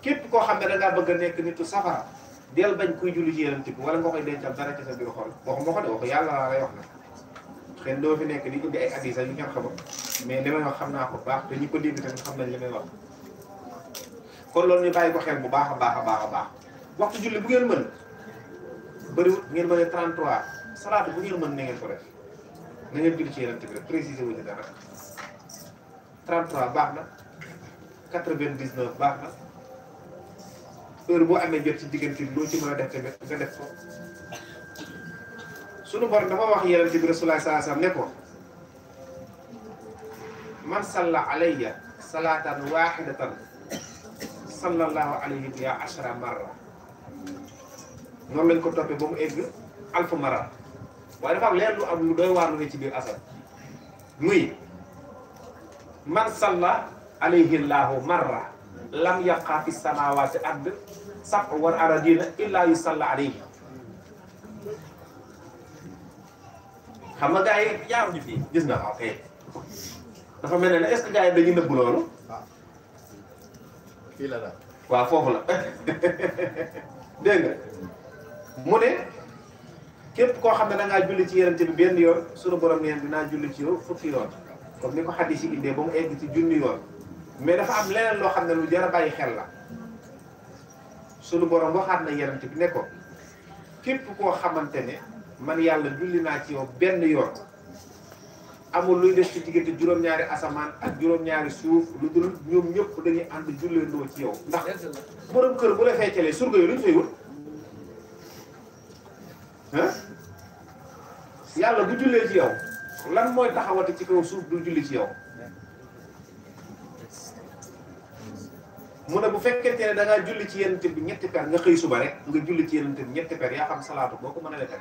képp koo xam ne dangaa bëgg a nekk nitu safara del bañ kuy julli ci yonent bi wala nga koy dencal dara ci sa biir xol waxuma ko de waxu yàlla laa lay wax na xëy doo fi nekk di indi ay addis yu ngeen xamul mais li may wax xam naa ko baax te ñu ko dégg tamit xam nañ li may wax kon loolu ñu bàyyi ko xel bu baax a baax a baax a baax waxtu julli bu ngeen mën bëriwut ngeen mën a 33 salaatu bu ngeen mën na ngeen na ngeen julli ci yonent bi rek précisé wuñu dara 33 baax na 99 baax na heure boo amee jot ci diggante loo ci mën a def tamit nga def ko sunu borom dafa wax yonent bi Rasulullah sallallahu alayhi wasallam ne ko man salla alayya salaatan waahidatan sallallahu alayhi biha ashara marra noonu lañ ko toppee ba mu egg alfu marra waaye dafa am lu am lu doy waar lu ne ci biir asal muy man salla alayhi llahu marra lam yaqa fi samawati ard sab war aradina illa yu salla alayhi xam nga gars yi jaaruñu fii gis na waaw dafa mel ne est ce que gars yi dañuy nëbb loolu ah. fii foofu la dégg nga mu ne képp koo xam ne da ngaa julli ci yonent bi benn yoon suñu borom neen dinaa julli ci yow fukki yoon comme ni ko xadis yi indee ba mu egg ci junni yoon mais dafa am leneen loo xam ne lu jar a bàyyi xel la suñu borom waxaat na yonent bi ne ko képp koo xamante ne man yàlla julli naa ci yow benn yoon amul luy des ci diggante juróom-ñaari asamaan ak juróom-ñaari suuf lu dul ñoom ñëpp dañuy ànd julleendoo ci yow ndax borom kër bu la feccalee surga yooyu yàlla du jullee ci yow lan mooy taxawati ci kaw suuf du julli ci yow mu ne bu fekkente ne da julli ci yenante bi ñetti per nga xëy suba rek nga julli ci yenante bi ñetti per yaa xam salaatu boo ko mën a lekk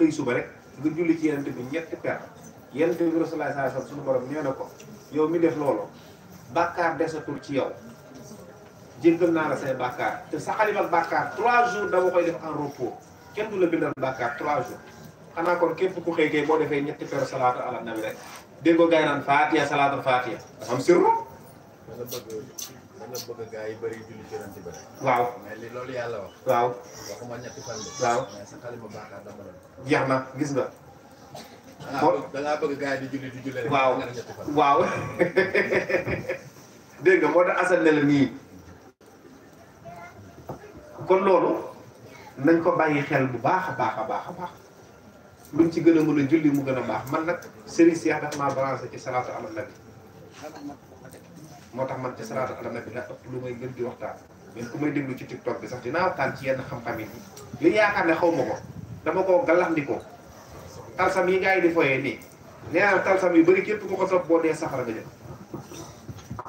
xëy rek nga julli ci bi ñetti per yenante bi rasulullah sallallahu alayhi wasallam suñu borom ko yow mi def loolu bàkkaar desatul ci yow jéggal naa la say bàkkaar te saxalima bàkkaar trois jours dama koy def en kenn du la bindal bakkar trois jours xanaa kon képp ku xëy kay boo defee ñetti fer salaatu ala nabi rek dégg ko gaay naan faatiya salaatu faatiya dafa am sirru dana bëgg gaay yi bëri julli ci waaw mais li loolu yàlla wax waaw waxuma ñetti fan waaw mais sa xalima dama asal la nii nañ ko bàyyi xel bu baax a baax a baax a baax luñ ci gën a mën a julli mu gën a baax man nag Serigne Cheikh dafa maa balancé ci salaatu ala nabi moo tax man ci salaatu ala nabi la ëpp lu may gën di waxtaan mais ku may déglu ci tiktok bi sax dinaa waxtaan ci yenn xam-xam yi li yaakaar ne xaw ma ko dama koo gallaxndikoo talsam yi gars yi di foyee nii nee naa talsam yi bëri képp ku ko topp boo dee saxara nga jëm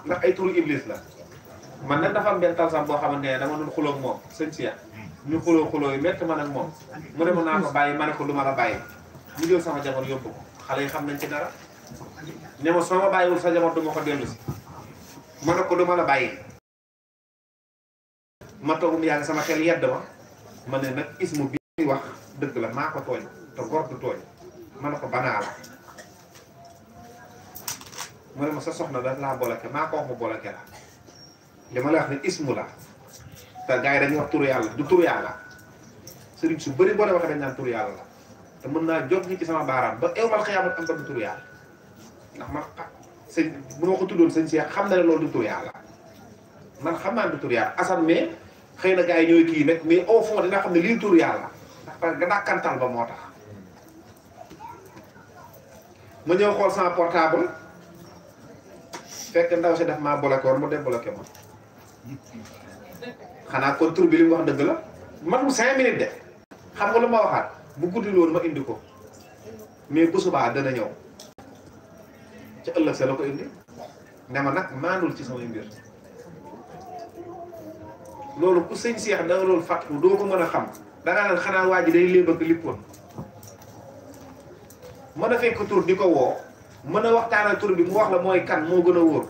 ndax ay turu iblis la man nag dafa am benn talsam boo xamante ne dama doon xuloog moom sëñ Cheikh ñu xuloo xuloo yi metti man ak moom mu ne ma naa ko bàyyi ma ne ko du ma la bàyyi ñu jël sama jabar yóbbu ko xale yi xam nañ ci dara ne ma soo ma bàyyiwul sa du ko dellu si ma ko la bàyyi ma toogum yaa sama xel yedd ma ma ne nag ismu bi wax dëgg la maa ko tooñ te gor du tooñ ma ne ko banaa la mu ne ma sa soxna la laa bolake maa ko wax mu bolake la ya li la wax ismu la ta gaay dañuy wax turu yalla du turu yalla serigne su bëri boo waxee dañ nan turu yalla te mën naa jot ci sama baaraam eh, nah, oh, kan ba ewmal mal am ko du turu yalla ndax ma sëñ bu ma ko tuddoon sëñ Cheikh xam na ne loolu du turu yalla man xam naa du turu yalla asan mais xëy na gars yi ñooy kii nag mais au fond dina xam ne lii turu yalla ndax parce que dàkkantal ba moo tax ma ñëw xool sama portable fekk ndaw si daf maa bloqué woon mu débloqué ma xanaa kon tur bi mu wax dëgg la mu cinq minutes de xam nga la ma waxaat bu guddi loolu ma indi ko mais bu subaa dana ñëw ci ëllëg sa la ko indi ne ma nag maandul ci samay mbir loolu ku sëñ seex da loolu fàttu doo ko mën a xam dangaa naan xanaa waa ji day léeb ak lippoon mën a fekk tur di ko woo mën a waxtaanal tur bi mu wax la mooy kan moo gën a wóor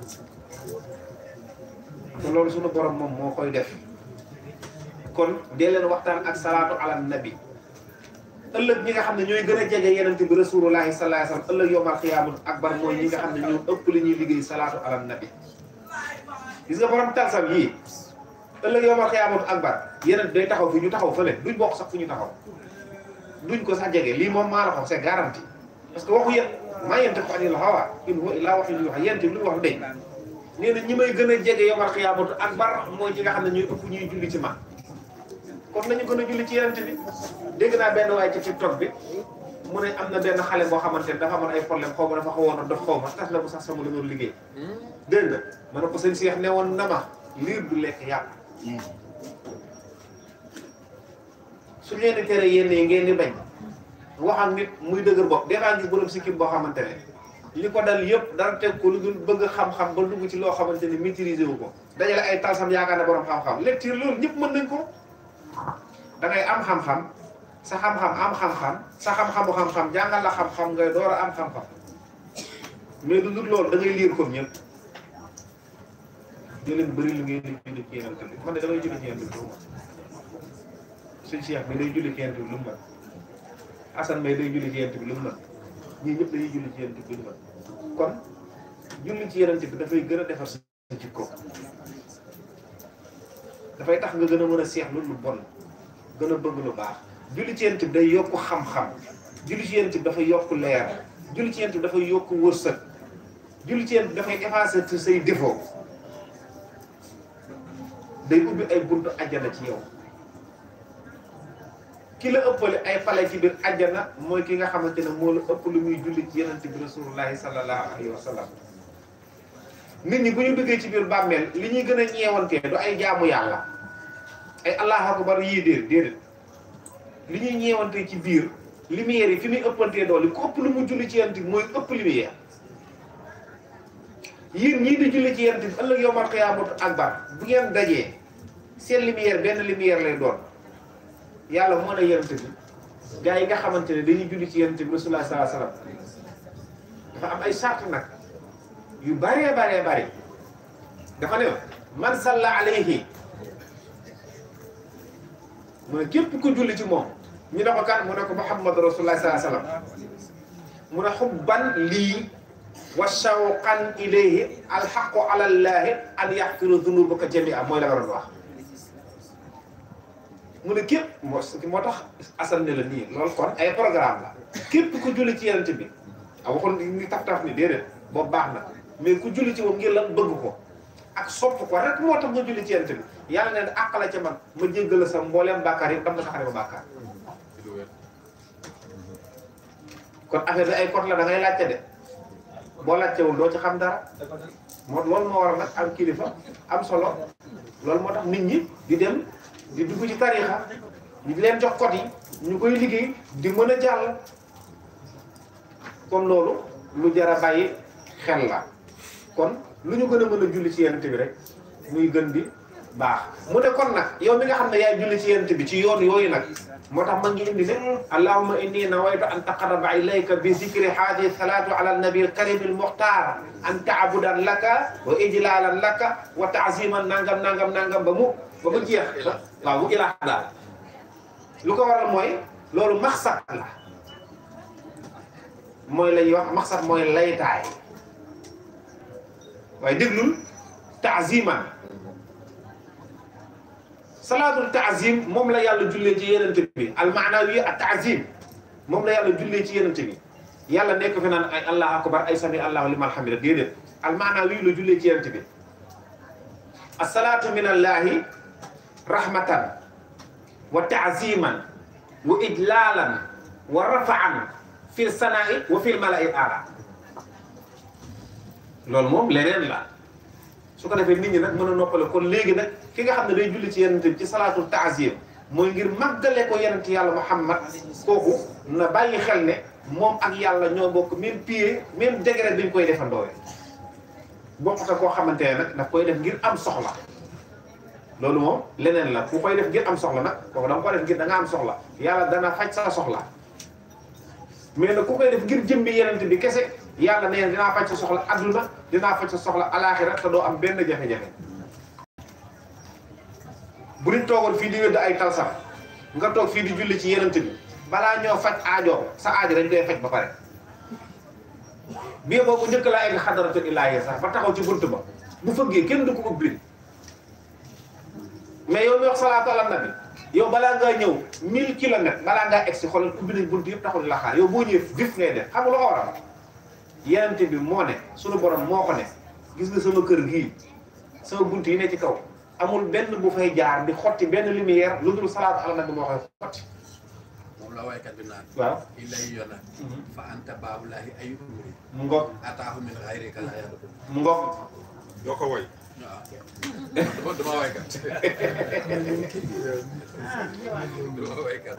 loolu sunu borom moom moo koy def kon de len waxtan ak salatu ala nabi ëllëg ñi nga xamne ñoy gëna jégué yenen jege bi rasulullahi sallallahu alayhi wasallam ëllëg yowmal xiyaamul akbar moy ñi nga xamne ñoo ëpp li ñuy liggéey salatu ala nabi gis nga borom tal talsam yi ëllëg yowmal xiyaamul akbar yenen day taxaw fi ñu taxaw fele duñ bok sax fu ñu taxaw duñ ko sax jégué li mom ma la xox c'est garantie parce que waxu ya ma yent ko anil hawa in huwa illaa waxin yuuxa yente lu wax de neena ñi may gëna jégué jege yowmal xiyaamul akbar moy ñi nga xamne ne ëpp ñuy julli ci ma kon nañu gën a julli ci yonent bi dégg naa benn waay ci TikTok bi mu ne am na benn xale boo xamante ne dafa amoon ay problème xaw dafa xawoon a dox xaw ma tas la ko sax sama lu doon liggéey. Hmm? dégg nga ma ne ko sëñ Cheikh ne woon na ma liir du lekk yàpp. Hmm. su leen di tere yenn yi ngeen di bañ wax ak nit muy dëgër bopp des fois ñu borom sikkim boo xamante ne li ko dal yëpp dara teg ko lu dul bëgg xam-xam ba dugg ci loo xamante ne maîtriser wu ko dajale ay talsam yaakaar ne borom xam-xam loolu ñëpp mën nañ ko. da ngay am xam-xam sa xam-xam am xam-xam sa xam-xamu xam-xam jàngal la xam-xam ngay door a am xam-xam mais du dul loolu da ngay liir comme ñëpp ñu leen bëri li ngay julli ci yeneen damay julli ci yeneen bi lu mi day julli ci mu mën Assane may day julli ci yeneen bi lu mu mën ñii ñëpp dañuy julli ci yeneen bi lu mu ci yeneen bi dafay gën a defar sa jikko dafay tax nga gëna mëna xeex lu lu bon gëna bëgg lu baax julli ci yent bi day yok xam-xam julli ci yent bi dafa yok leer julli ci yent bi dafa yok wërsëg julli ci yent bi dafay effacer say défaut day ubbi ay buntu aljana ci yow ki la ëppale ay pale ci bir aljana moy ki nga xamantene mo moo la ëpp lu muy julli ci yenente bi rasulullahi sallallahu alayhi wasallam nit ñi bu ñu duggee ci biir bàmmeel li ñuy gën a ñeewantee du ay jaamu yàlla ay allah akbar yii déedéet li ñuy ñeewantee ci biir lumière yi fi muy ëppantee doole ku ëpp lu mu julli ci yent mooy ëpp lumière yéen ñii di julli ci yent bi ëllëg yowmal xiyaamatu akbar bu ngeen dajee seen lumière benn lumière lay doon yàlla moo ne yent bi gars yi nga xamante ne dañuy julli ci yent bi rasulullah sallallahu alayhi wasallam dafa am ay sart nag yu bëree bëree bëri dafa ne man salla alayhi mu ne képp ku julli ci moom ñu ne ko kan mu ne ko muhammad rasulullah salaa sallam mu ne xubban lii wa shawqan ilayhi al ala llahi an yaxfiru dunubaka jamia mooy la nga ne tax asan ne loolu kon ay programme la képp ku julli ci yonent bi a waxoon ni taf-taf ni déedéet boobu baax na mais ku julli ci mom ngir lan bëgg ko ak sopp ko rek mo tax nga julli ci yent bi yalla neen akala ci man ma jéggal sa mbolem bakkar yi dam nga ba kon affaire ay kot la da ngay dé bo laccé wul do ci xam dara mo loolu mo waral nak am kilifa am solo loolu mo tax nit ñi di dem di dugg ci tariixa di leen jox kot yi ñu koy liggéey di mëna jall comme lolu lu jara bayyi xel la kon lu ñu gën a mën a julli ci yonent bi rek muy gën bi baax mu ne kon nag yow mi nga xam ne yaay julli ci yonent bi ci yoon yooyu nag moo tax ma ngi indi ne allahumma inni nawaytu an taqarraba ilayka bi zikri haadihi salaatu ala nabi karim al muxtaar an taabudan laka wa ijlalan laka wa taaziman nangam nangam nangam ba mu jeex waaw mu ilaa daal lu ko waral mooy loolu maxsat mooy lay wax maxsat mooy laytaay waaye déglul taazima salaatul taazim moom la yàlla jullee ci yenente bi al maanawi ak taazim moom la yàlla jullee ci yenente bi yàlla nekk fi naan ay allah akbar ay sami allahu liman hamida déedéet al maanawi la jullee ci yenente bi asalaatu min allahi rahmatan wa taaziman wa ijlalan wa rafaan fi sanaa'i wa fi l mala'i ala loolu moom leneen la su ko defee nit ñi nag mën a noppale kon léegi nag ki nga xam ne day julli ci yenente bi ci salaatul taazim mooy ngir màggale ko yenent yàlla muhammad kooku na bàyyi xel ne moom ak yàlla ñoo bokk même pied même degré bi ñu koy defandoowee bokkut ak koo xamante ne nag daf koy def ngir am soxla loolu moom leneen la ku koy def ngir am soxla nag kooku da nga ko def ngir da am soxla yàlla dana faj sa soxla mais nag ku koy def ngir jëmbi yenent bi kese yalla neena dina faj ci soxla aduna dina faj ci soxla alakhirah te do am benn jafé jafé bu ñu togon fi di wedd ay tal sax nga tok fi di julli ci yeenante bi balaa ñoo faj aajoo sa aajo dañ koy fajj ba pare bi boobu ñëk la ay xadaratu ilaahi sax ba taxaw ci buntu ba bu fëggé kenn du ko ubbi mais yow mi wax salatu ala nabi yow bala nga ñëw 1000 km bala nga exi si ubbi nañ bunt yëpp taxul la xaar yow bo ñëwee dif ngay def xam nga lu ko waral yante bi moo ne sunu borom moo ko ne gis nga sama kër gi sama bunt yi ne ci kaw amul benn bu fay jaar bi xotti benn lumière lu dul salaatu ala nabi moo koy xotti moom la waykat bi naan waaw ilay yona mhm. fa anta baabulaahi ay umri mu ngok ataahu min xayrika la yàlla mu ngok yoo ko woy dama waykat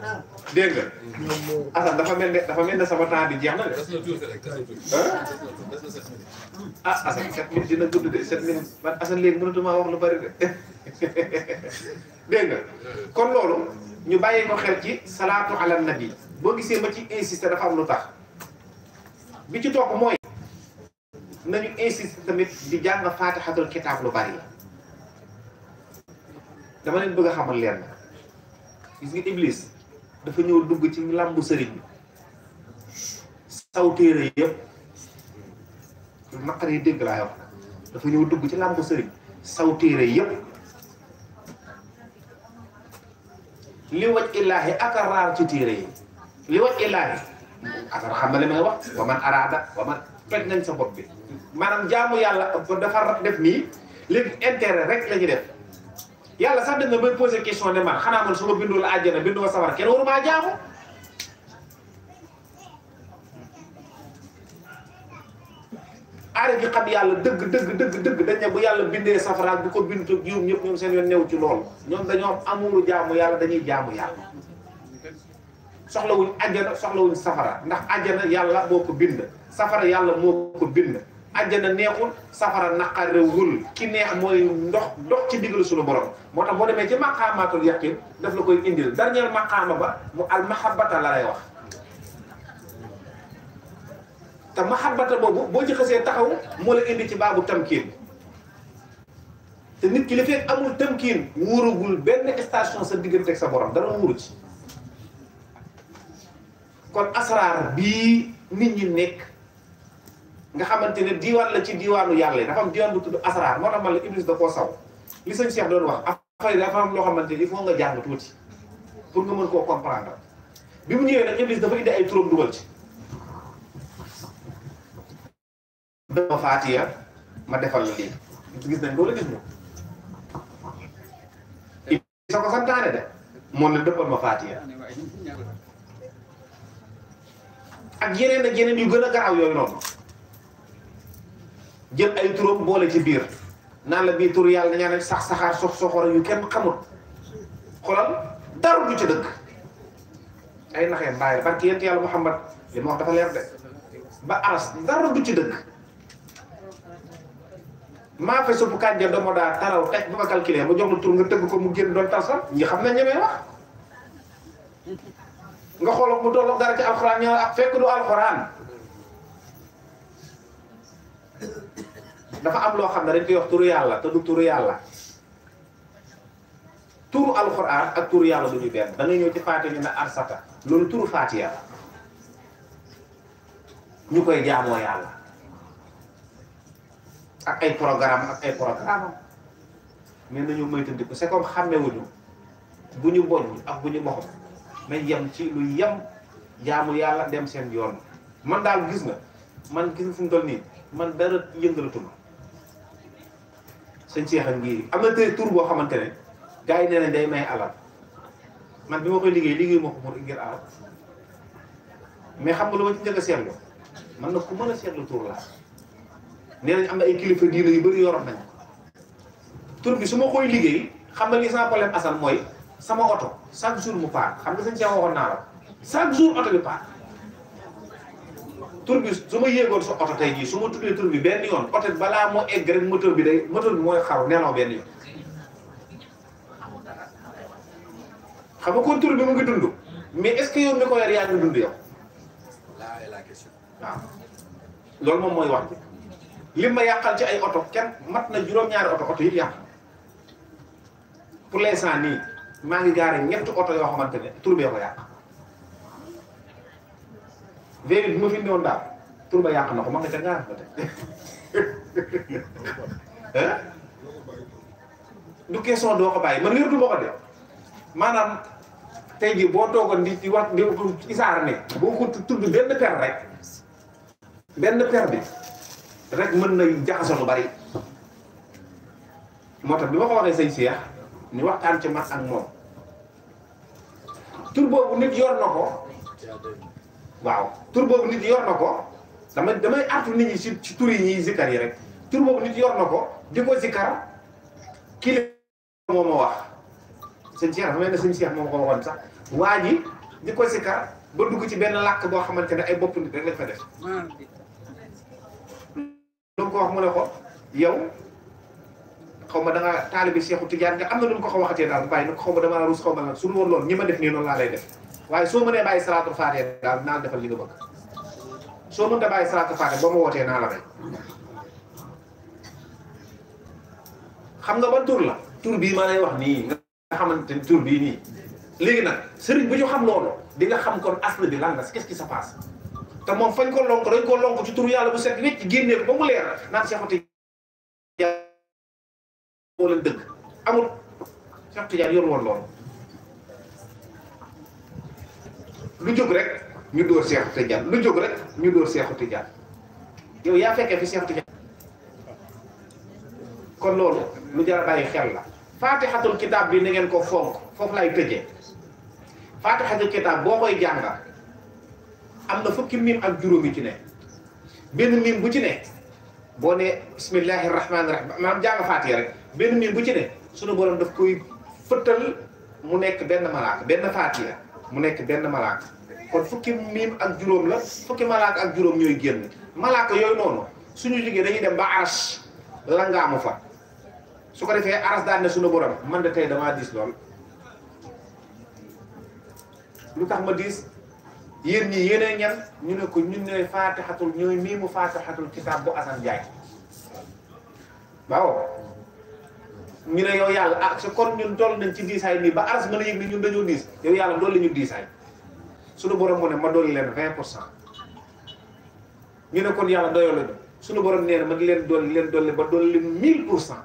dama dégg nga dafa mel ne dafa mel ne sama temps di jeex na de. ah Assane sept minutes dina gudd de sept minutes man Assane léegi mënatuma wax lu bari de dégg kon loolu ñu bàyyi ko xel ci salaatu ala nabi boo gisee ma ci insister dafa am lu tax bi ci topp mooy nañu insiste tamit di jàng faatixatul kitaab lu bari dama leen bëgg a xamal leen na gis nga iblis dafa ñëw dugg ci làmbu sëriñ saw téere yëpp lu naqaree dégg laa wax dafa ñëw dugg ci làmbu sëriñ saw téere yëpp li waj illaahi aka raar ci téere yi li waj illaahi akar xam na li may wax wa man araada wa man toj nañ sa bopp bi maanaam jaamu yàlla dafa def nii léegi intérêt rek la ñu def yàlla sax dem na bay posé question ne man xanaa man su ma bindul àjjana bindu ma sawar kenn waruma jaamu aarif xam yàlla dëgg dëgg dëgg dëgg dañ ne bu yàlla bindee safaraat bu ko bindu juum ñëpp ñoom seen yoon new ci lool ñoom dañoo am amuru jaamu yàlla dañuy jaamu yàlla soxlawuñ àjjana soxlawuñ safara ndax àjjana yàlla moo ko bind safara yàlla moo ko bind àjjana neexul safara naqarewul ki neex mooy ndox ndox ci digal suñu borom moo tax boo demee ci maqaamaatul yaqin daf la koy indil dernier maqaama ba mu al mahabbata la lay wax te mahabbata boobu boo ci xësee taxaw moo la indi ci baabu tamkiin te nit ki li fekk amul tamkiin wóoragul benn station sa diggante ak sa borom dara wóoru ci kon asrar bi nit ñi nek nga xamantene diwan la ci diwanu yalla dafa am diwan bu tuddu asrar motax tax man la iblis da ko saw li seigne Cheikh doon wax afay yi dafa am lo xamantene il faut nga jang tuuti pour nga mën ko comprendre bi mu ñëwee nak iblis dafa indi ay turum duggal ci dama fatia ma defal li gis nañ loolu gis ñu sa ko santane de moom la defal ma fatia ak yeneen ak yeneen yu gën a garaaw yooyu noonu jël ay turam boole ci biir naan la bii tur yàlla dañaa ne sax saxaar sox soxor yu kenn xamul xolal daru du ci dëkk ay naxee bàyyi barki yent yàlla Muhammad li ma wax dafa leer de ba aas daru du ci dëkk maa fe supp kànja dama daa taraw tek bu ma calculer mu jox la tur nga tëgg ko mu génn doon tal ñi xam ne ñemee wax nga xoolal mu tolloog dara ci alquran ñëw ak fekk du alquran dafa am lo xamne dañ koy wax turu yalla ya te du turu yalla ya turu alquran ak turu yalla ya du ñu ben da program, ñëw ci fatiha ñu na arsata lolu turu fatiha ñu koy jaamoo yalla ak ay programme ak ay programme mais nañu moytandiku c'est comme xamé wuñu buñu boñ ak buñu moxom nañ yem ci lu yem jaamu yàlla dem seen yoon man daal gis nga man gis nga fu toll nii man dara yëngalatuma sëñ Cheikh ak ngir am na tey tur boo xamante ne gaa yi nee nañ day may alal man bi ma koy liggéey liggéey ma ko pour ngir alal mais xam nga lu ma ci njëkk a seetlu man nag ku mën a seetlu tur laa nee nañ am na ay kilifa diina yu bëri yoroon nañ tur bi su ma koy liggéey xam nga li sans problème Assane mooy. sama oto chaque jour mu paar xam nga sëñ Cheikh waxoon naa la chaque jour oto bi paar tur bi su ma yéegoon sa oto tey jii su ma tuddee tur bi benn yoon oto balaa moo egg rek moteur bi day moteur mooy xaru nelaw benn xam nga ko tur bi mu ngi dund mais est-ce que yow mi ko yor yaa ngi dund yow loolu moom mooy wax bi li ma yàqal ci ay oto kenn mat na juróom-ñaari oto oto yëpp yàq pour l'instant nii. maa ngi gaare ñetti oto yoo xamante ne tur bee ko yàq véhicule bi ma fi néewoon daal tur ba yàq na ko ma nga ca gaar ba tey du question doo ko bàyyi man liir du ma ko def maanaam tey jii boo toogoon di ci wax di isaar ne boo ko tudd benn per rek benn per bi rek mën na jaxasoo lu bari moo tax bi ma ko waxee sëñ Cheikh ñu waxtaan ci man ak moom tur boobu nit yor na ko waaw tur boobu nit yor na ko dama damay artu nit ñi si ci tur yi ñuy zikkar yi rek tur boobu nit yor na ko di ko zikkar kii moo ma wax sëñ Cheikh xam seen sëñ Cheikh moom ko waxoon sax waa ji di ko zikkar ba dugg ci benn làkk boo xamante ne ay bopp nit rek lañ fa def lu ko wax mu ne ko yow xaw ma da ngaa taalibi Seexu Tijaan nga am na lu xaw ma damaa ruus xaw waaye soo mënee bàyyi salaatul faatiha daal naa defal li nga bëgg soo mënta bàyyi salaatul faatiha boo ma wootee naa xam nga ban tur la tur bii ma lay wax nii nga xamante ni tur bii nii léegi nag sëriñ bu ñu xam loolu di nga xam kon asl bi lan la qu'est-ce qui se passe te moom fañ ko lonk dañ koo lonk ci tur yàlla bu set wécc génnee ba mu leer naan Seexu moo leen dëgg amul Cheikh Tidiane yor woon loolu lu jóg rek ñu dóor Cheikh Tidiane lu jóg rek ñu dóor Cheikh Tidiane yow yaa fekkee fi Cheikh Tidiane kon loolu lu jar a bàyyi xel la faatixatul kitaab bi ni ngeen ko fonk foofu lay tëjee faatixatul kitaab boo koy jàngal am na fukki miim ak juróomi ci ne benn miim bu ci ne boo ne bismillahi rahmaani rahim maanaam jàng faatiya rek benn miir bu ci sunu borom daf koy fëttal mu nekk benn malaaka benn faatiya mu nekk benn malaaka kon fukki miim ak juróom la fukki malaaka ak juróom ñooy génn malaaka yooyu noonu suñu liggéey dañuy dem ba aras la ngaamu fa su ko defee aras daan sunu borom man de tey damaa diis lool lu tax ma diis yéen ñii yeneen ñan ñu ne ko ñun ñooy faatixatul ñooy miimu faatixatul kitaab bu Assane Ndiaye waaw ñu ne yow yàlla ah su kon ñun toll nañ ci diisaay nii ba aras mën a yëg ni ñun dañoo diis yow yàlla dolli ñu diisaay su borom mu ne ma dolli leen vingt pour cent ñu ne kon yàlla doyoo la ñu suñu borom nee na ma di leen dolli leen dolli ba dolli mil pour cent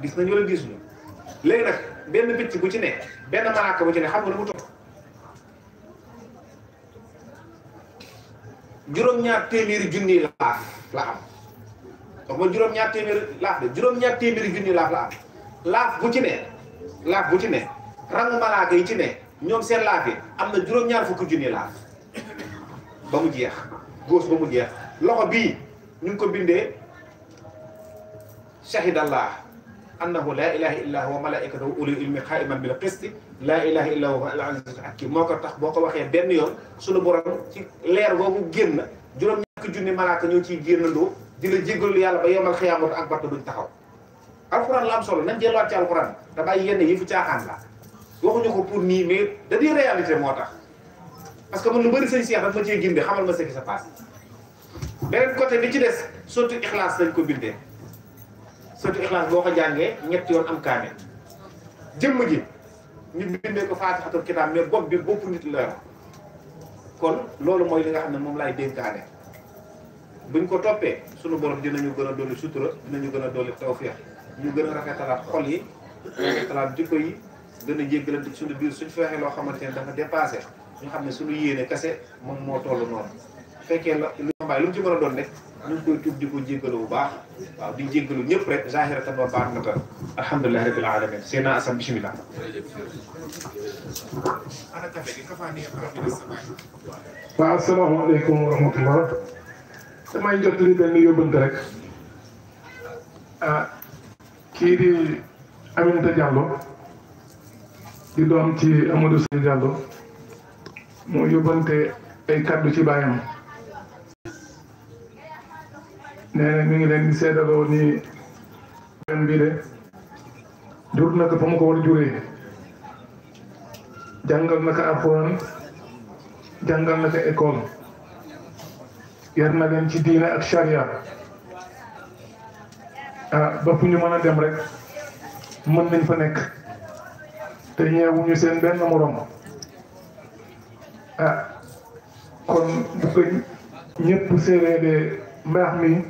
gis nañu wala gis ñu léegi nag benn picc bu ci ne benn malaaka bu ci ne xam nga nu mu toll juróom-ñaar téeméeri junni la la am xam nga juróom-ñaar téeméeri laaf de juróom-ñaar téeméeri junni laaf la am laaf bu ci ne laaf bu ci ne rangu malaaka yi ci ne ñoom seen laaf yi am na juróom-ñaar fukki junni laaf ba mu jeex góos ba mu jeex loxo bii ñu ngi ko bindee shahidallah annahu laa ilaha illa huwa malaikatahu ulil ilmi qaiman bil qisti laa ilaha illa huwa al azizul hakim moo ko tax boo ko waxee benn yoon suñu borom ci leer boobu génn juróom-ñaar fukki junni malaaka ñoo ciy génnandoo di la jéggalu yàlla ba yomal xiyaamatu ak bàtt duñ taxaw alquran la iya iya am solo nañ jëlwaat ci alquran da bàyyi yenn yi fu caaxaan la waxuñu ko pour nii mais da di réalité moo tax parce que man lu bëri sëñ Cheikh daf ma cee gindi xamal ma ce qui se passe beneen côté bi ci des surtout ixlaas lañ ko bindee surtout ixlaas boo ko jàngee ñett am jëmm ji ñu bindee ko faatixatul kitaab mais bopp bi bopp nit la kon loolu mooy li nga xam ne moom laay buñ ko topé suñu borom dinañu gëna a dolli sutura dinañu gëna a dolli tawféex ñu gëna rafetala xol yi rafetala jikko yi gën jéggal ci suñu biir suñu fexé lo xamante dafa dépassé ñu xamné suñu yéene kese moom mo tollu non féké la lu bay lu ci mëna doon nek ñu ngi koy tuub diko jéggal jéggalu bu baax waaw di jéggal ñëpp rek zahira ta wa baax na tan alhamdulilah rabbil alamin sayna asam bismillah ana tafé ki ni ya rabbil alamin wa assalamu alaykum wa rahmatullah damay jot li benn yóbbante rek ah kii di Aminata Diallo di doom ci Amadou Seye Diallo moo yóbbante ay kàddu ci bàyyam nee na ngi leen di seedaloo ni benn bii de jur na fa mu ko war juree jàngal na ko alxuraan jàngal na ko école yar na leen ci diina ak charia ah ba fu ñu mën a dem rek mën nañ fa nekk te ñeewuñu seen benn moroom ah kon bu ko ñëpp séeréeree mbaax mi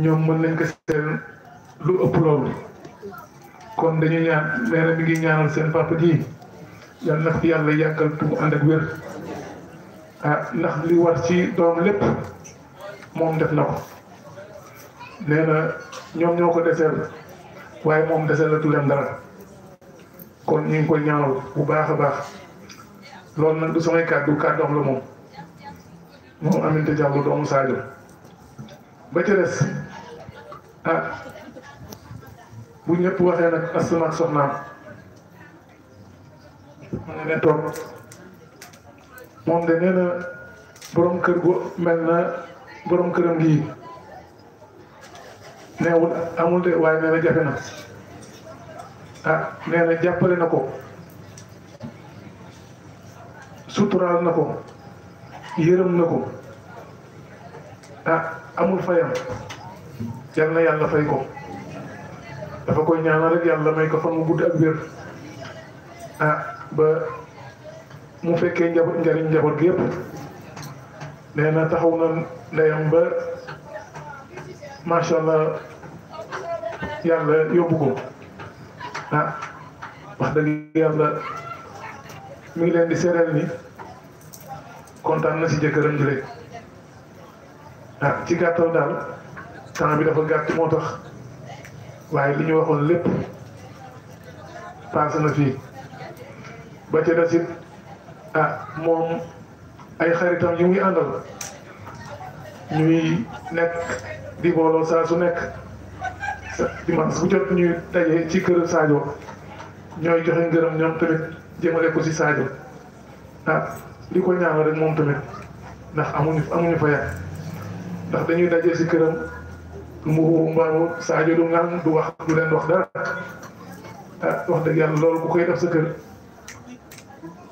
ñoom mën nañ ko seen lu ëpp loolu kon dañu ñaan nee na ngi ñaanal seen papa ji yàlla na fi yàlla yàggal tu ànd ak wér Ah, ndax li war ci doom lépp moom def na ko nee na ñoom ñoo ko deseel waaye moom deseel la tuuram dara kon ñu ngi koy ñaanal bu baax a baax loolu nag du samay kàddu kàddoom la moom moom Aminata Diallo doomu Sadio ba ca des ah bu ñëpp waxee nag asamaak soxnaam ma ne toog moom de nee na borom kër gu mel na borom këram gii neewul amul de waaye nee jafe na ah nee jàppale na ko suturaal na ko yërëm na ko a ah, amul fayam yal na yàlla fay ko dafa koy ñaanal rek yàlla may ko fa mu gudd ak wér ah ba mu fekke njabot njariñ njabot gi yëpp nee na taxaw na ndeyam ba macha allah yàlla yóbbu ko ah wax dëgg yàlla mi ngi leen di seereel ni kontaan na si jëkkëram ji rek ah ci gàttal daal temps bi dafa gàtt moo tax waaye li ñu waxoon lépp passé na fii ba ca des it ah moom ay xaritam yu muy àndal ñuy nekk di booloo saa su nekk dimanche bu jot ñuy daje ci kër saajo ñooy joxe ngërëm ñoom tamit jëmale ko ci Sadio ah li ko ñaanal rek moom tamit ndax amuñu amuñu fa ndax dañuy daje ci këram mu mbaamu saajo du ngaan du wax du leen wax dara ah, wax dëgg yàlla loolu bu koy def sa kër.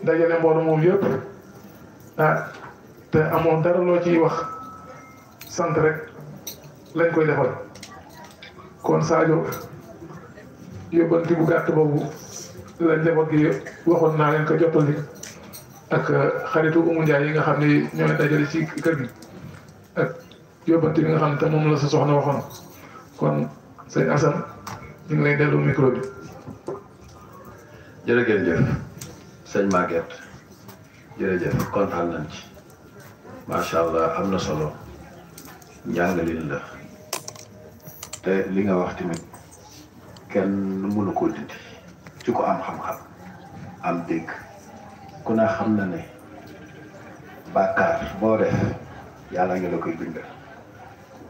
dajale mboolu mom yëpp ah te amo dara lo ci wax sant rek lañ koy defal kon Sadio yóbbanti bu gatt bobu lañ defo gi waxon na len ko ni ak eh, xaritu Umu Njaay yi nga xamni ne dajale ci kër bi ak yóbbanti bi nga xamni te la sa soxna waxon kon sëñ Assane ñu lay delu micro bi jërëjëf sëñ Maguette jërëjëf kontaan nañ ci macha allah am na solo njàngalin la te li nga wax tamit kenn mënu koo dindi ci ko am xam-xam am dégg ku na xam na ne bàkkaar boo def yàlla ngi la koy bindal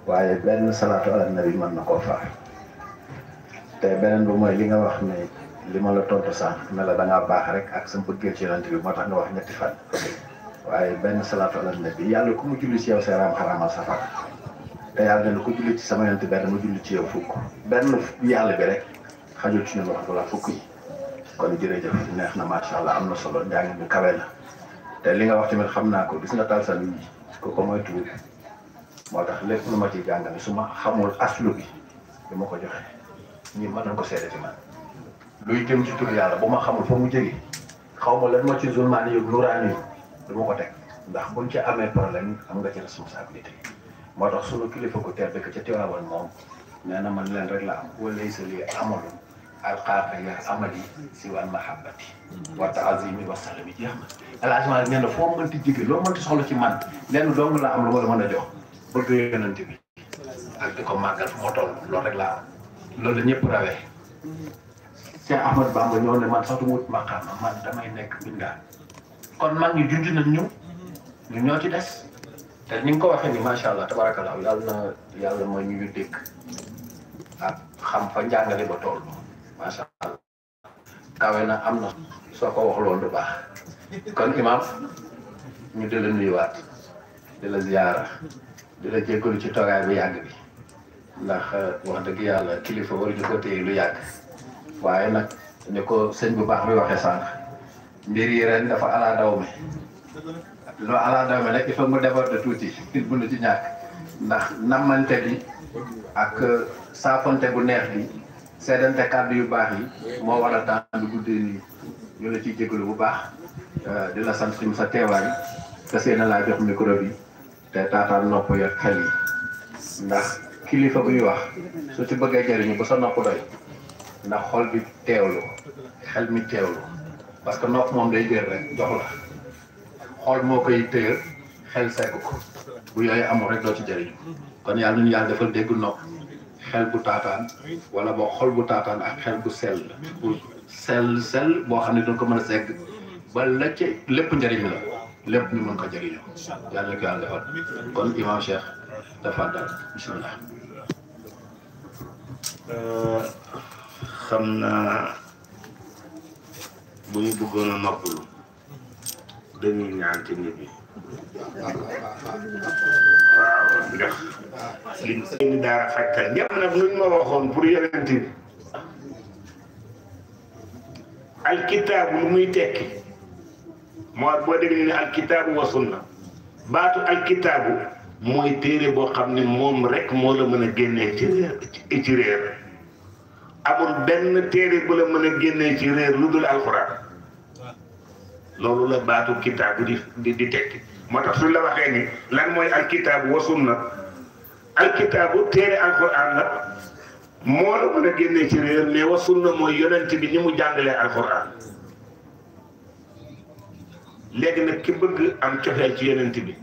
waaye benn salaatu ala nabi mën na koo faar te beneen bu mooy li nga wax ne li ma la tontu sànq ne la da baax rek ak sa mbëggeel ci yonent bi moo tax nga wax ñetti fan waaye benn salaatu ala nabi yàlla ku mu julli ci yow sa yaram xaraamal safar te yàlla ne ci sama yonent bi rek xajul ci ñun wax la fukk yi kon jërëjëf neex na macha allah am na solo njàng bu kawe la te li nga wax tamit xam naa ko gis nga taal sa luy ko ko mooy tuub moo tax lépp lu ma ciy jàngale su ma xamul aslu bi du ma ko joxe ñi mën nañ ko seede ci man luy jëm ci tur yàlla bu ma xamul foo mu jege xaw ma lan moo ci zulmaani yëpp nuraani du ma ko teg ndax buñ ci amee problème am nga ci responsabilité moo tax sunu kilifa ko teel ko ca Tiwaawan moom nee na man leen rek la am walay sa lii amalu alqaaka ya amali si wàll mahabbati wa taazimi wa salami jeex na alagement nee na foo mënti jege loo mënti soxla ci man lenn dong la am lu ma la mën a jox bëgg yonante bi ak di ko màggal fu ma toll rek la am loolu la Cheikh Ahmad Bamba ñoo ne man sax du ma wut maqaama man damay nekk binda kon man ñu junj nañ ñu ñu ñoo ci dess te ñu ko waxe ni machallah tabarakallah yalla na yalla moy ñu ñu dégg ak xam fa jangale ba toll machallah kawé na amna soko wax lool du baax kon imam ñu de la waat de la ziyara de la jéggalu ci togaay bu yàgg bi ndax wax dëgg yàlla kilifa ñu ko téye lu yàgg waaye nag ni ko sëñ bu baax bi waxee sànq mbir yi ren dafa ala daw mi lu mu déborder tuuti nit bu nu ci ndax namante bi ak saafonte bu neex bi seddante kàddu yu baax yi moo war a temps bi guddee nii ñu la ciy jégalu bu baax euh, di la sant suñu sa teewaay te seen laa jox micro bi te taataan nopp yor xel yi ndax kilifa bu ñu wax su ci bëggee jëriñu bu sa nopp doy ndax xol bi teewlu xel mi teewlu parce que nopp moom day jël rek dox la xol moo koy téye xel segg ko bu yooyu amul rek doo ci jëriñu kon yàlla nu nañu yàlla defal dégg nopp xel bu taataan wala boo xol bu taataan ak xel bu sell bu sell sell boo xam ne duñ ko mën a segg ba la lépp njëriñ la lépp ñu mën ko jëriñoo yàlla na ko yàlla defal kon imam Cheikh dafa dal bisimilah. Euh, xam naa bu ñu bëggoon a noppalu dañuy ñaan ci nit ñi waaw ndax liñ seen daara fajtal ñëpp nag luñ ma waxoon pour yonent bi alkitaabu lu muy tekki moo boo dégg ne alkitaabu wa sunna baatu alkitaabu mooy téere boo xam ne moom rek moo la mën a génnee ci réer amul benn téere bu la mën a génnee ci réer lu dul alxuraan loolu la baatu kitaabu di di tekki moo tax suñ la waxee ni lan mooy alkitaabu wa sunna alkitaabu téere alxuraan la moo la mën a génnee ci réer mais wa sunna mooy yonent bi ni mu jàngalee alxuraan léegi nag ki bëgg am cofeel ci yonent bi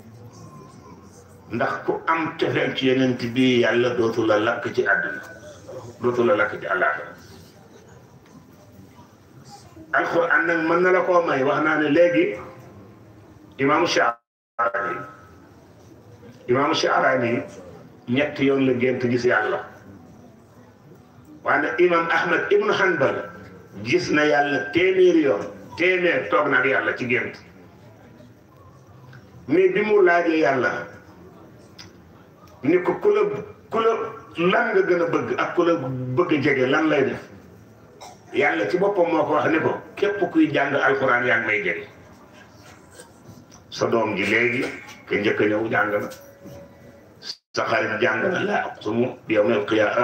ndax ku am cofeel ci yonent bi yàlla dootu la lakk ci àdduna dootul la lakk ci àllaaxira alxuraan nag mën na la ko may wax naa ne léegi imaamu Shaaraani imaamu Shaaraani ñett yoon la gént gis yàlla waaye imaam Ahmad ibnu Hanbal gis na yàlla téeméeri yoon téeméer toog na yàlla ci gént mais bi mu laajee yàlla ni ko ku lan nga gën a bëgg ak ku la bëgg jege lan lay def yàlla ci boppam moo ko wax ne ko képp kuy jàng alxuraan yaa ngi may jege sa doom ji léegi ke njëkk a ñëw jàng na sa xarit jàng na laa aqsumu bi yawmil qiyaama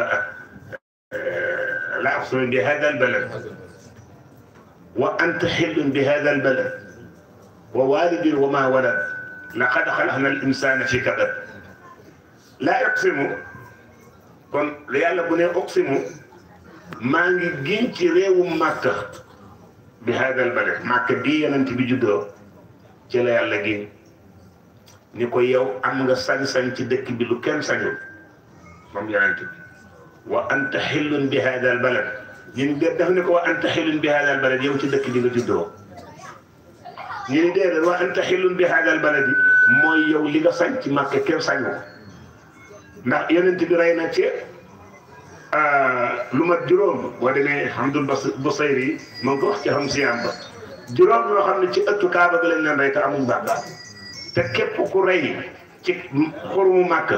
laa aqsumu bi hada albalad wa anta xillun bi hada albalad wa walidin wa ma walad laqad xalaqna al insana fi kabad laa aqsimu kon lu yàlla bu ne oksimu maa ngi giñ ci réewu màkka bi haadal balad màkka bii yonent bi juddoo ci la yàlla ni ko yow am nga sañ-sañ ci dëkk bi lu kenn sañul moom yonent bi wa anta xillun bi haadal balad ñun de daf ne ko wa anta xillun bi ci dëkk bi nga juddoo ñu ni déedéet wa anta xillun bi haadal balad mooy yow li nga sañ ci màkka kenn sañu ndax yonent bi rey na ci lu mat juróom boo demee Hamdul Busayri moo ko wax ci xam siyam ba juróom yoo xam ne ci ëttu kaaba bi lañ leen rey te amuñ bàkkaar te képp ku rey ci mu màkk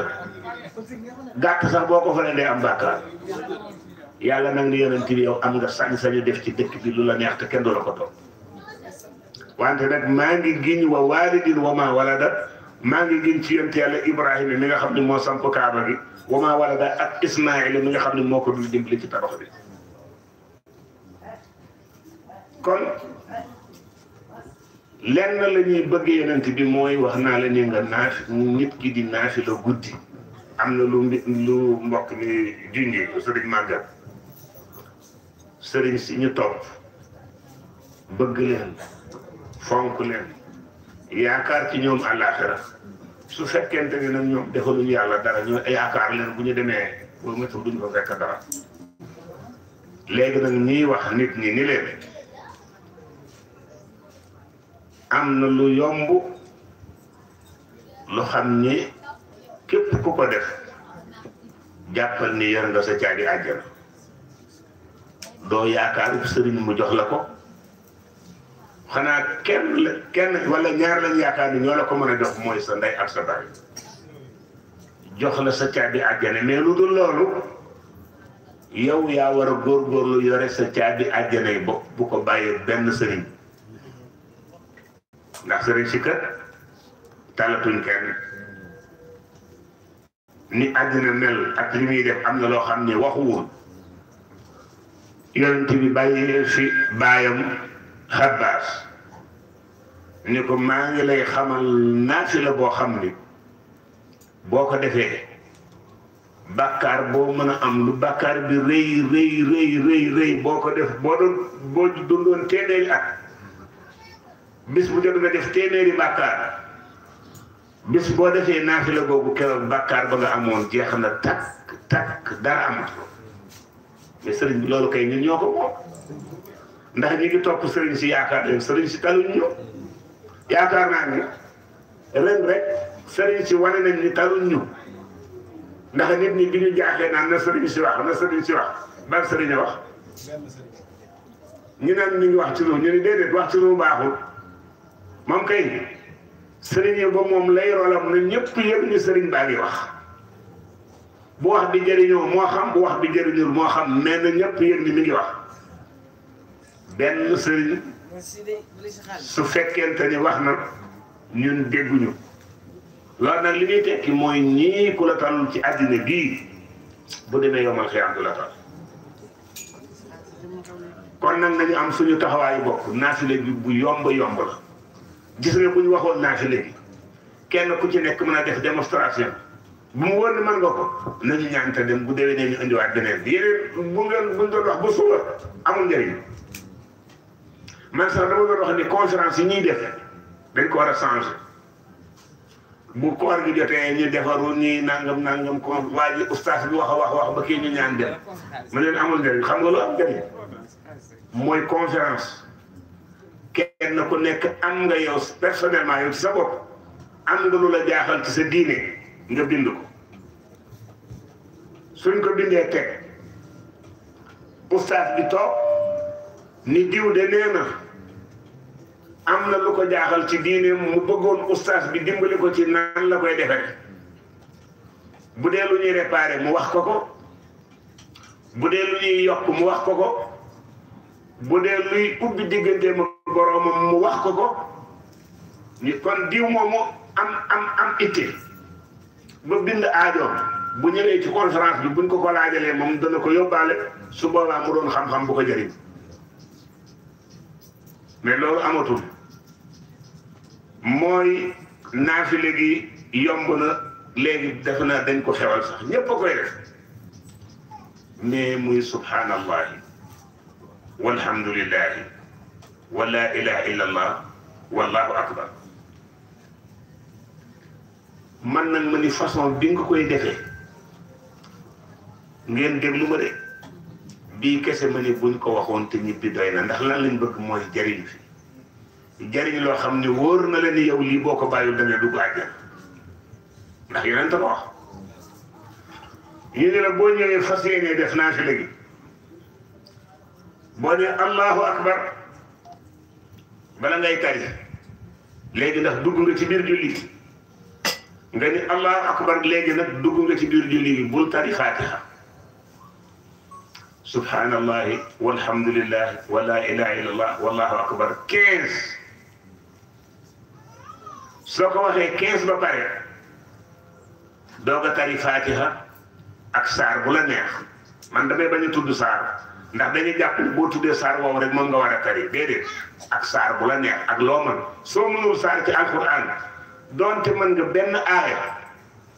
gàtt sax boo ko faree day am bàkkaar yàlla nag ni yonent bi yow am nga sañ-sañu def ci dëkk bi lu la neex te kenn du la ko topp wante nag maa ngi giñ wa waalidin wa ma waladat maa ngi gën ci yonent yàlla Ibrahima mi nga xam ne moo samp kaaba bi wamaa walada ak Ismaïla mi nga xam ne moo ko dul dimbali ci tabax bi kon lenn lañuy bëgg yonent bi mooy wax naa la ne nga naafi nit ki di naafi la guddi am na lu lu mbokk mi junjee lu sëriñ màggal sëriñ si ñu topp bëgg leen fonk leen yaakaar ci ñoom àllaaxira su fekkente ne nag ñoom defaluñu yàlla dara ñu yaakaar leen bu ñu demee boo météo duñ ko fekk dara léegi nag ñuy wax nit ñi ni leen am na lu yomb lu xam ni képp ku ko def jàppal ni yor nga sa caabi àjjana doo yaakaar sëriñ mu jox la ko. xanaa kenn la kenn wala ñaar lañ yaakaar bi ñoo la ko mën a jox mooy sa ndey ak sa baay jox la sa caabi àjjana mais lu dul loolu yow yaa war a góorgóorlu yore sa caabi àjjana yi bu ko bàyyee benn sëriñ ndax sëriñ si kër talatuñ kenn ni àddina mel ak li muy def am na loo xam ne waxuwul yonent bi bàyyi fi baayam xabbaas ni ko maa ngi lay xamal la boo xam ni boo ko defee bàkkaar boo mën a am lu bàkkaar bi rëy rëy rëy boo ko def boo doon boo dundoon téeméeri at bis bu jot nga def téeméeri bàkkaar bis boo defee la boobu keroog bàkkaar ba nga amoon jeex na takk takk dara amul mais sëriñ loolu kay ñun ñoo ko moom ndax ñu ngi topp sëriñ si yaakaar leen sëriñ si taluñ ñu yaakaar naa ni ren rek sëriñ si war nañ ni taluñ ñu ndax nit ñi bi ñu jaaxee naan na sëriñ si wax na sëriñ si wax ban sëriñ a wax ñu naan ñu ngi wax ci lu ñu ni déedéet wax ci lu baaxul moom kay sëriñ yi ba moom lay rolam na ñëpp yëpp ñu sëriñ baa ngi wax bu wax bi jëriñoo moo xam bu wax bi jëriñul moo xam nee na ñëpp yëg ni mi ngi wax benn sëriñ su fekkente ni wax na ñun dégguñu loolu nag li ñuy tekki mooy ñii ku la tànn ci àddina bii bu demee yomal xëyam du la tànn kon nag nañu am suñu taxawaayu bopp naafile bi bu yomb yomb la gis nga bu ñu waxoon naafile bi kenn ku ci nekk mën a def démonstration bu mu wóor ni man nga ko nañu ñaan te dem bu déwénee ñu indiwaat beneen bi yeneen bu ngeen bu amul njëriñ. man sax dama doon wax ni conférence yi ñuy def dañ ko war a changer bu koor gi jotee ñu defaru ñi nangam nangam kon waa ji ustaas bi wax wax wax ba kii ñu ñaan dem ma leen amul njëriñ xam nga lu am njëriñ mooy conférence kenn ku nekk am nga yow personnellement ci sa bopp am nga lu la jaaxal ci sa diine nga bind ko suñ ko bindee teg ustaas bi toog ni diw de nee na am na lu ko jaaxal ci diine mu bëggoon ustaas bi dimbali ko ci nan la koy defee bu dee lu ñuy réparé mu wax ko ko bu dee lu yokk mu wax ko ko bu dee luy ubbi diggante ma boroomam mu wax ko ko kon diw moomu am am am itte ba bind aajoom bu ñëwee ci conférence bi buñ ko ko laajalee moom dana ko yóbbaale su boobaa mu doon xam-xam bu ko jëriñ mais loolu amatul mooy naafile léegi yomb na léegi def na dañ ko xewal sax ñépp a koy def mais muy subhanallahi walhamdulillahi wa la ilaha illa allah wallahu akbar man nag ma ni façon bi nga koy defee ngeen déglu ma de bii kese ma ne buñ ko waxoon te ñibbi doy na ndax lan lañ bëgg mooy jariñ fi jariñ loo xam ne wóor na la yow lii boo ko bàyyiwul da nga dugg àjjana ndax yeneen ta ko ne la boo ñëwee fas yéenee def naa fi léegi boo ne allahu akbar bala ngay tari léegi ndax dugg nga ci biir julli nga ni allahu akbar léegi nag dugg nga ci biir julli bi bul tari faatiha subhanallah walhamdulillah wala ilaha illallah wallahu akbar 15 soko waxe 15 ba pare doga tari fatiha ak sar bu la neex ya. man damay bañu a tudd saar ndax dañu japp bo tuddé sar woowu rek moom nga wara tari dede ak sar bu la neex ya, ak loo mën soo mënul sar ci alquran donte man nga ben aaya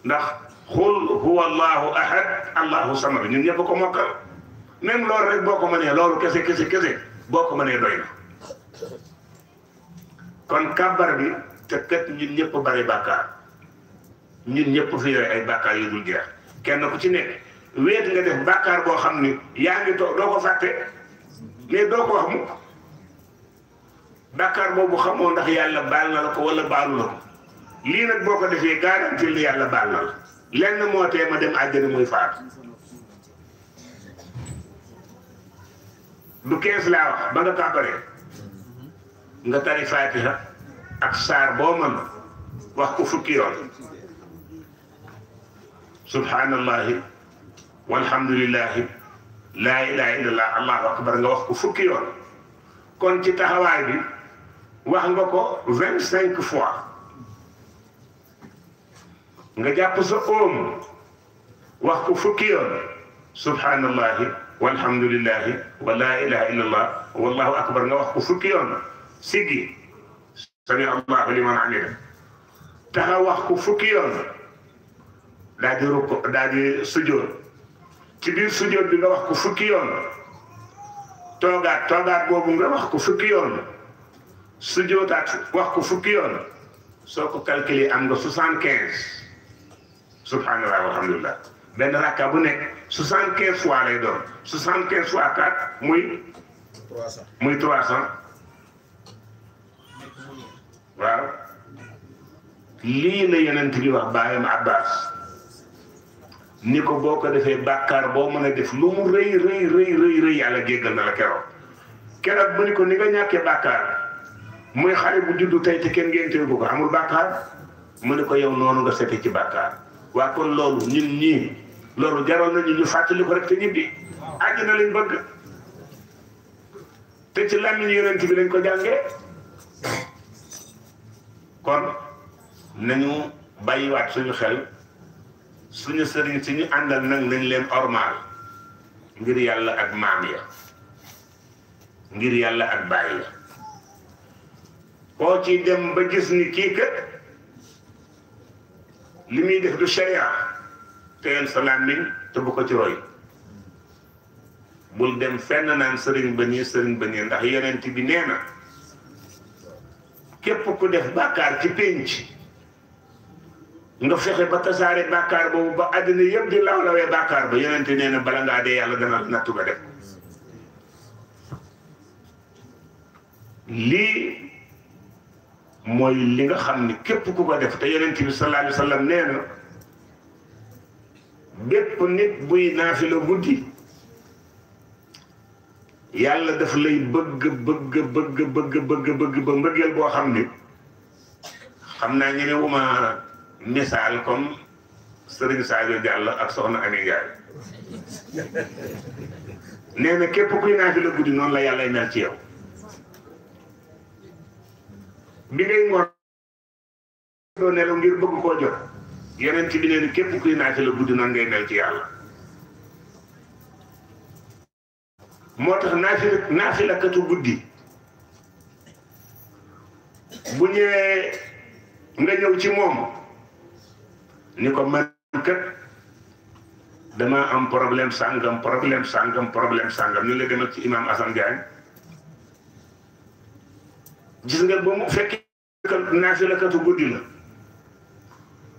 ndax xul huwallahu allahu ahad allahu samad ñun ñëpp ko mokal même loolu rek boo ko mënee loolu kese kese kese boo ko mënee doy na kon kàbbar bi te kat ñun ñëpp bari bàkkaar ñun ñëpp fi yore ay bàkkaar yu dul jeex kenn ku ci nekk wéet nga def bàkkaar boo xam ni yaa ngi toog doo ko fàtte mais doo ko wax mu bàkkaar boobu xamoo ndax yàlla baal na la ko wala baalu la ko lii nag boo ko defee garanti li yàlla baal na la lenn moo tee ma dem àjjana muy faatu du caisse la wax ba nga kàbbaree nga tari fatiha ak sar bo man wax ko fukki yoon subhanallahi walhamdulillah la ilaha illallah allah akbar nga wax ko fukki yoon kon ci taxaway bi wax nga ko 25 fois nga jàpp sa om wax ko fukki yoon subhanallahi والحمد لله ولا اله الا الله والله اكبر نوح وفكيون سيجي سمع الله لمن عمله تها واخ فكيون دادي ركو دادي سجود تي بير سجود بي واخ فكيون توغا توغا بوبو نغا واخ فكيون سجود ات واخ فكيون سوكو كالكلي امغا 75 سبحان الله والحمد لله benn rakka bu nekk soixante quinze fois lay doon soixante quinze fois quatre muy. trois cent muy trois cent. waaw. lii la yonent bi wax baayam Abbas ni ko boo ko defee bàkkaar boo mën a def lu mu rëy rëy rëy rëy yàlla jéggal na la keroog keroog bu ni ko ni nga ñàkkee bàkkaar muy xale bu juddu tey te kenn ngeen teewu ko amul bàkkaar mu ne ko yow noonu nga sete ci bàkkaar waa kon loolu ñun ñii. loolu jaroon nañu ñu fàttali ko rek te ñibbi àjjana lañ bëgg te ci làmmiñ yonent bi lañ ko jàngee kon nañu bàyyiwaat suñu xel suñu sëriñ si ñu àndal nag nañ leen ormaal ngir yàlla ak maam ya ngir yàlla ak bàyyi ya koo ci dem ba gis ni kii kat li muy def du sharia teel sa làmmiñ te bu ko ci roy bul dem fenn naan sëriñ ba nii sëriñ ba nii ndax yonent bi nee na képp ku def bàkkaar ci pénc nga fexe ba tasaare bàkkaar boobu ba àddina yëpp di lawlawee bàkkaar ba yonent nee na bala ngaa dee yàlla dana nattu nga def lii mooy li nga xam ni képp ku ko def te yonent bi sallallahu alayhi wa bépp nit buy naafila guddi yàlla daf lay bëgg bëgg bëgg bëgg ba mbëggeel boo xam ne xam naa ñeme wu ma misaal comme Serigne Sadio Diallo ak Soxna Ami Ndiaye nee na képp kuy naafila guddi noonu la yàlla mel ci yow bi ngay ngor nelaw ngir bëgg koo jot yenen ci bi kep képp kuy naate la guddi nan ngay mel ci yàlla moo tax naafi guddi bu ñe nga ñew ci mom ni ko man kat dama am problème sangam problème sangam problème sangam ñu le demal ci imam asan gaay gis nga bu mu fekk naafi guddi la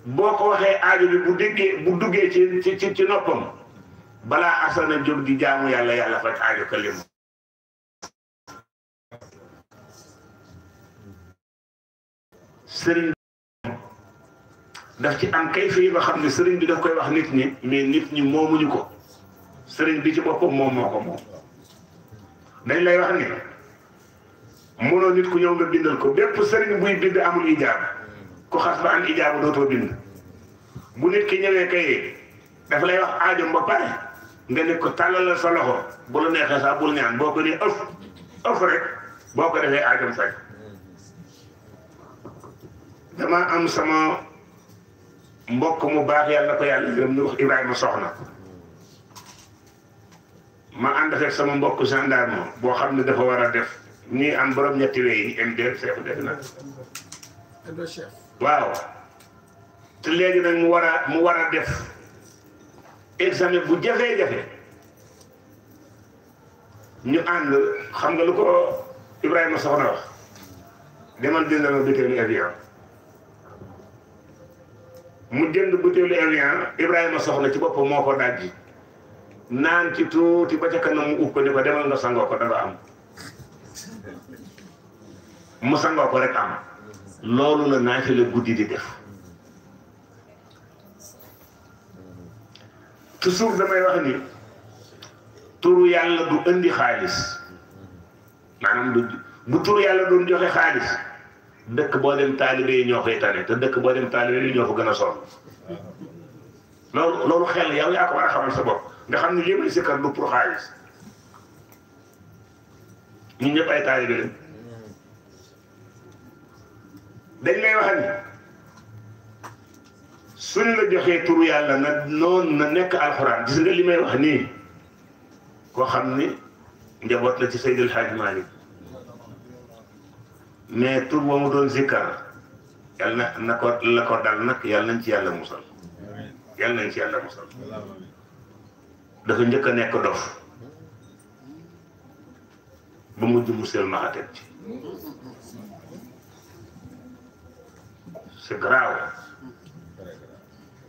boo ko waxee aajo bi bu déggee bu duggee ci ci ci noppam balaa asana jóg di jaamu yàlla yàlla faj aajo ka lim daf ci am kay fii ba xam ne sëriñ bi daf koy wax nit ñi mais nit ñi moomuñu ko sëriñ bi ci boppam moom moo ko moom dañ lay wax ni mënoo nit ku ñëw nga bindal ko bépp sëriñ buy bind amul ijaab ku xas ba am ijaabu dootoo bind bu nit ki ñëwee kay dafa lay wax aajo ba pare nga ne ko tàllal sa loxo bu la neexee sax bul ñaan boo ko dee ëf ëf rek boo ko defee aajom faj dama am sama mbokk mu baax yàlla ko yàlla gërëm ñu wax Soxna ma ànd fekk sama mbokk gendarme boo xam ne dafa war a def ñuy am borom ñetti wéy yi M2 chef def na. waaw te léegi nag mu war a mu war a def examen bu jafee-jafe ñu ànd xam nga lu ko Ibrahima Soxna wax demal jëndal ma butéelu avion mu jënd butéelu avion Ibrahima soxla ci boppa moo ko dajji naan ci tuuti ba ca kanam mu ub ko ni ko demal nga sangoo ko dara am mu sangoo ko rek am loolu la naafe la guddi di def suuf damay wax ni turu yàlla du indi xaalis maanaam du bu turu yàlla doon joxe xaalis dëkk boo dem taalibe yi ñoo koy tane te dëkk boo dem taalibe ñoo ko gën a sonn loolu loolu xel yow yaa ko war a xamal sa bopp nga xam ne li may sikkar xaalis ñun ñëpp ay taalibe lañ dañ lay wax ni suñ la joxee turu yàlla na noonu na nekk alxuraan gis nga li may wax nii koo xam ni njaboot na ci Seydil Hadj Malick mais tur ba mu doon zikkar yàlla na na ko la ko dal nag yàlla nañ ci yàlla musal yàlla nañ ci yàlla musal dafa njëkk a nekk dof ba mujj musal maxatet ci c'est grave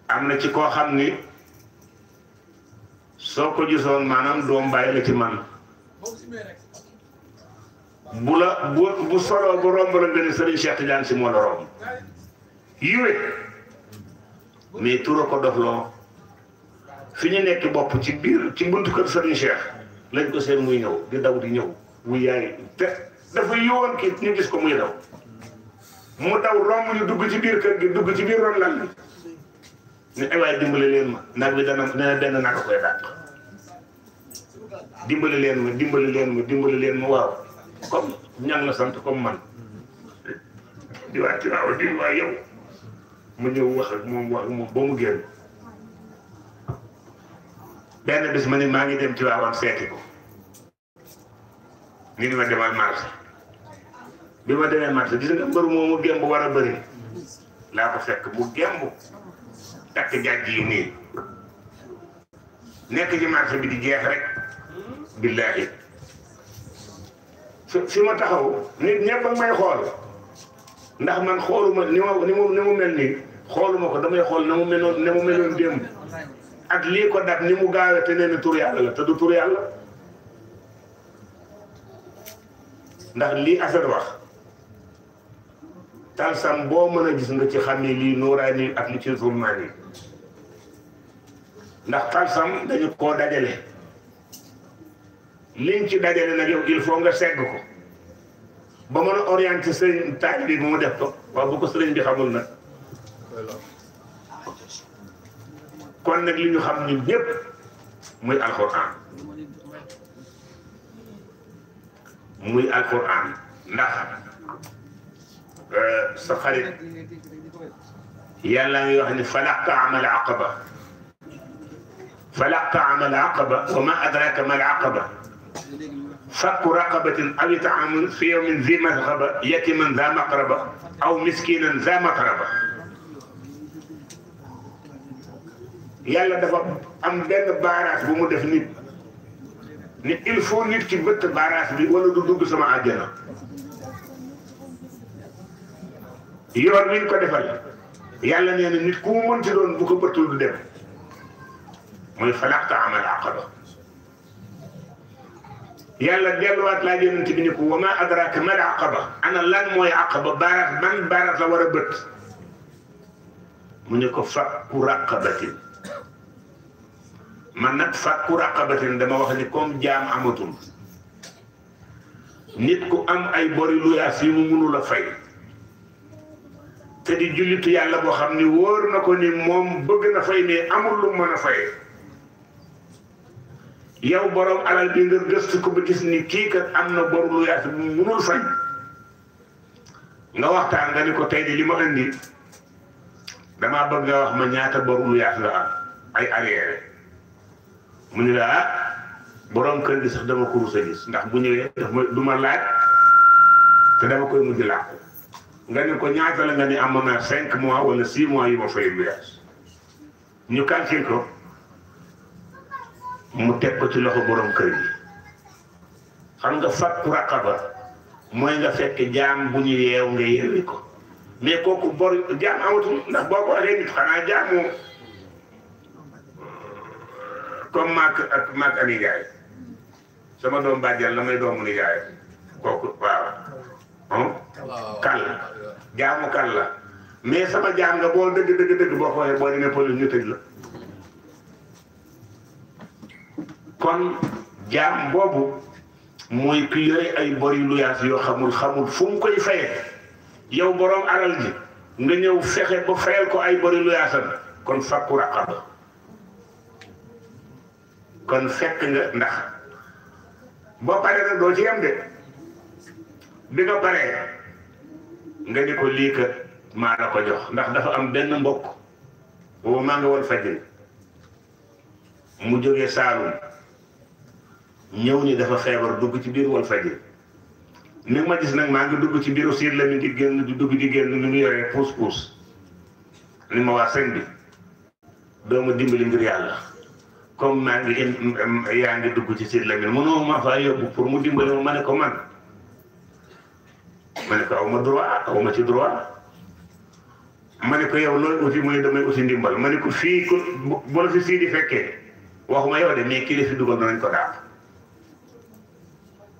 am na ci koo xam ni soo ko gisoon maanaam doom bàyyi la ci man bu la bu bu soloo bu romb la nga ni Serigne Cheikh Tidiane si moo la romb yiwe mais tura ko dofloo fi ñu nekk bopp ci biir ci buntu kër Serigne Cheikh lañ ko seen muy ñëw di daw di ñëw muy yaay te dafa yówoon kii ñu gis ko muy daw mu daw romb ñu dugg ci biir kër gi dugg ci biir ron lan bi ne aywaay dimbale leen ma nag bi dana nee na benn naka koy dàq dimbale leen ma dimbali leen ma dimbale leen ma waaw comme ñan la sant comme man di waa Tiwaawan di waa yow mu ñëw wax ak moom wax moom ba mu génn benn bis ma ne maa ngi dem Tiwaawan seeti ko ni ma demal marché bi ma demee marché gis nga mbër moomu gemb war a bëri laa ko fekk mu gemb takk jàjj nii nekk ji marché bi di jeex rek billaahi fi fi ma taxaw nit ñëpp a may xool ndax man xooluma ni ma ni mu ni mu mel nii xooluma ko damay xool na mu meloon na ak lii ko dab ni mu gaawe te nee na tur la te du tur yàlla ndax lii Assane wax talsam boo mën a gis nga ci xam ni lii nuuraani ak li ci zulmaani ndax talsam dañu koo dajale liñ ci dajale nag yow il faut nga segg ko ba mën a orienté sëriñ taalibe bi mu def ko waaw bu ko sëriñ bi xamul nag kon nag li ñu xam ñun ñëpp muy alquran muy alquran ndax سخرين يلا يعني فلق عمل عقبة فلق عمل عقبة وما أدراك ما العقبة فك رقبة أو طعام في يوم ذي مذهبة يتيما ذا مقربة أو مسكينا ذا مقربة يلا دفع أم بين بارات بمدفنين نئلفون نتكي بيت بارات بي ولو دودو بسما عجلة yoon wi ñu ko defal yàlla nee na nit ku mu mënti doon bu ko bëttul du dem muy falaqta amal aqaba yàlla delluwaat laa yonent bi ni ko wa ma adraka mal aqaba ana lan mooy aqaba baaraat ban baaraat la war a bët mu ne ko fakku raqabatin man nag fakku raqabatin dama wax ni comme jaam amatul nit ku am ay bori luyaas yi mu mënul a fay te di jullitu yàlla boo xam ni wóor na ko ni moom bëgg na fay mais amul lu mën a fay yow boroom alal bi nga gëstu ko ba gis ni kii kat am na bor lu yaatu munul fay nga waxtaan nga ni ko tey di li ma indi damaa bëgg nga wax ma ñaata bor lu yaatu nga am ay arrière mu ni la ah kër gi sax dama ko rus gis ndax bu ñëwee daf ma du ma laaj te dama koy mujj làqu nga ne ko ñaata la nga ne am na cinq mois wala six mois yu ma fay voyage ñu calcule ko mu teg ko ci loxo borom kër yi xam nga fattu raqaba mooy nga fekk jaam bu ñu yeew nga yeewi ko mais kooku bor jaam amatu ndax boo ko waxee nit xanaa jaamu comme maak ak maak anigaay sama doom bàjjal la may doomu nigaay kooku waaw ah kan la jaamu kan la mais sama jaam nga boo dëgg dëgg dëgg boo xoolee boo demee police ñu tëj la kon jaam boobu mooy ku ay bori luyaas yoo xamul xamul fu mu koy fayee yow boroom alal ji nga ñëw fexe ba fayal ko ay bori luyaasam kon fakku raqaba kon fekk nga ndax boo paree rek doo ci yem de bi nga paree nga ni ko lii kat maa la ko jox ndax dafa am benn mbokk boobu maa nga woon fajjin mu jógee Saalum ñëw ni dafa feebar dugg ci biir wal fajjin ni ma gis nag maa ngi dugg ci biiru siir la mi di génn di dugg di génn ni mu yoree puus puus ni ma waa sëñ bi doomu dimbali ngir yàlla comme maa ngi yaa ngi dugg ci siir la mi mënoo ma faa yóbbu pour mu dimbali ma ne ko man ma ne ko aw ma droit awma ci droit ma ne ko yow looy uti mu ne damay uti ndimbal ma ne ko fii ko bu la fi sii di fekkee waxuma yow de mais kii la fi ko daal.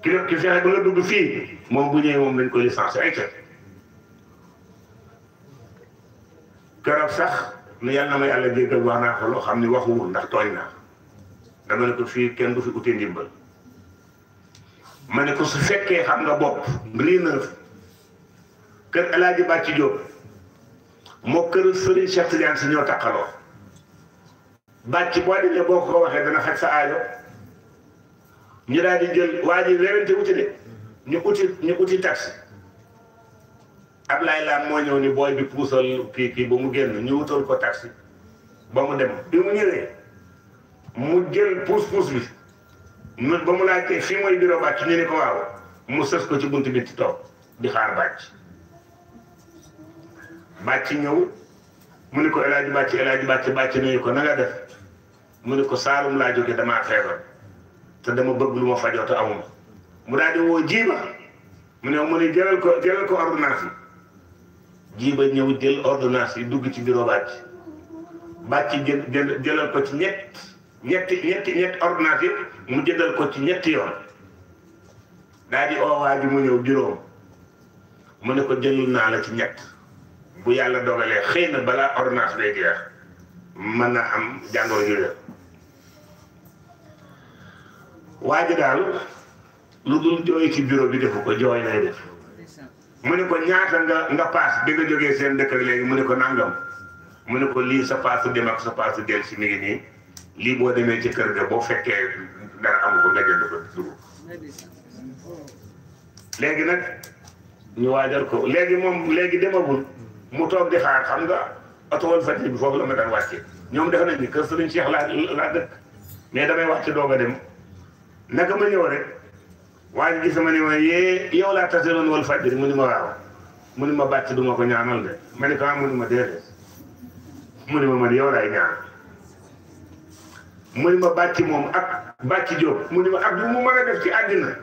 ki la ki fexe ba dugg fii moom bu ñëwee moom lañ ko licencié ay tëj keroog sax nu yàlla na ma yàlla jéggal wax naa ko loo xam ni waxuwul ndax tooñ naa dama ne ko fii kenn du fi uti ndimbal. ma ne ko su fekkee xam nga bopp lii na kër El Hadj Bàcci Diop moo kër Serigne Cheikh Tidiane ñoo taqaloo bàcc boo demee boo ko waxee dana faj sa aajo ñu daal di jël waa ji werante wuti de ñu uti ñu uti taxi Ablaye Lam moo ñëw ni booy bi puusal kii kii ba mu génn ñu wutal ko taxi ba mu dem bi mu ñëwee mu jël puus puus bi mu ba mu laajtee fii mooy bureau bàcc ñu ne ko waaw mu sës ko ci bunt bi ci toog di xaar bàcc bàcc ñëw mu ne ko El Hadj Bàcc El Hadj Bàcc bàcc nañu ko nanga def mu ne ko saalum laa jóge damaa feebar te dama bëgg lu ma fajoo te amuma mu daal di woo jiiba mu ne mu ne jëlal ko jëlal ko ordonnance yi jiiba ñëw jël ordonnance dugg ci bureau bàcc bàcc jëlal ko ci ñett ñetti ñetti ñetti yi mu jëlal ko ci ñetti yoon daal di oo mu ñëw juróom mu ne ko jëlul naa la ci ñett bu yàlla dogalee xëy na balaa ordonnance bee jeex mën na am jàngoro ju wér ji daal lu dul jooy ci bureau bi defu ko jooy lay def mu ne ko ñaata nga nga paas bi nga jógee seen dëkk ak léegi mu ne ko nangam mu ne ko lii sa paasu dem ak sa paasu del si mi ngi nii lii boo demee ci kër ga boo fekkee dara amu ko léegi nag ñu waajal ko léegi moom léegi demagul mu toog di xaar xam nga atuwal fajri bi foofu la nga daan ci ñoom def nañ ni kër Sëriñ Cheikh laa laa dëkk mais damay wax ci doog a dem naka ma ñëw rek waaye gis ma ne ma yee yow laa tase doon wal fajri mu ni ma waaw mu ni ma bàcc du ma ko ñaanal de ma ni ko ah, mu ni ma déedéet mu ni ma man yow laay ñaan mu ni ma bàcc moom ak bàcc Jóob mu ni ma ak bu mu mën a def ci àddina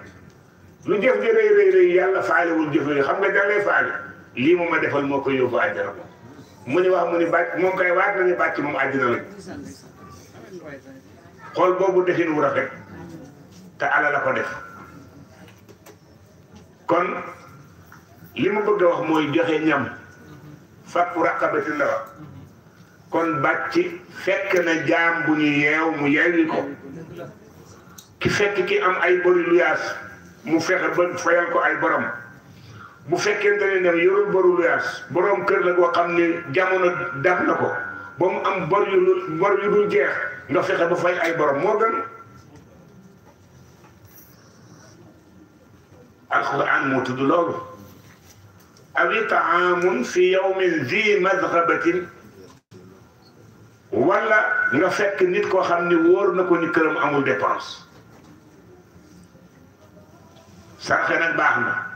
lu jëf di rëy rëy rëy yàlla faalewul jëf yooyu xam nga dalee lii moom ma defal moo koy yóbbu àjjana mu ni wax mu ni bàcc moom kay waat na ni bàcc moom àjjana lañ xool boobu defin wu rafet te ala la ko def kon li mu bëgg a wax mooy joxe ñam fakku raqabatin la kon bàcc fekk na jaam bu ñu yeew mu yeewi ko ki fekk ki am ay bori luyaas mu fexe ba fayal ko ay borom bu fekkentene ne ne yorul boru yas borom kër la go xamne jamono dab nako bam am bor yu bor yu dul jeex nga fexe ba fay ay borom mo gën alquran mo tudd loolu aw ta'amun fi yawmin zi madhabatin wala nga fekk nit ko xamne wor nako ni këram amul dépense sa nag baax na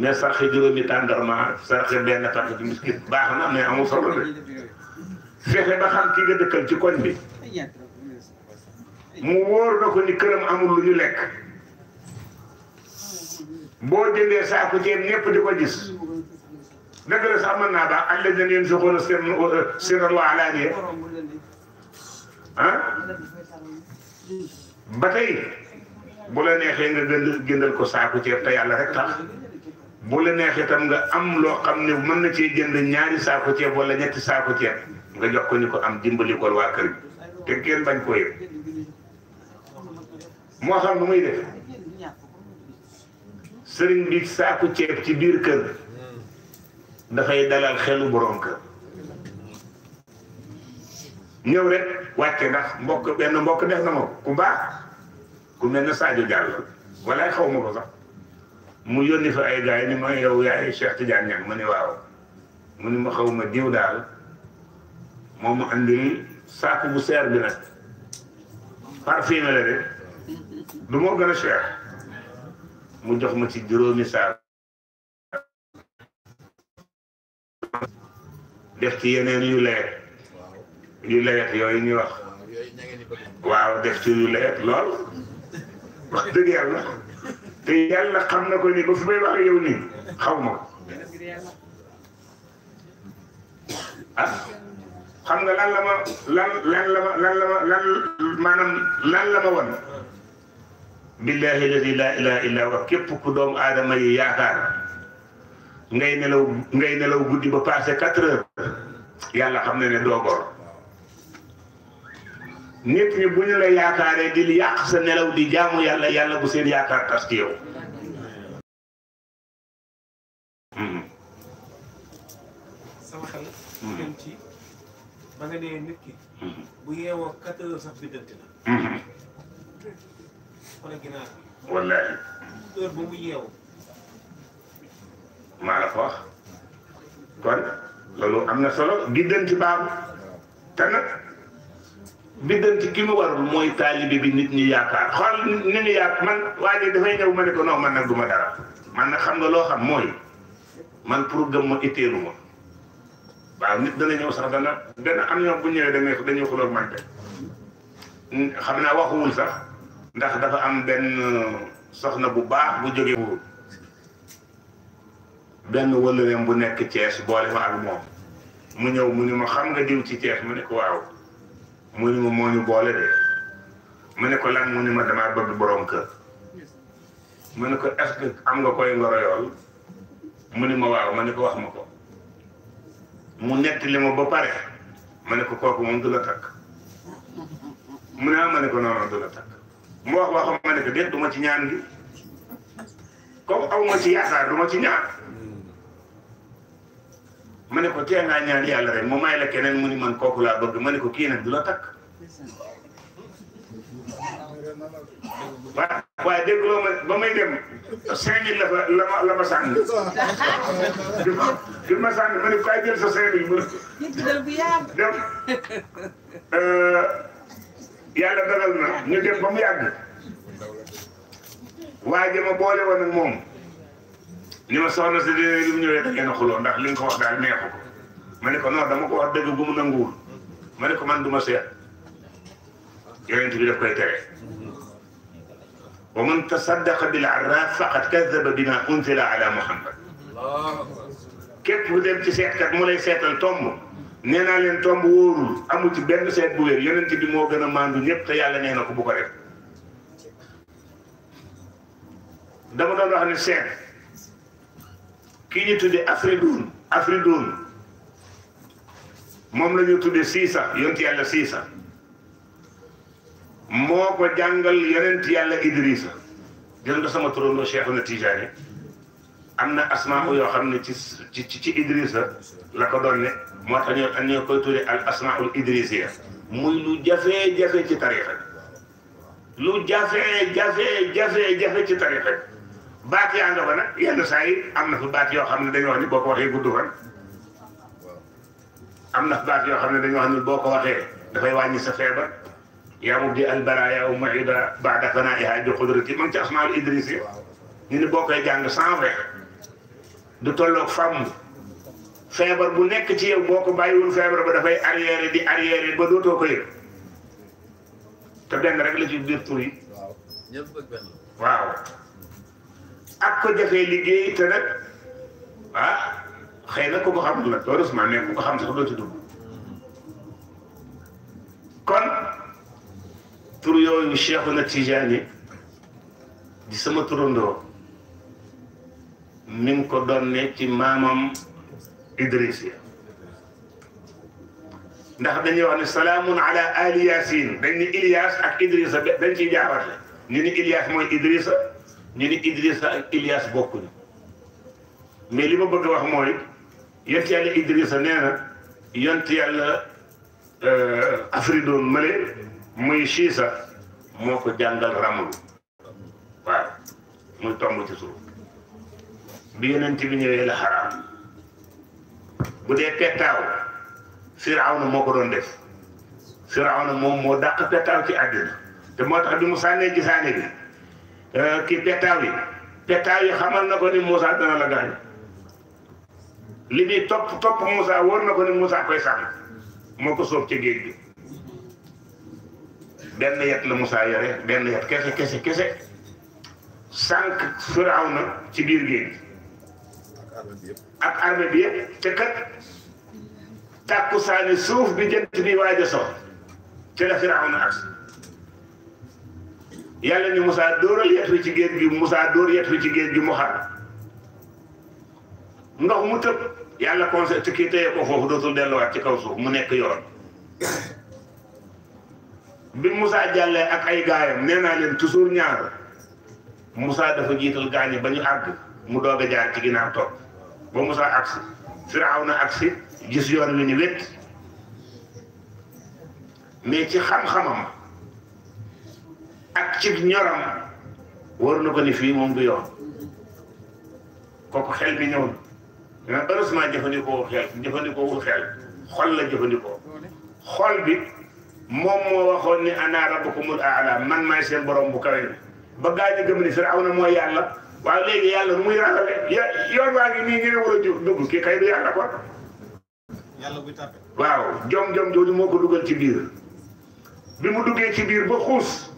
mais sàrxe juróomi tàndarma sàrxe benn tànk ci miskit baax na mais amul solo de fexe ba xam ki dëkkal ci koñ bi mu wóor na ko ni këram amul lu ñu lekk boo jëndee saako ceeb ñëpp di ko gis dëgg la sax naa baax ak lañ leen soxoon seen seen alaaniya ba tey bu la neexee nga gënd ko saako ceeb te yàlla rek tax. bu la neexee tam nga am loo xam ne mën na cee jënd ñaari saako ceeb wala ñetti saako ceeb nga jox ko ñu ko am dimbali ko waa kër te kenn bañ ko yëg moo xam nu muy def sëriñ bi saaku ceeb ci biir kër dafay dalal xelu borom kër ñëw rek wàcce ndax mbokk benn mbokk def na ma ku baax ku mel saaju Sadio Diallo walaay xaw ma ko sax. mu yónni fa ay gars yi ni ma yow yaay Cheikh Tidiane ma ne waaw mu ni ma xaw ma diw daal moom mu andil saako bu seer bi nag parfumé la de du moo gën a cher mu jox ma ci juróomi saako def ci yeneen yu leer yu leer yooyu ñuy wax waaw def ci yu leer lool wax dëgg yàlla te yàlla xam na ko ni ba fi may wax yow nii xaw ma ah, xam nga lan la ma lan lan la lan la ma lan maanaam lan la ma wan. billahi alladi laa ilaha képp ku doomu aadama yi yaakaar ngay nelaw ngay nelaw guddi ba passé quatre heures xam na ne doo nit ñi bu ñu la yaakaaree di yàq sa nelaw di jaamu yàlla yàlla bu seen yaakaar tas ci yow. Hmm. Hmm. Hmm. na. wallaahi. maa la ko wax kon loolu am na solo giddanti baabu te biddanti gi mu war mooy taalibe bi nit ñi yaakaar xool nit ñi yaakaar man waa ji dafay ñëw ma ne ko non man nag du ma dara man nag xam nga loo xam mooy man pour gëm ma itteelu ma waaw ñëw sax dana dana am bu ñëwee da ngay dañuy xuloog man de xam naa waxuwul sax ndax dafa am benn uh, soxna bu baax bu jógee wul benn wëlëreem bu nekk Thiès boole ma ak moom mu ñëw mu ne ma xam nga diw ci Thiès mu ne ko waaw mu ni ma moo ñu boole de mu ne ko lan mu ni ma damaa bëgg borom kër mu ne ko est-ce que am nga koy ngoro yool mu ni ma waaw ma ne ko wax ma ko mu nettali ma ba pare ma ne ko kooku moom du la takk mu ne ah ma ne ko noonu du la takk mu wax waxam ma ne ko déet du ci ñaan gi kooku aw ma ci yaakaar du ma ci ñaan ma ne ko tee ngaa ñaan yàlla rek mu may la keneen mu ni man kooku laa bëgg ma ne ko kii nag du la takk waaw waaye dégguloo ma ba may dem cinq mille la fa la ma la ma sànni du ma sànni ma ne ko ay jël sa cinq mille mën dem euh, yàlla dagal na ñu dem ba mu yàgg waaye dama boole woon ak moom ni ma soxna ci dina li mu ñëwee da ngeen a ndax li nga ko wax daal neexu ko ma ne ko non dama ko wax dëgg bu mu nanguwul ma ne ko man duma ma seet bi daf koy tere wa man tasaddaqa bil arraf faqad kadhaba bima unzila ala muhammad képp bu dem ci kat mu lay sétal tomb nee len tomb wóorul amu ci benn seet bu wér yonent bi mo gëna mandu ñëpp te yàlla nee ko bu ko def dama doon wax ni seet kii ñu tuddee Afridun Afridun moom la ñu tuddee Siisa yonent yàlla Siisa moo ko jàngal yonent yàlla Idrissa jël nga sama turandoo Cheikhuna Tijaani am na asmaa yoo xam ne ci ci ci Idrissa la ko doon ne moo tax koy tuddee al asmaul idrisiya muy lu jafee jafe ci tarixa bi lu jafee jafee jafe ci tarixa baat yaa nga fa nag yenn saa am na fa baat yoo xam ne dañoo wax ni boo ko waxee gudd fan am na fa baat yoo xam ne dañoo wax ni boo ko waxee dafay wàññi sa feebar yaa mubdi al baraya wa muida baada fanaiha bi qudrati man ci asmaal idrisi ñu ni boo koy jàng cent vingt du tolloog fàmm feebar bu nekk ci yow boo ko bàyyiwul feebar ba dafay arrière di arrière ba dootoo ko yëg te benn rek la ci ak ko jafee liggéey te nag ah xëy na ku ko xamul nag heureusement mais ku ko xam sax doo ci dugg kon tur yooyu Cheikhuna Tijaani di sama turandoo mi ngi ko donne ci maamam Idrisiya ndax dañuy wax ne salaamun ala ali yasin dañ ni Ilias ak Idrisa dañ ciy jaarale ñu ni Ilias mooy Idrisa ñu ni Idrissa ak Ilias bokkuñu mais li ma bëgg a wax mooy yont yàlla Idrissa nee na yàlla euh, Afridoon mële muy Siisa moo ko jàngal ramlu muy tomb ci suuf bi yonent bi ñëwee la xaraam bu dee pettaaw Firawna moo ko doon def Firawna moom moo dàq pettaaw ci àddina te moo tax bi mu sànnee bi Eh, kii pettaaw yi pettaaw yi xamal na ko ni Moussa dana la gaañ li muy topp topp Moussa wóor na ko ni Moussa koy sàmm moo ko sóob ci géej gi benn yet la Moussa yore benn yet kese kese kese sànq Firawna ci biir géej ak armée bi te kat tàkku saani suuf bi jënt bi waaj a so te la Firawna ak yàlla ni musaa dóoral yet wi ci géej gi Moussa dóor yet wi ci géej gi mu xar ndox mu tëb yàlla conseil kii téye ko foofu dootul delluwaat ci kaw suuf mu nekk yoon bi musaa jàllee ak ay gaayam nee naa leen toujours ñaar Moussa dafa jiital gaañi ba ñu àgg mu doog a jaar ci ginnaaw toog ba Moussa agsi Firawna agsi gis yoon wi ñu wét mais ci xam-xamam ak ci ñoram war na ko ni fi mom du yoon ko xel bi ñëw na heureusement jëfandikoo xel jëfëndiko wu xel xol la jëfëndiko xol bi mom mo waxon ni ana rabbukumul a'la man maay seen borom bu kawé ba gaa ñi gëm ni Firawna mo yalla wa legi yalla nu muy ràllale ya, yoon wa ngi ni ñu ne dugg ki kay du yalla ko yalla buy tàppe waaw jom jom jooju moo ko ci biir bi mu duggee ci biir ba xuus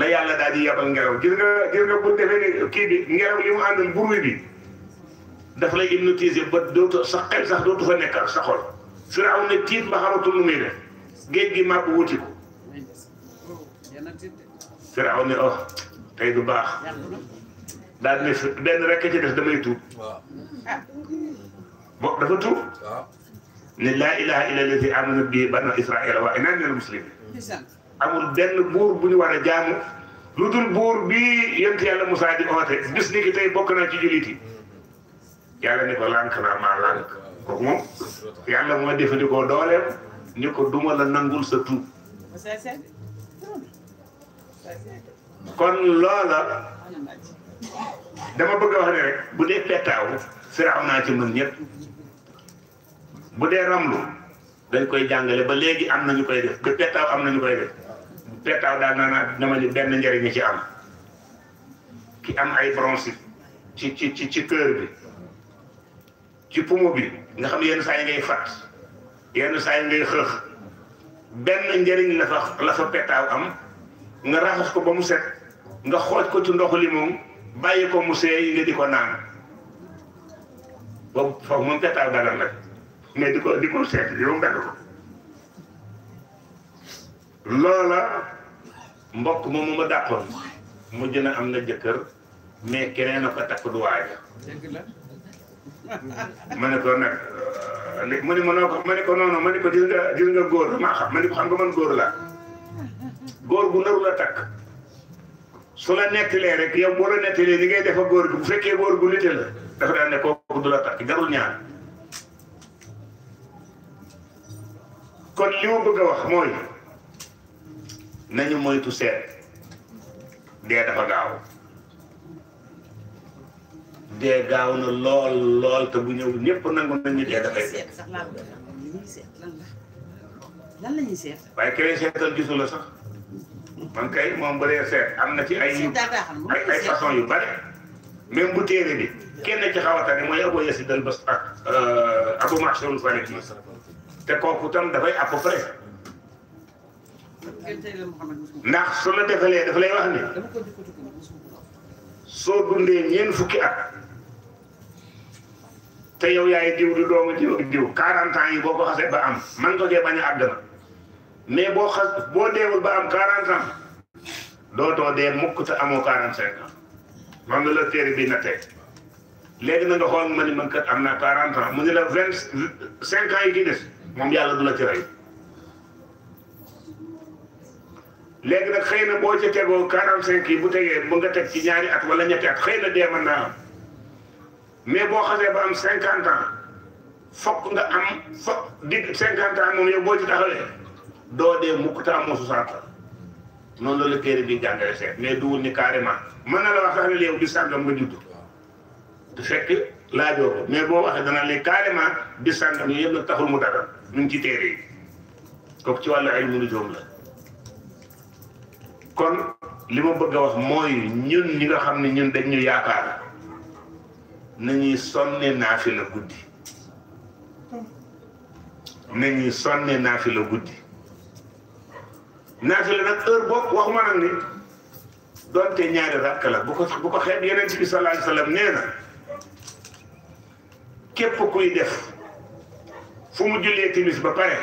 la yàlla daal di yabal ngelaw gis nga gis nga bu defee kii bi ngelaw li mu àndal buru bi daf lay hypnotiser ba dootu sa xel sax dootu fa nekk ak sa xol firaw na tiit ba xamatul lu muy def géej gi màbb wuti ko firaw ne oh tey du baax daal ne benn rek ci def damay tuub bo dafa tuub ne laa ilaha illa alladi amana bihi banu israila wa ana min al muslimin amul benn buur bu ñu war a jaamu lu dul buur bii yent yàlla musa di oote bis ni ki tey bokk na ci jullit yi yàlla ni ko lànk naa maa lànk kooku moom yàlla moo jëfandikoo dooleem ni ko duma la nangul sa tuub kon loola dama bëgg wax ne rek bu dee pettaaw ci ñëpp bu dee ramlu dañ koy jàngale ba léegi am nañu koy def ba pettaaw am nañu koy def pettaaw daal naa naa dama ni benn njëriñ ci am ki am ay bronchite ci ci ci ci cœur bi ci poumon bi nga xam yenn saa yi ngay fat yenn saa yi ngay xëx benn njëriñ la fa la fa pettaaw am nga raxas ko ba mu set nga xooj ko ci ndoxu limon bàyyi ko mu seey nga di ko naan boobu foog moom pettaaw daal la mais di ko di ko set yow mbedd ko loola mbokk moomu ma dàqoon mujj na am na jëkkër mais keneen a ko takk du waaja ma ko nag mu ne ma ko ma ne ko noonu ma ne ko gis nga gis góor maa xam ma ko xam nga man góor laa góor bu naru la takk su la nettalee rek yow boo la nettalee li ngay defa góor bi bu fekkee góor gu nite la dafa daan ne ko du la takk jarul ñaar kon li ma bëgg a wax mooy nañu moytu seet dee dafa gaaw dee gaaw na lool lool te bu ñëw ñëpp nangu nañu dee dafay seet lan la ñuy seet waaye keneen seetal gisu la sax man kay moom bu dee seet am na ci ay ay ay façon yu bari même bu téere bi kenn ci xaw a tane mooy Abu Yazid al-Bastami ak euh, Abu Ma'shar al-Falaki te kooku tam dafay à peu près ndax su la defalee dafa lay wax ne soo dundee ñeent fukki at te yow yaay diw du doomu diw diw ans yi boo ko xasee ba am man ko dee bañ a àgg na mais boo xas boo deewul ba am 40 ans dootoo dee mukk te amoo 45 ans man la la téere bi na tey léegi na nga xool ma ni man kat am naa 40 ans mu ne la 25 ans yi ci moom yàlla du la ci rey. léegi nag xëy na boo ci tegoo 45 yi bu tegee mën nga teg ci ñaari at wala ñetti at xëy na dee mën naa am mais boo xasee ba am cinquante ans fokk nga am fokk digg 50 ans moom yow boo doo dee mukk ta amoo 60 ans noonu la téere bi jàngale seet mais dugul ni carrément mën na la wax sax ne yow di sàngam nga judd du fekk laajoo mais boo waxee dana leen carrément di sàngam yooyu yëpp nag taxul mu dara ñu ngi ci téere yi kooku ci wàll ay munu joom la. kon li ma bëgg a wax mooy ñun ñi nga xam ne ñun dañ ñu yaakaar nañuy sonne la guddi nañuy sonne naafila guddi naafila nag heure boobu waxuma nag ni doonte ñaari rakk la bu ko bu ko xeeb yeneen bi sallallahu alayhi wasallam nee na képp kuy def fu mu jullee timis ba pare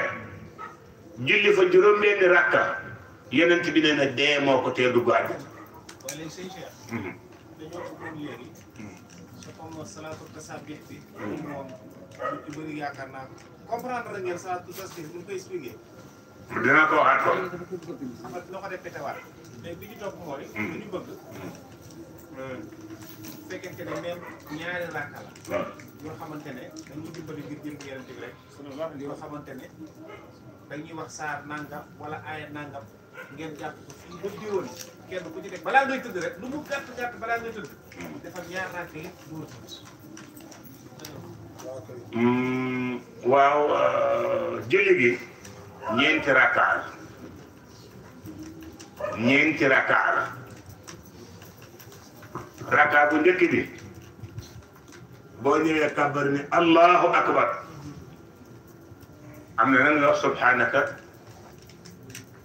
julli fa juróom-benni rakka yonent bi nee a dee moo ko tee dugg àjjana. dinaa ko waxaat kon. mais bi ñu topp mooy. li mhm. ñu bëgg. Mhm. Euh, bu fekkente ne même ñaari rakka la. yoo xamante ne dañuy dimbali ngir jëm yonent bi rek. yoo xamante ne dañuy wax saar nangam wala aaya nangam. ngeen jàpp ko fii ba diwoon kenn ku ci nekk balaa ngay tëdd rek lu mu gàtt gàtt balaa ngay tëdd defal ñaar rakk yi door hmm, waaw euh, julli gi ñeenti rakkaa la ñeenti rakkaa la rakkaa bu njëkk bi boo ñëwee kàbbar ni allahu akbar am na lan nga wax subhanaka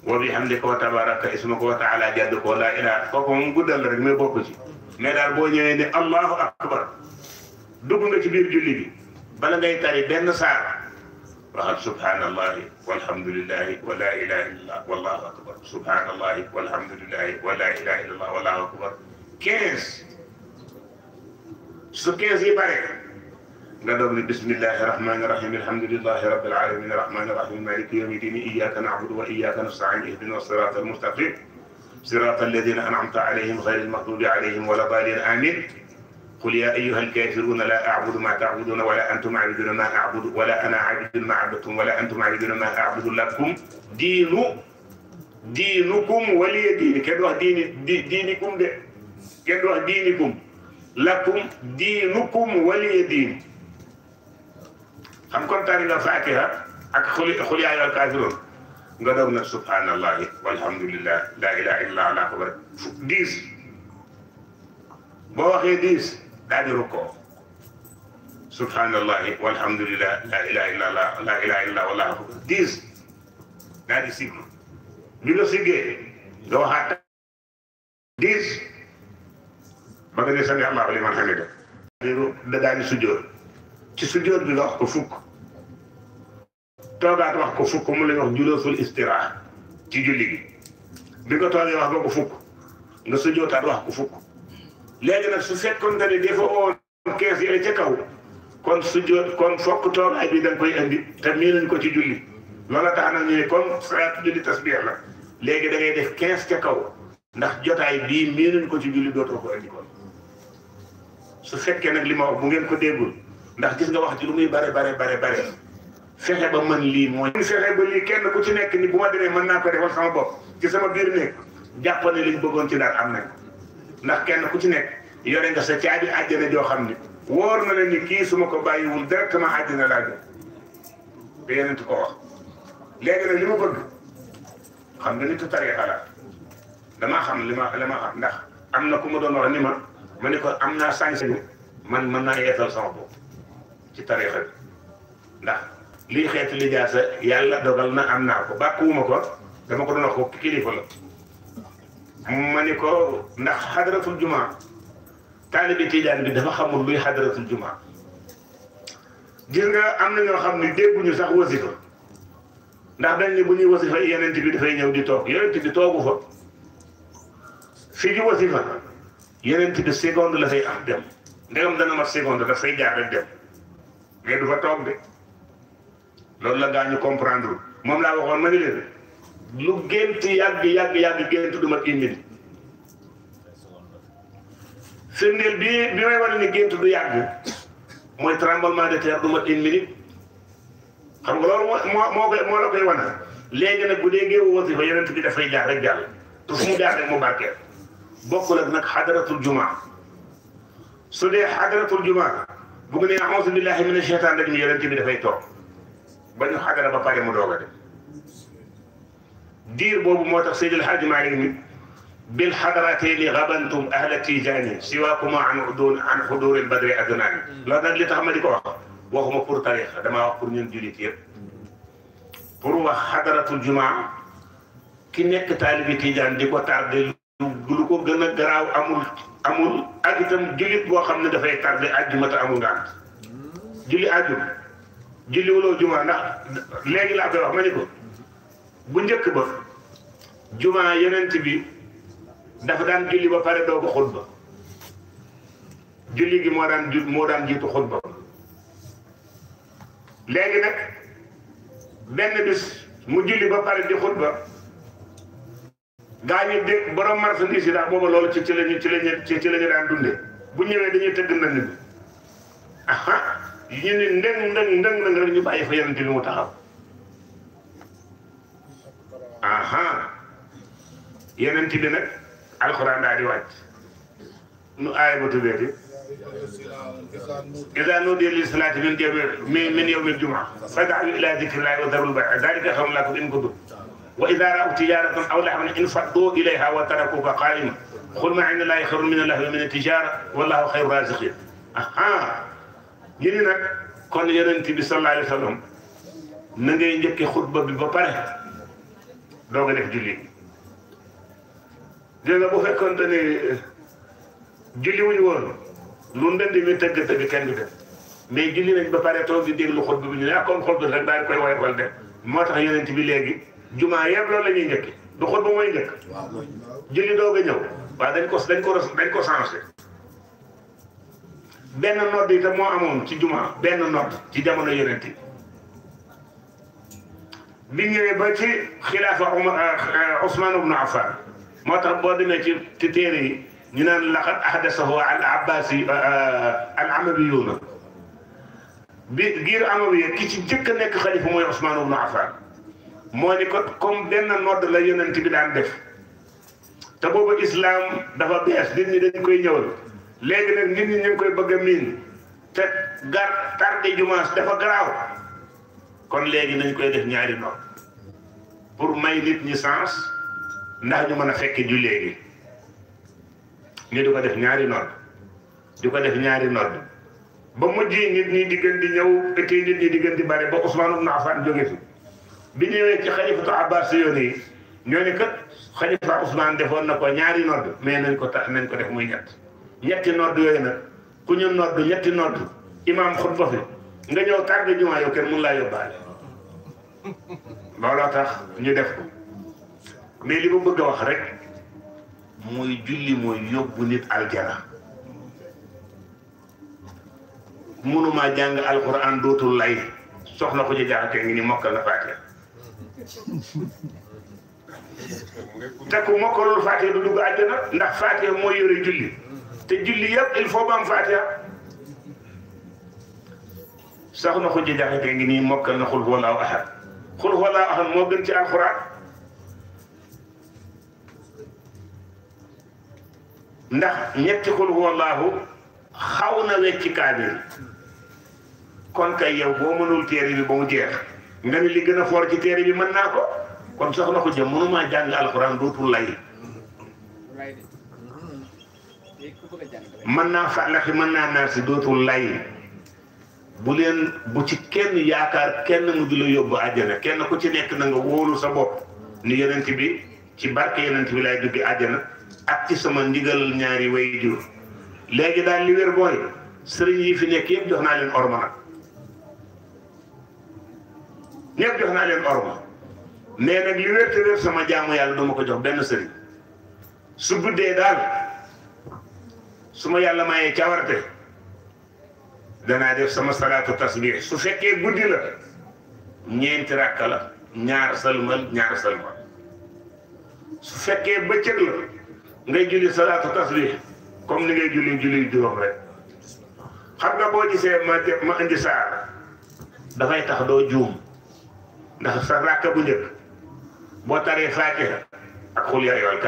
وبحمدك وتبارك اسمك وتعالى جدك ولا اله فكم غدال رك مي بوكسي مي دال بو ني الله اكبر دوغنا سي بير جولي بي بالا ngay tari ben sar وقال سبحان الله والحمد لله ولا اله الا الله والله اكبر سبحان الله والحمد لله ولا اله الا الله والله اكبر كيس سو كيس يبارك nga بسم الله الرحمن الرحيم الحمد لله رب العالمين الرحمن الرحيم مالك يوم الدين إياك نعبد وإياك iyyaka nasta'in الصراط المستقيم صراط الذين أنعمت عليهم غير المغضوب عليهم ولا الضالين آمين قل يا أيها الكافرون لا أعبد ما تعبدون ولا أنتم عابدون ما أعبد ولا أنا عابد ما عبدتم ولا أنتم عابدون ما أعبد لكم دين دينكم ولي دين كدوا دين دي دينكم دي كدوا دينكم لكم دينكم ولي دين xam kontaane nga fatiha ak xuli xuli yaayal kaafiroon nga doog nag subhanallah walhamdulillah la ilaha illa allah akbar dix boo waxee dix daal di rukkoo subhanallah walhamdulillah la ilaha illa allah la ilaha illa allah akbar dix daal di sigg bi nga siggee nga waxaat dix ba nga ne sami allahu liman hamida daal di ci sujjoor bi nga wax ko fukk toogaat wax ko fukk mu lay wax juloosul istiraha ci julli gi bi nga toogee wax nga ko fukk nga sujjootaat wax ko fukk léegi nag su fekkoon ne dafa oo kees kaw kon sujjoot kon fokk toog ay da koy indi te mii nañ ko ci julli loola tax na ñu ne comme salaatu julli tasbiix la léegi da ngay def kees ca kaw ndax jotaay bi mii nañ ko ci julli dootoo ko indi kon su fekkee nag li ma bu ngeen ko déggul ndax gis nga wax ci lu muy bare bare bare bare fexe ba mën lii mooy. fexe ba lii kenn ku ci nekk ni bu ma demee mën naa ko defal sama bopp ci sama biir néeg jàpp ne liñ bëggoon ci daal am nañ ndax kenn ku ci nekk yore nga sa caabi àjjana joo xam ne wóor na leen ni kii su ma ko bàyyiwul directement àjjana laa jëm ba yeneen ko wax léegi nag li ma bëgg xam nga nit ku taree xalaat damaa xam li ma li ma xam ndax am na ku ma doon wax ni ma ma ne ko am naa sañ-sañu man mën naa yeesal sama bopp ci tariixa bi ndax. lii xeeti lijaasa yàlla dogal na am naa ko bàkkuwuma ko dama ko doon wax ko kilifa la ma ni ko ndax xadratul juma taalibi tijaan bi dafa xamul luy xadratul juma gis nga am na ñoo xam ne dégguñu sax wasifa ndax dañ ne bu ñuy wasifa yonent bi dafay ñëw di toog yonent bi toogu fa fi ñu wasifa yonent bi seconde la fay am dem ndegam dana mat seconde daf fay jaar rek dem mais du fa toog de loolu la gaa ñu comprendre moom laa waxoon ma ni leen lu gént yàgg yàgg yàgg gént du ma indil firndeel bi bi may wane ni gént du yàgg mooy tremblement de terre du ma une minute xam nga loolu moo moo koy moo la koy wane léegi nag bu dee géewu wasifa yonent bi dafay jaar rek jàll te fu mu jaar rek mu barkeel bokkul ak jumaa su dee xadaratul jumaa bu ngi ne auzu billahi mina sheytaan rajim yonent bi dafay toog ba ñu xagale ba pare mu doog a dem diir boobu moo tax Seydil Hadj Malick ni bil xadaratayni xabantum ahla tijaani siwaakuma an udun an xuduuri badri adunaani loolu nag li tax ma di ko wax waxuma pour tarixa damaa wax pour ñun jullit yëpp pour wax xadaratul jumaa ki nekk taalibi tijaan di tardé lu ko gën a amul amul ak itam jullit boo xam ne dafay tardé ajjuma te amul ngànt julli ajjuma julliwuloo juma ndax léegi laa koy wax ma ko bu njëkk ba juma yonent bi dafa daan julli ba pare doo ko xutba julli gi moo daan moo daan jiitu xutba léegi nag benn bis mu julli ba pare di xutba gaa ñu dégg borom marchandise yi daal booba loolu ci ci lañu ci lañu ci ci daan dundee bu ñëwee dañuy tëgg na bi ñu ni ndëng ndëng ndëng ndëng rek ñu bàyyi fa yonente bi mu taxaw aha yonente bi nag alquran daal di wàcc nu aaya ba tubeeti إذا نودي للصلاة من من من يوم الجمعة فدعوا إلى ذكر الله وذروا البيع ذلك خير لكم إن كنتم وإذا رأوا تجارة أو لحما انفضوا إليها وتركوك قائما قل ما عند الله خير من الله ومن التجارة والله خير الرازقين أها ñu ni nag kon yonent bi sallallahu alayhi wa sallam na ngay njëkke xutba bi ba pare doo nga def julli dégg nga bu fekkoon te ni eh, julli wuñu woon lu ndënd mi tëgg tëgg ba pare toog di déglu xutba bi ñu ne ak ah, comme xutba rek daal di koy woyofal def moo tax yonent bi léegi jumaa yëpp loolu la ñuy njëkk du xutba mooy njëkk julli doog a ñëw waaw dañ ko dañ ko dañ ko changé benn nodd itam moo amoon ci juma benn nodd ci jamono yonent bi ñëwe ba ci xilaafa Ousmane ibnu Affan moo tax boo demee ci ci téere yi ñu naan laqad ahdasahu al abbasi al amawiyuuna bi giir amawiya ki ci jëkk a nekk xalifa mooy Ousmane ibnu Affan moo ni ko comme benn nodd la yonent bi daan def te boobu islam dafa bees nit ñi dañ koy ñëwal léegi nag nit ñi ñu ngi koy bëgg a miin te gar tardé jumaas dafa garaaw kon léegi nañ koy def ñaari nopp pour may nit ñi sens ndax ñu mën a fekk ju léegi ñu di ko def ñaari nodd di ko def ñaari nodd ba mujj nit ñi di gën di ñëw été nit ñi di gën di bare ba Ousmane ibn Affan jóge fi bi ñëwee ci xalifatu Abbas yoon yi ñoo ne kat xalifa Ousmane defoon na ko ñaari nodd mais nañ ko tax nañ ko def muy ñett ñetti nodd yooyu ku ñu nodd ñetti nodd imaam xutba nga ñëw tàgg jumaa yow kenn mun laa yóbbaale looloo tax ñu def ko mais li ma bëgg a wax rek mooy julli mooy yóbbu nit aljana mënumaa jàng alquran dootul lay soxna ko ci jaxatee ngi ni mokkal na faatee te ku mokkalul faatee du dugg àjjana ndax faatee mooy yore julli te julli yëpp il faut ba am faatiha sax na xujja jaxate ngi nii mokkal na xul huwallaahu ahad xul huwallaahu ahad moo gën ci alxuraan ndax ñetti xul huwallaahu xaw na wecc kaamil kon kay yow boo mënul téere bi ba mu jeex nga ni li gën a foor ci téere bi mën naa ko kon sax na xujja mënumaa jàng alxuraan dootul lay mën naa fàllaxi mën naa naar si dootul lay bu leen bu ci kenn yaakaar kenn mu di la yóbbu àjjana kenn ku ci nekk na nga wóolu sa bopp ni yonent bi ci barke yonent bi lay dugg àjjana ak ci sama ndigal ñaari way jur léegi daal li booy sëriñ yi fi nekk yëpp jox naa leen orma nag ñëpp jox naa leen orma mais nag li wér sama jaamu yàlla duma ko jox benn sëriñ su guddee daal su ma yàlla mayee cawarte danaa def sama salaatu tasbih su fekkee guddi la ñeenti ràkk la ñaar salmal ñaar salmal su fekkee bëccëg la ngay julli salaatu tasbih comme ni ngay julli julli juróom rek xam nga boo gisee ma ma indi saar dafay tax doo juum ndax sa ràkk bu njëkk boo taree faatiha ak xul yaa ayyuhal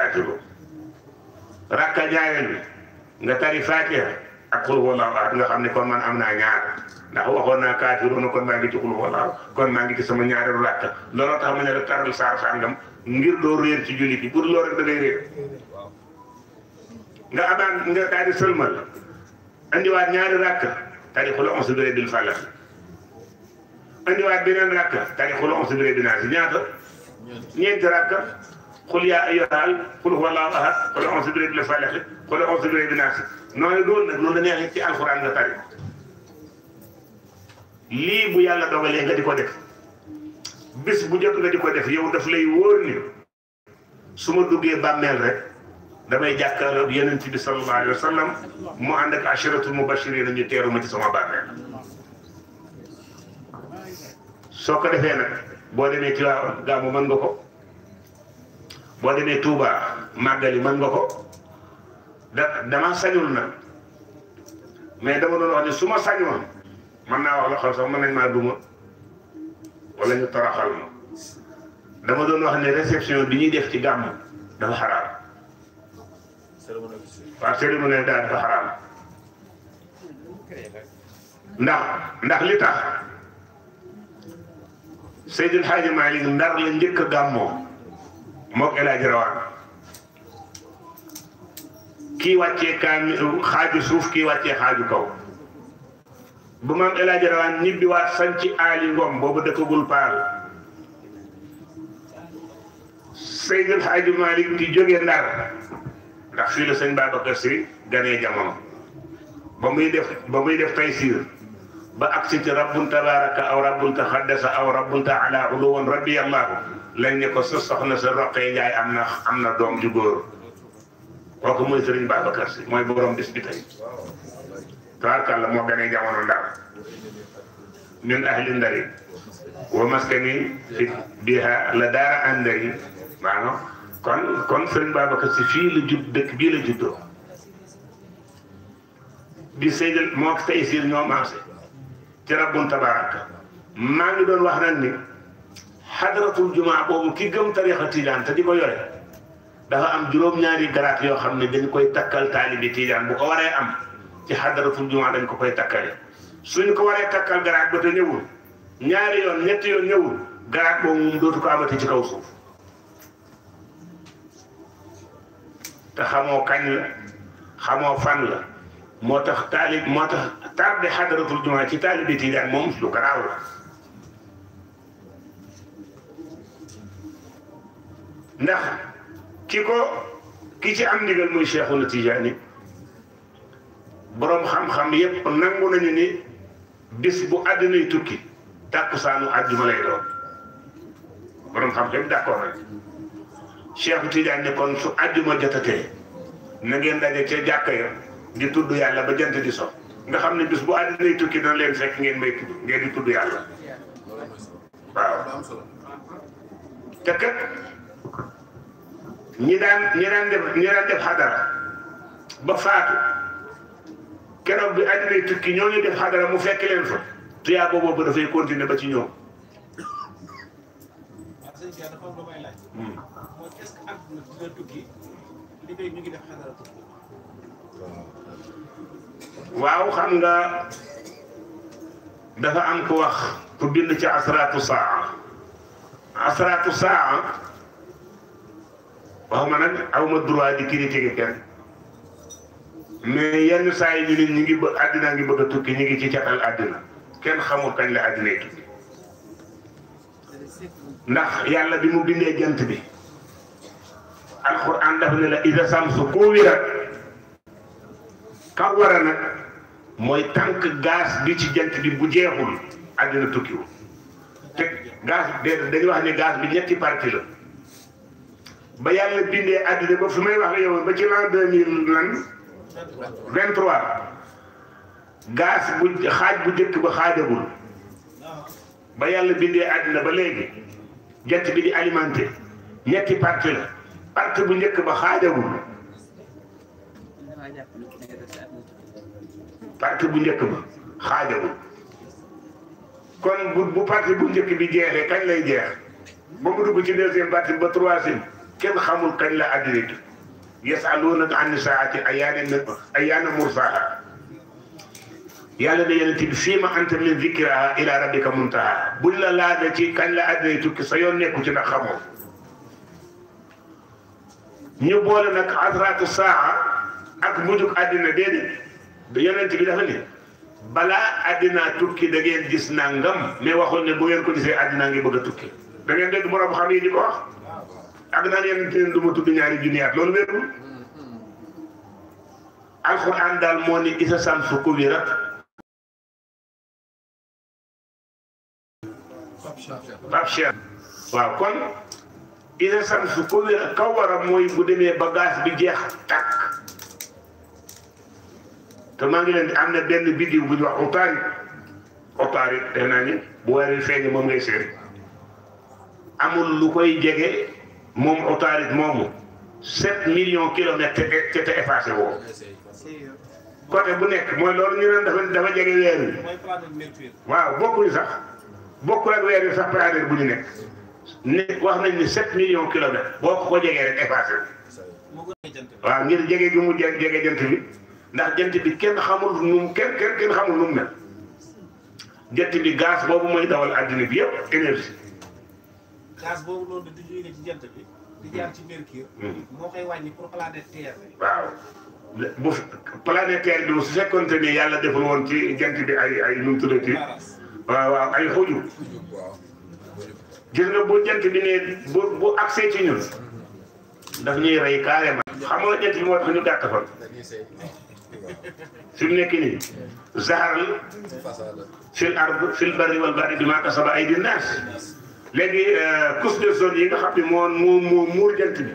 ràkk ñaareel bi nga tari faatiha ak xul wallaahu ahad nga xam ne kon man am naa ñaar ndax waxoon naa kaafiruuna kon maa ngi ci xul wallaahu kon maa ngi ci sama ñaareelu làkk looloo tax ma ne la taral saar sàngam ngir doo réer ci jullit yi pour loolu rek réer nga abaan nga daal sëlmal andiwaat ñaari rakk tari xul onsi bi bil falaq andiwaat beneen rakk tari xul onsi bi naas ñaata ñeenti rakk. قل يا ايها قل هو الله احد قل اعوذ برب الفلق قل اعوذ برب الناس نوي دول نك نون نيه في القران لا تاري لي بو يالا دوغالي غادي كو ديك بس بو جوتو غادي كو ديك يو داف لي وورني سوما دوغي بامل رك damay jakkaro yenenti bi sallallahu alaihi wasallam mu andak ashiratul mubashirin ni teru ma ci sama bamel soko defé nak bo démé ci la gamu boo demee Touba màggali man nga ko da dama sañul na mais dama doon wax ne su ma sañoon mën naa wax la xam sax mën nañ maa duma wala ñu toroxal ma dama doon wax ni réception bi ñuy def ci gàmm dafa xaraam waaw cérémonie daal dafa xaraam ndax ndax li tax Seydil Hadji Malick Ndar la njëkk a gàmmoo mok El Hadj ki wacce wàccee kaam xaaju suuf kii wàccee xaaju kaw bu mam El Hadj nibbi ñibbi sanci ali ngom ko gul paal Seydil Hadji malik ti joge Ndar ndax fi la Si gane jamono ba def bamuy def taysir ba aksi ci rabbun tabaraka aw rabbun tahaddasa aw rabbun taala uluwan rabbi allah lañ ne ko sa soxna sa am na am na doom ju góor kooku mooy sëriñ Babacar si mooy borom bis bi moo gën a jamono ndax ñun ahli ndari wa biha la andari maanaam kon kon sëriñ Babacar fii la jub dëkk bii la juddoo di seydal moo tay siir ñoo maase ci maa ngi wax nag xadratul jumaa boobu ki gëm tarixa tiijaan te di ko yore dafa am juróom-ñaari garaat yoo xam ne dañ koy takkal taalibi tiijaan bu ko waree am ci xadratul jumaa dañ ko koy takkale suñ ko waree takkal garaat ba te ñëwul ñaari yoon ñetti yoon ñëwul garaat boobu moom dootu ko amati ci kaw suuf te xamoo kañ fan la moo tax taalib moo tax tarde xadaratul jumaa ci taalibi tiijaan moom lu garaaw ndax ki ko ki ci am ndigal muy cheikhul tijani borom xam-xam yépp nangu nañu ni bis bu àddinay tukki tàkkusaanu àjjuma lay doon borom xam-xam d'accord rek cheikh tijani ne kon su àjjuma jotatee na ngeen dajé ci jàkka ya di tuddu yalla ba jant di so nga xamni bis bu àddinay tukki dañ leen fekk ngeen may tuddu ngeen di tuddu yalla waaw te kat ñi daan ñi daan def xadara ba faatu keroog bi àddina tukki ñoo ñu def xadara mu fekk leen fa tuyaa boobu dafay continuer ba ci ñoom. waaw xam nga dafa am ku wax ku bind ci asraatu saa asraatu saa. waxuma nag awma droit di critiquer kenn mais yenn saa yi ñu ne ñu ngi ba àddina ngi bëgg a tukki ñu ngi ci catal àddina kenn xamul kañ la àddinay tukki ndax yàlla bi mu bindee jant bi alxuraan dafa ne la ida samsu koo wérat kaw war a nag mooy tànk gaz bi ci jant bi bu jeexul àddina tukkiwul te gaz dañuy wax ne gaas bi ñetti parti la ba yàlla bindee àddina ba fi may wax yow ba ci l'an deux mille lan vingt trois gaz bu xaaj bu jëkk ba xaajagul ba yàlla bindee àddina ba léegi jant bi di alimenté ñetti parti la parti bu njëkk ba xaajagul parti bu njëkk ba xaajagul kon bu parti bu njëkk bi jeexee kañ lay jeex ba mu dugg ci deuxième parti ba troisième kenn xamul kañ la àddina di yasaluunaka an saati ayaana ayaana mursaaha yàlla na yonent bi fii ma anta min zikrihaa ilaa rabbika muntahaa buñ la laajee ci kañ la àddina tukki sa yoon nekku ci nag xamoo ñu boole nag asraatu saa ak mujjug àddina déedéet yonent bi dafa ni balaa àddina tukki da ngeen gis nangam mais waxul ne bu ngeen ko gisee àddina ngi bëgg a tukki da ngeen dégg borom xam yi di ko wax. ak naan yeneen te du ma tudd ñaari junniyaat loolu wérul alquran daal moo ni isa san fukk wi rat bab cher waaw kon isa san fukk wi kaw waram mooy bu demee ba gaas bi jeex tàkk te maa ngi leen di am na benn biddiw bu wax otaari otaari def naa ni bu weer yi moom ngay séen amul lu koy jege moom Autarite moomu sept millions kilomètres te te effacé woo côté bu nekk mooy loolu ñu ne dafa dafa jege weer wi waaw bokkuñu sax bokkul ak weer wi sax planète bu ñu nekk nit wax nañ ni sept millions kilomètres boo ko jegee rek effacé waaw ngir jege gi mu jege jënt bi ndax jant bi kenn xamul nu mu kenn kenn xamul nu mu mel jant bi gaz boobu mooy dawal àddina bi yëpp énergie gaz boobu noonu di jóge ci bi. ci mercure. Hmm. moo koy wàññi bi. waaw bu planète terre bi su fekkonte ni yàlla deful woon ci jant bi ay ay nu waaw ay xuju. gis nga bu jant bi ne bu bu accès ci ñun. daf ñuy rey carrément. xam nga jant bi moo tax ñu gàtt fi mu nekk nii. zahar fil ard fil barri wal bahri bimaa kasabat aydin naas léegi euh, couche de zone yi nga xam ne moo moo moo muur jant bi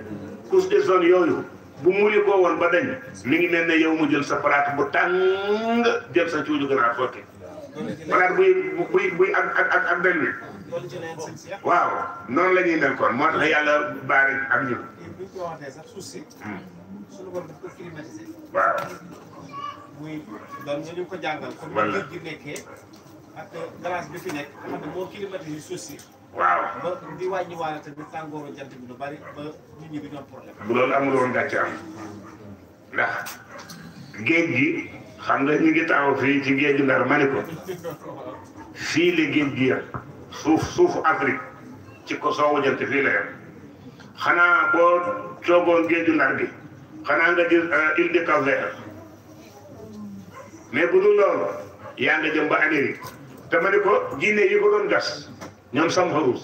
couche de zone yooyu bu muri koo woon ba dañ mi ngi mel ne yow mu jël sa palaat bu tàng jël sa cuuju ganaar sotti palaat buy buy ak ak ak ak waaw noonu la ñuy mel kon moo tax yàlla baari ak ñun hmm. waaw muy doon ñu ko jàngal comme ni géej gi nekkee waaw ba di wàññiwaale bi lu bari bu loolu amul woon gàcce am ndax géej gi xam nga ñu ngi taxaw fii ci géeju Ndar ma fii la géej gi yam suuf suufu Afrique ci ko soowu jant fii la yam xanaa boo soogoon géeju Ndar bi xanaa nga jël euh, île de mais bu dul loolu yaa nga jëm ba te ma ne ko jinne yi ko doon gas. ñom Sam horus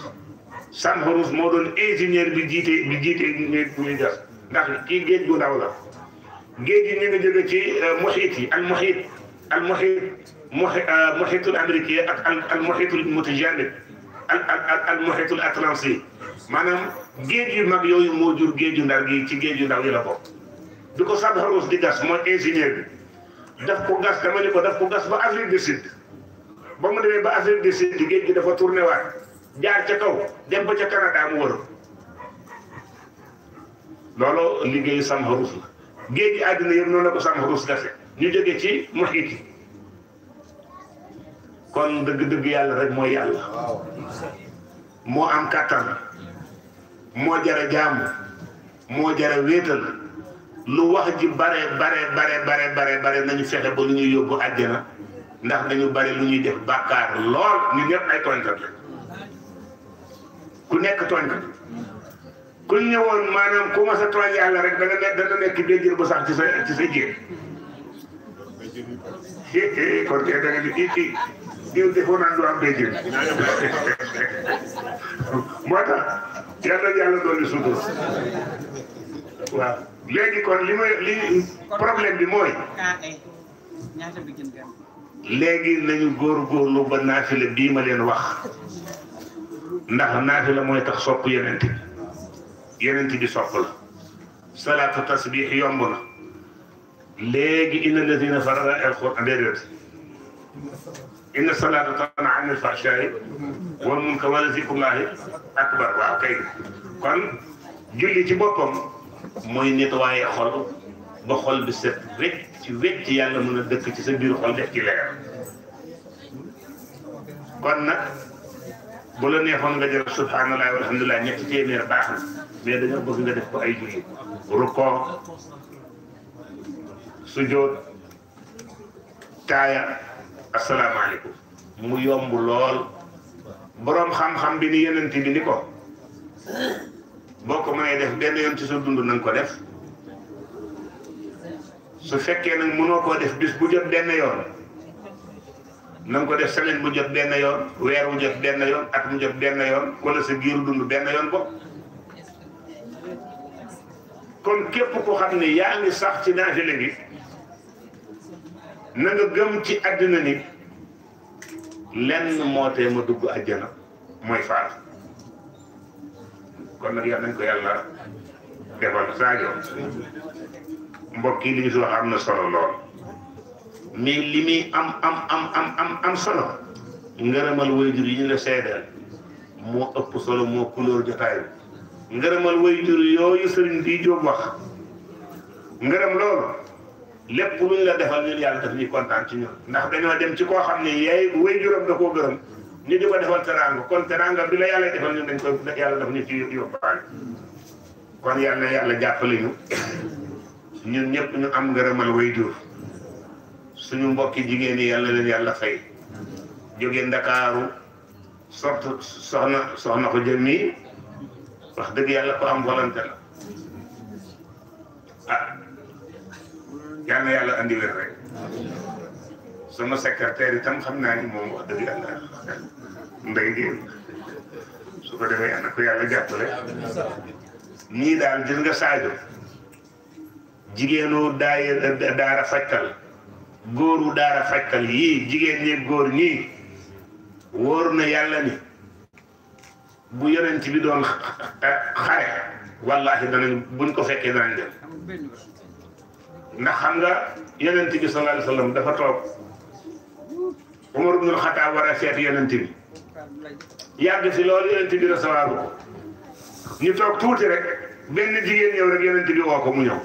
Sam horus moo doon ingénieur bi jité bi jité jiite muy gas ndax ki géej gu ndaw la géej gi ñu jëge ci muxiit yi al muhit al muhit muhit al amerique ak al muhit al muxiitul mutajanib al al al atlantique manam géej yu mag yoyu mo jur géeju ndar gi ci géeju ndaw yi la bok diko Sam horus di gas mo ingénieur bi daf ko gas dama ni ko daf ko gas ba Afrique du Sud. ba mu demee ba Afrique du Sud géej gi dafa tourné waat jaar ca kaw dem ba ca Canada mu wër loolu liggéeyu Samharus la géej gi àddina yëpp noonu la ko Samharus defe ñu jóge ci muhiti kon dëgg-dëgg yàlla rek mooy yàlla moo am kàttan moo jara jaamu moo jara wéetal lu wax ji bare bare bare bare bare bare nañu fexe ba lu ñuy yóbbu àddina ndax dañu bari lu ñuy def bàkkaar lool ñu ñëpp ay tooñkat ku nekk tooñkat ku ñëwoon maanaam ku ma sa tooñ yàlla rek da nga ne da nga nekk déjjër bu sax ci sa ci sa jéem. kon kay da nga di kii kii diw defoo naan du am déjjër moo tax yàlla yàlla doon di sutura waaw léegi kon li may li problème bi mooy. léegi nañu lu ba naafila bii ma leen wax ndax naafila mooy tax sopp yenent bi yenent bi sopp la salaatu tasbiix yomb na léegi inna alladina farara alquran déedéet inna salaatu tanha an alfahshaai wa munkar wa lazikrullahi akbar waaw kay kon julli ci boppam mooy nettoyé xol ba xol bi set rek ci wécc yàlla mën a dëkk ci sa biir xol def ci leer kon nag bu la neexoon nga jël subhanallah walhamdulilah ñetti téeméer baax na mais dañoo bëgg nga def ko ay julli rukkoo sujood taaya asalaamaaleykum mu yomb lool boroom xam-xam bi ni yenente bi ni ko boo ko mënee def benn yoon ci sa dund na nga ko def su fekkee nag mënoo koo def bis bu jot benn yoon na ko def semaine bu jot benn yoon weer wu jot benn yoon at mu jot benn yoon wala si giiru dund benn yoon bopp kon képp ko xam ni yaa ngi sax ci naafile gi na nga gëm ci àddina ni lenn moo tee ma dugg àjjana mooy faar kon nag yàlla nañ ko yàlla defal saa yoon mbokk yi li ñu fi wax am na solo lool mais li muy am am am am am solo ngërëmal wayjur yi ñu la seedeel moo ëpp solo moo couleur jotaay bi ngërëmal wayjur yooyu sëriñ bi Jóob wax ngërëm loolu lépp lu ñu la defal ñun yàlla daf ñuy kontaan ci ñun ndax dañoo dem ci koo xam ne yaay wayjuram da koo gërëm ñu di ko defal teraanga kon teraanga bi la yàlla defal ñun dañ koy yàlla daf ñu ci yóbbaale kon yàlla yàlla jàppale ñu ñun ñëpp ñu am ngërëmal way jur suñu mbokki jigéen yi yàlla leen yàlla fay jóge ndakaaru sort soxna soxna ko jëm nii wax dëgg yàlla ko am volonté la ah yal yàlla andi wér rek sama secrétaire itam xam naa ni moom wax dëgg yàlla ndey géen su ko defee ana ko yàlla jàppale ñii daal jël nga saajo jigéenu daay daara fajtal góoru daara fajtal yii jigéen ñeeg góor ñii wóor na yàlla ni bu yonent bi doon xare wallahi danañ buñ ko fekkee danañ dem ndax xam nga yonent bi sallallahu alayhi wasallam dafa toog Umar ibn al-Khattab war a seet yonent bi yàgg si lool yonent bi recevoir ko ñu toog tuuti rek benn jigéen ñëw rek yonent bi woo ko mu ñëw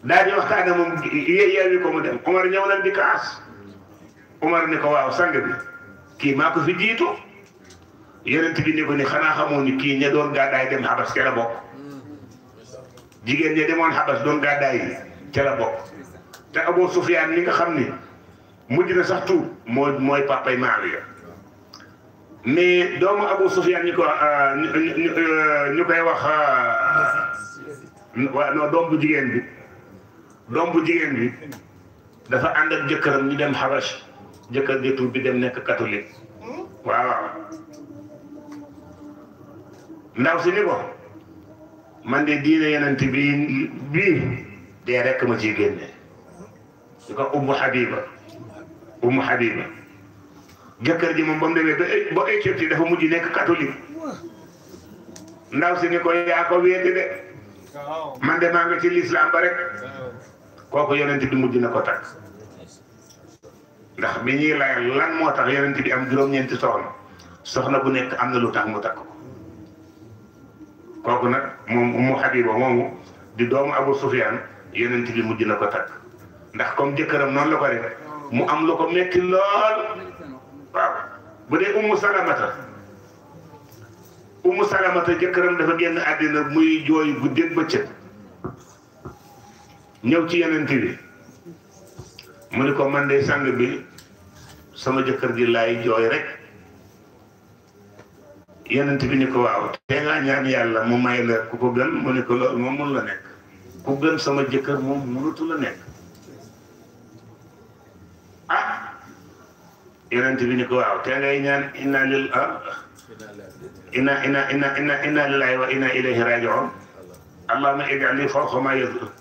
daa di waxtaan ak moom yeewi ko mu dem Umar ñëw nañ ni ko waaw sang bi kii maa ko fi jiitu yonent bi ko ni xanaa xamoo ni kii ña doon gàddaay dem xabas ca la bokk jigéen ña demoon xabas doon gàddaay yi ca Abu Sufyaan ni nga xam ni mujj na sax tuub mooy mooy papay Maawiya mais doomu Abu Sufyaan ñu ko euh, euh, wax euh, waaw doom bu jigéen bi doom bu jigéen bi dafa ànd jëkkër jëkkëram dem xabash jëkkër ji tuub bi dem nekk catholique waaw ndaw si ni ko man de diine yenent bi bii dee rekk ma ciy génne su ko ummu habiba ummu habiba jëkkër ji moom ba mu demee ba ba Éthiopie dafa mujj nekk catholique ndaw si ni ko yaa ko wéete de man de maa nga ci lislaam ba kooku yonent bi mujj dina ko takk ndax bi ñuy layal lan moo tax yonent bi am juróom-ñeenti soxna soxna bu nekk am na lu tax mu takk ko kooku nag moom Ummu Habiba moomu di doomu Abu Sufyaan yonent bi mujj na ko takk ndax comme jëkkëram noonu la ko def mu am lu ko metti lool waaw bu dee Ummu Salamata Ummu Salamata jëkkëram dafa génn àddina muy jooy guddeeg bëccëg ñew ci yonent bi mu ne ko man de sang bi sama jëkkër gi lay joy rek yonent bi ni ko waaw te nga ñaan yàlla mu may la ku ko gën mu ne ko loolu moom mun la nekk ku gën sama jëkkër moom munutu la nekk ah yonent bi ni ko waaw te ngay ñaan inna lil ina ah? inna ina inna inna lillahi wa ina ilayhi rajiun allahumma ij'al li fawqa ma yadhkur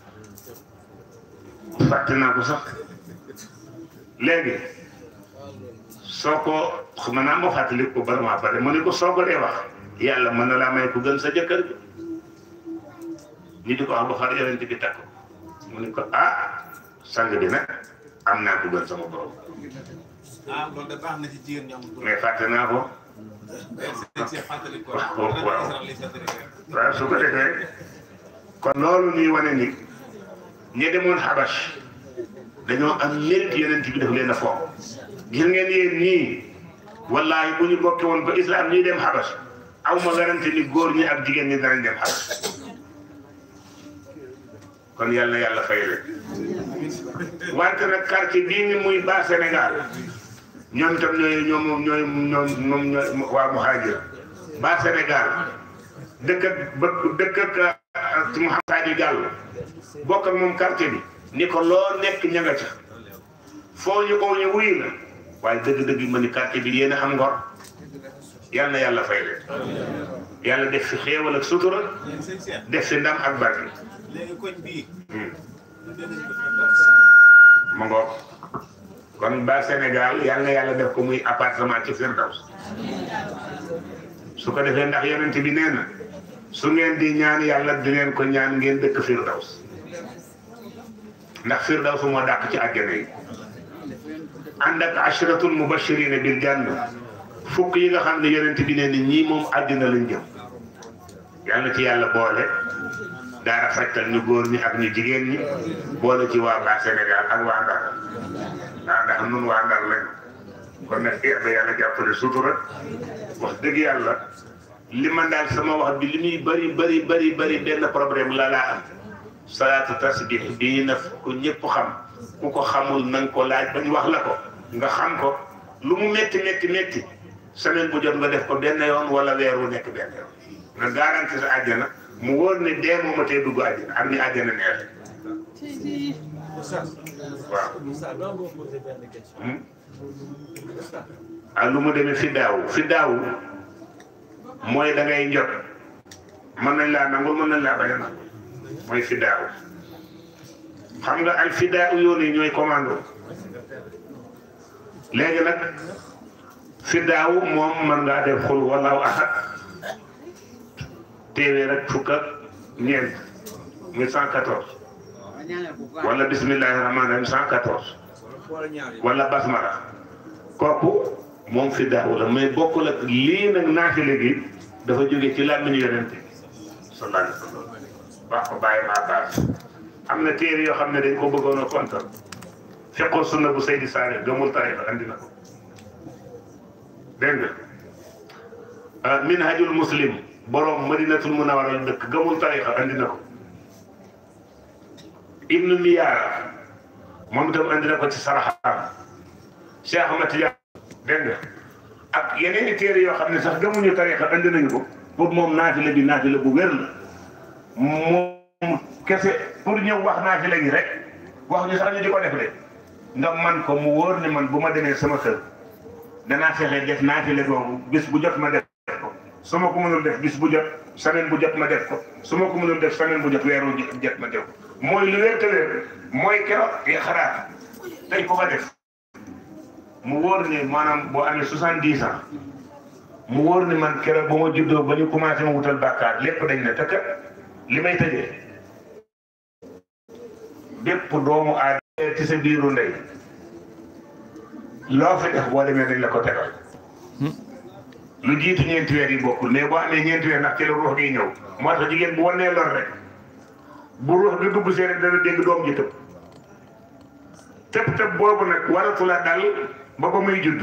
fàtte naa ko sax léegi soo ko maanaam ma fàttali ko bala maa pare mu ne ko soo ko dee wax yàlla mën na laa may ku sa jëkkër bi ñu di ko wax ba xar yonent bi takk ko ah sang bi nag am naa ku gën sama ah, na ci jigéen ñi amul waaw su ko defee kon loolu ñuy wane ni. ñi demoon xabash dañoo am ñeent yonent bi daf leen a foog gis ngeen yéen ñii wallahi bu ñu bokke woon ba islam ñii dem xabash aw ma garanti ni góor ñi ak jigéen ñi danañ dem xabash kon yàlla na yàlla fay rek wante nag quartier bii ni muy baa Sénégal ñoom itam ñooy ñoom moom ñooy moom ñooy waa muhaajir baa Sénégal dëkk ak bë dëkk ak Mouhamadou Diallo bokk ak moom quartier bi ni ko loo nekk ñanga ca foo ñu ko ñu wuy na waaye dëgg-dëgg ma ni quartier bi yéen a am ngor yal na yàlla fay leen yàlla def fi xéewal ak sutura def fi ndam ak barki hmm. ma kon ba Sénégal yal na yàlla def ko muy appartement ci Firdaws su ko defee ndax yonent bi nee na su ngeen di ñaan yàlla di leen ko ñaan ngeen dëkk Firdaws ndax firdaws moo dàq ci àjjana yi ànd ak ashratul mubashirina bil janna fukk yi nga xam ne yonent bi ni ñii moom àddina lañ jëm yal na ci yàlla boole daara fajtal ñu góor ñi ak ñu jigéen ñi boole ci waa baa Sénégal ak waa Ndar waaw ndax kon nag eex eh ba yàlla jàppale sutura wax dëgg yàlla li man daal sama wax bi li muy bari bari bari bari benn problème la laa am salaatu tasbih bii na ko ñëpp xam ku ko xamul na ko laaj bañ wax la ko nga xam ko lu mu metti métti métti semaine bu jot nga def ko benn yoon wala wu nekk benn yoon nga garanti sa àjjana mu wóor ne dee mooma tee dugg àjjana ak ni àjjana neex waaw hmm? ah, lu mu demee fi daaw daaw mooy dangay ngay njot mën nañ laa nangul mën nañ laa bañ a nangul mooy fiddaaw xam nga al fiddaaw yoon yi ñooy commando léegi nag fiddaaw moom mën ngaa def xul walaaw ahad téeméer ak fukk ak ñeent muy 114 wala bismillahi rahmaani rahim 114 wala basmala kooku moom fiddaaw la mais bokkul ak lii nag naafile gi dafa jóge ci làmmiñ yonente sallallahu alayhi wax ko bàyyi maataar am na téere yoo xam ne dañ ko bëggoon a kontal fiqu sunna bu Seydi Saare gëmul tariqa andi na ko dégg nga ah, minhajul muslim borom madinatul munawwara dëkk gëmul tariqa andi na ko ibnu miyaara moom itam andi na ko ci saraxaam Cheikh Ahmad Tidiane dégg ak yeneen i téere yoo xam ne sax gëmuñu tariqa andi nañu ko pour moom naafila bi naafila bu wér mu kese pour ñëw wax naa fi léegi rek wax ñu sax ñu di ko def ndax man ko mu wóor ne man bu ma demee sama kër danaa fexee def naa fi léegi bis bu jot ma def ko su ma ko mënul def bu jot semaine bu jot ma def ko su ma ko mënul def semaine bu jot weeru jot ma def ko mooy lu wér te mooy keroog ya xaraat tey ko fa def mu wóor ne maanaam boo amee soixante-dix ans mu wóor ne man keroog ba ma juddoo ba ñu commencé ma wutal bàkkaar lépp dañ ne te li may tëjee bépp doomu aadama ci sa biiru ndey loo fi def boo demee la ko tegal lu jiitu ñeenti weer yi bokkul mais boo amee ñeenti ndax ci la ruux gi ñëw moo tax jigéen bu wanee lor rek bu ruux bi dugg seen dana dégg doom ji tëb tëb tëb boobu nag waratu la dal ba ba muy judd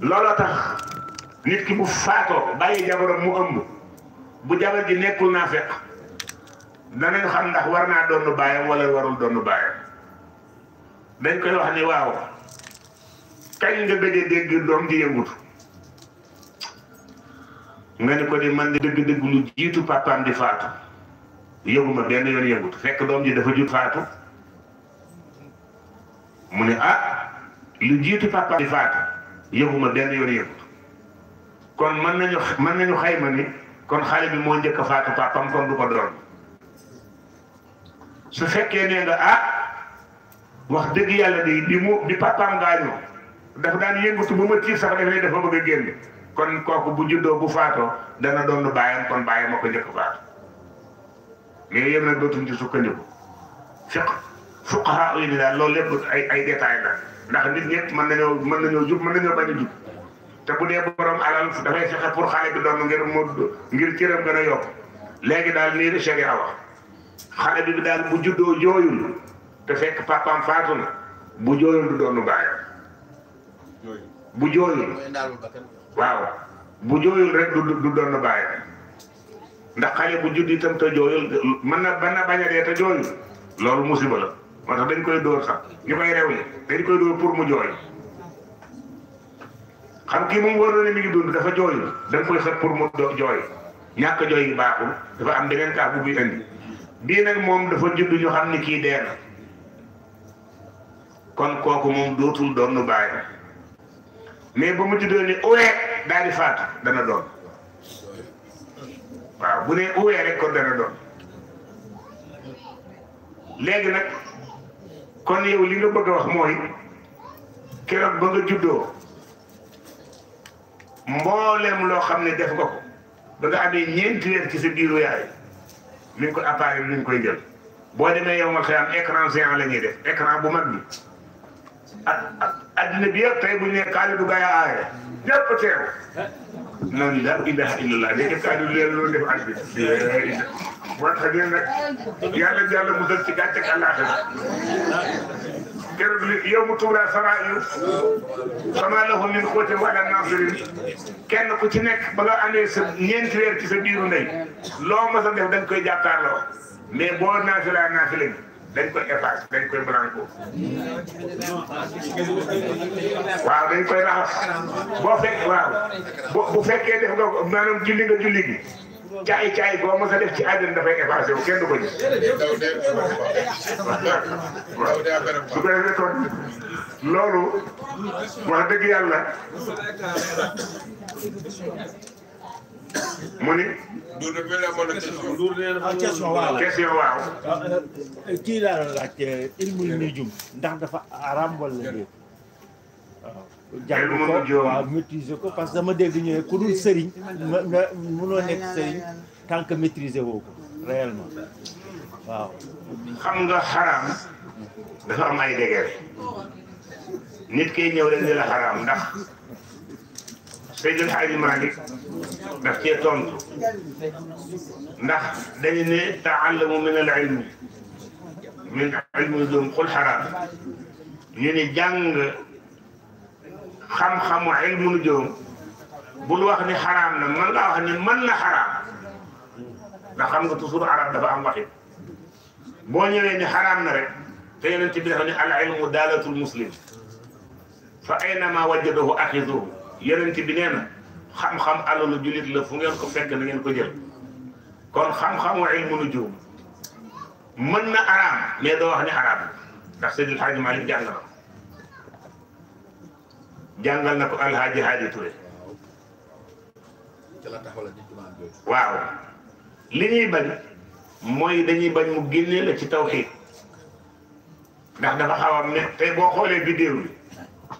looloo tax nit ki bu faatoo bàyyi jabaram mu ëmb bu jabar gi nekkul naa fekk danañ xam ndax war naa doon baayam wala warul doon baayam dañ koy wax ni waaw kañ nga gëj dégg doom di yëngutu nga ni ko di man di dëgg-dëgg lu jiitu papaam di faatu yëguma benn yoon yëngutu fekk doom ji dafa jut faatu mu ne ah lu jiitu papaam di faatu yëguma benn yoon yëngutu kon mën nañu mën nañu xayma ni kon xale bi moo njëkk a faatu papam kon du ko doon su fekkee nee nga ah wax dëgg yàlla di di mu di papam gaañu dafa daan yëngatu bu ma tiir sax daf lay dafa bëgg a génn kon kooku bu juddoo bu faatoo dana doon bàyyam kon bàyyam a ko njëkk faatu mais yëpp nag dootuñ ci sukkandiku fiq fuqaha yi daal loolu lépp ay ay détails la ndax nit ñett mën nañoo mën nañoo jub mën nañoo bañ a jub te bu dee borom alal dafay fexe pour xale bi doon ngir mu ngir cëram gën a yokk léegi daal nii di sharia wax xale bi daal bu juddoo jooyul te fekk papaam faatu na bu jooyul du doon baayam bu jooyul waaw bu jooyul rek du du doon baayam ndax xale bu judd itam te jooyul mën na mën na bañ a dee te jooyul loolu musiba la moo tax dañ koy dóor sax ñu koy rew ni dañ koy dóor pour mu jooy xam kii moom waroon ne mi ngi dund dafa jooy da nga sa xat pour mu jooy ñàkk jooy gi baaxul dafa am beneen kaa bu muy indi bii nag moom dafa judd ñu xam ni kii dee na kon kooku moom dootul doon nu bàyyi mais ba mu juddoo ni uwee daal di faatu dana doon waaw bu nee uwee rek kon dana doon léegi nag kon yow li nga bëgg a wax mooy keroog ba nga juddoo. mbollem lo xamne def nga ko ba nga amé ñent weer ci sa biiru yaay li ko appareil li mi koy jël bo démé yow ma xiyam écran géant la ñuy def écran bu mag bi ak ak bi yëpp tay bu ñé nee du Gaye ay ñëpp téw non la ilaha illallah dé léegi du leen lo def at bi wa xadi nak yalla yàlla mu dal ci gàcce ak àllaaxira keroog yow mu tuura sama yu sama lahu min xóotin wala nasirin kenn ku ci nekk ba nga amee ñeenti weer ci sa biiru ndey loo ma dañ koy jàkkaarloo mais boo naafilaa naafila bi dañ koy effacé dañ koy blanco waaw dañ koy raxas boo bu fekkee def nga ko maanaam julli nga julli gi caay caay boo mos a def ci àddina dafay effacé wu kenn du ko gis. su loolu wax dëgg yàlla mu ni. duur bi la kii laa la laaj nujum ndax dafa araam wala déet jàng ko waaw maîtriser ko parce que dama dégg ñu ne ku dul sëriñ mënoo nekk sëriñ tant que maîtriser woo ko réellement waaw xam nga xaraam dafa am ay degré nit kay ñëw rek ni la xaraam ndax Seydil Hadji Malick daf cee tontu ndax dañu ne taallamu min al ilmi min ilmi doom xul xaraam ñu ne jàng xam-xamu ilmu nujuum bul wax ni xaraam na mën ngaa wax ni mën na xaraam ndax xam nga toujours arab dafa am waxit boo ñëwee ni xaraam na rek te yonent bi dafa ni al ilmu daalatul muslim fa aynama wajadahu axiduhu yonent bi nee na xam-xam alalu jullit la fu ngeen ko fekk na ngeen ko jël kon xam-xamu ilmu nujuum mën na araam mais doo wax ni araam ndax Seydil Hadji Malick jàng na jàngal na ko alxaaji xaaji Touré waaw li ñuy bañ mooy dañuy bañ mu génnee la ci tawxiid ndax dafa xaw a ne tey boo xoolee vidéo bi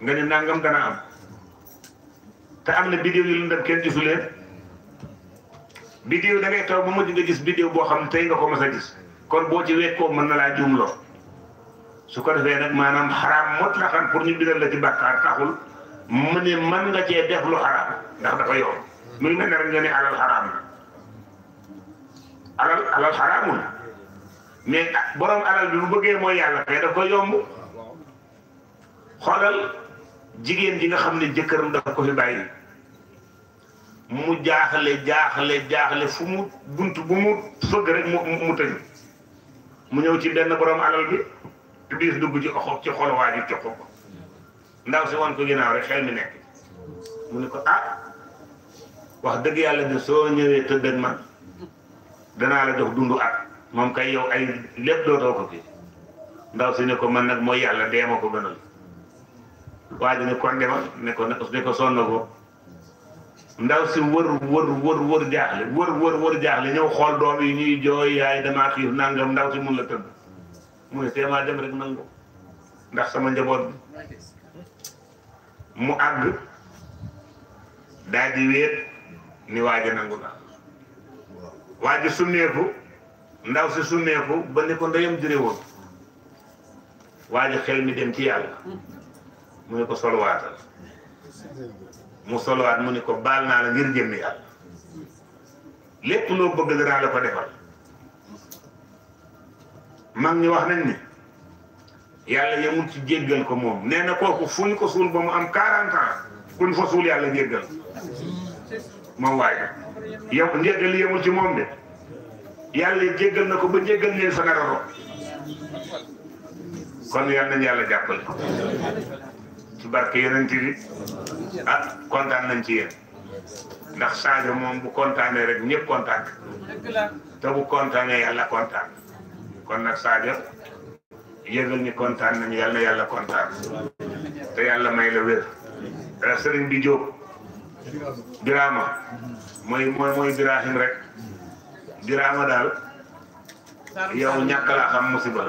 nga ne nangam dana am te am na vidéo yu lu dem kenn gisu leen vidéo da ngay taw ba mujj nga gis vidéo boo xam ne tey nga ko mës a gis kon boo ci wekkoo mën na laa juumloo su ko defee nag maanaam xaraam mot la pour ñu bindal la ci bàkkaar taxul mu ne mën nga cee def lu ndax dafa yomb mu ngi mel ne rek nga ne alal xaraam na alal alal xaraamu na mais borom alal bi bu bëggee moo yàlla te daf ko yomb xoolal jigéen ji nga xam ne jëkkëram dafa ko fi bàyyi mu jaaxle jaaxle jaaxle fu mu bunt bu mu fëgg rek mu mu tëj mu ñëw ci benn boroom alal bi te biis dugg ci xol ci xol waa ndaw si woon ko ginnaaw rek xel mi nekk mu ne ko ah wax dëgg yàlla de soo ñëwee tëdd ak man danaa la jox dundu at moom kay yow ay lépp dootoo ko fi ndaw si ne ko man nag mooy yàlla dee ma ko gënal waa ji ne kon demal ne ko ne ko sonn ko ndaw si wër wër wër wër jaaxle wër wër wër jaaxle ñëw xool doom yi ñuy jooy yaay damaa xiif nangam ndaw si mun la tëdd mu ne teemaa dem rek nangu ndax sama njaboot bi mu àgg daal di wéet ni waaja nangu na waaja sunneeku ndaw si sunneeku ba ni ko ndeyam jure woon waaja xel mi dem ci yàlla mu ne ko solwaatal mu solwaat mu ne ko baal naa la ngir jëm yàlla lépp loo bëgg danaa la ko defal mag ñi wax nañ ni yàlla yemul ci jéggal ko moom nee na kooku fuñ ko suul ba mu am 40 ans kuñ suul yàlla jéggal moom waaye yow njéggal yemul ci moom de yàlla jéggal na ko ba jéggal neen sa nararo kon yal nañu yàlla jàppale ci barke a bi ah kontaan nañ ci yéen ndax Sadio moom bu kontaanee rek ñëpp kontaan te bu kontaanee yàlla kontaan kon nag Sadio. yëgal ni kontaan nañu yàlla yàlla kontaan te yàlla may la wér eh, sëriñ bi Jóob Birama mooy mooy mooy rek Birama daal yow ñàkk xam musiba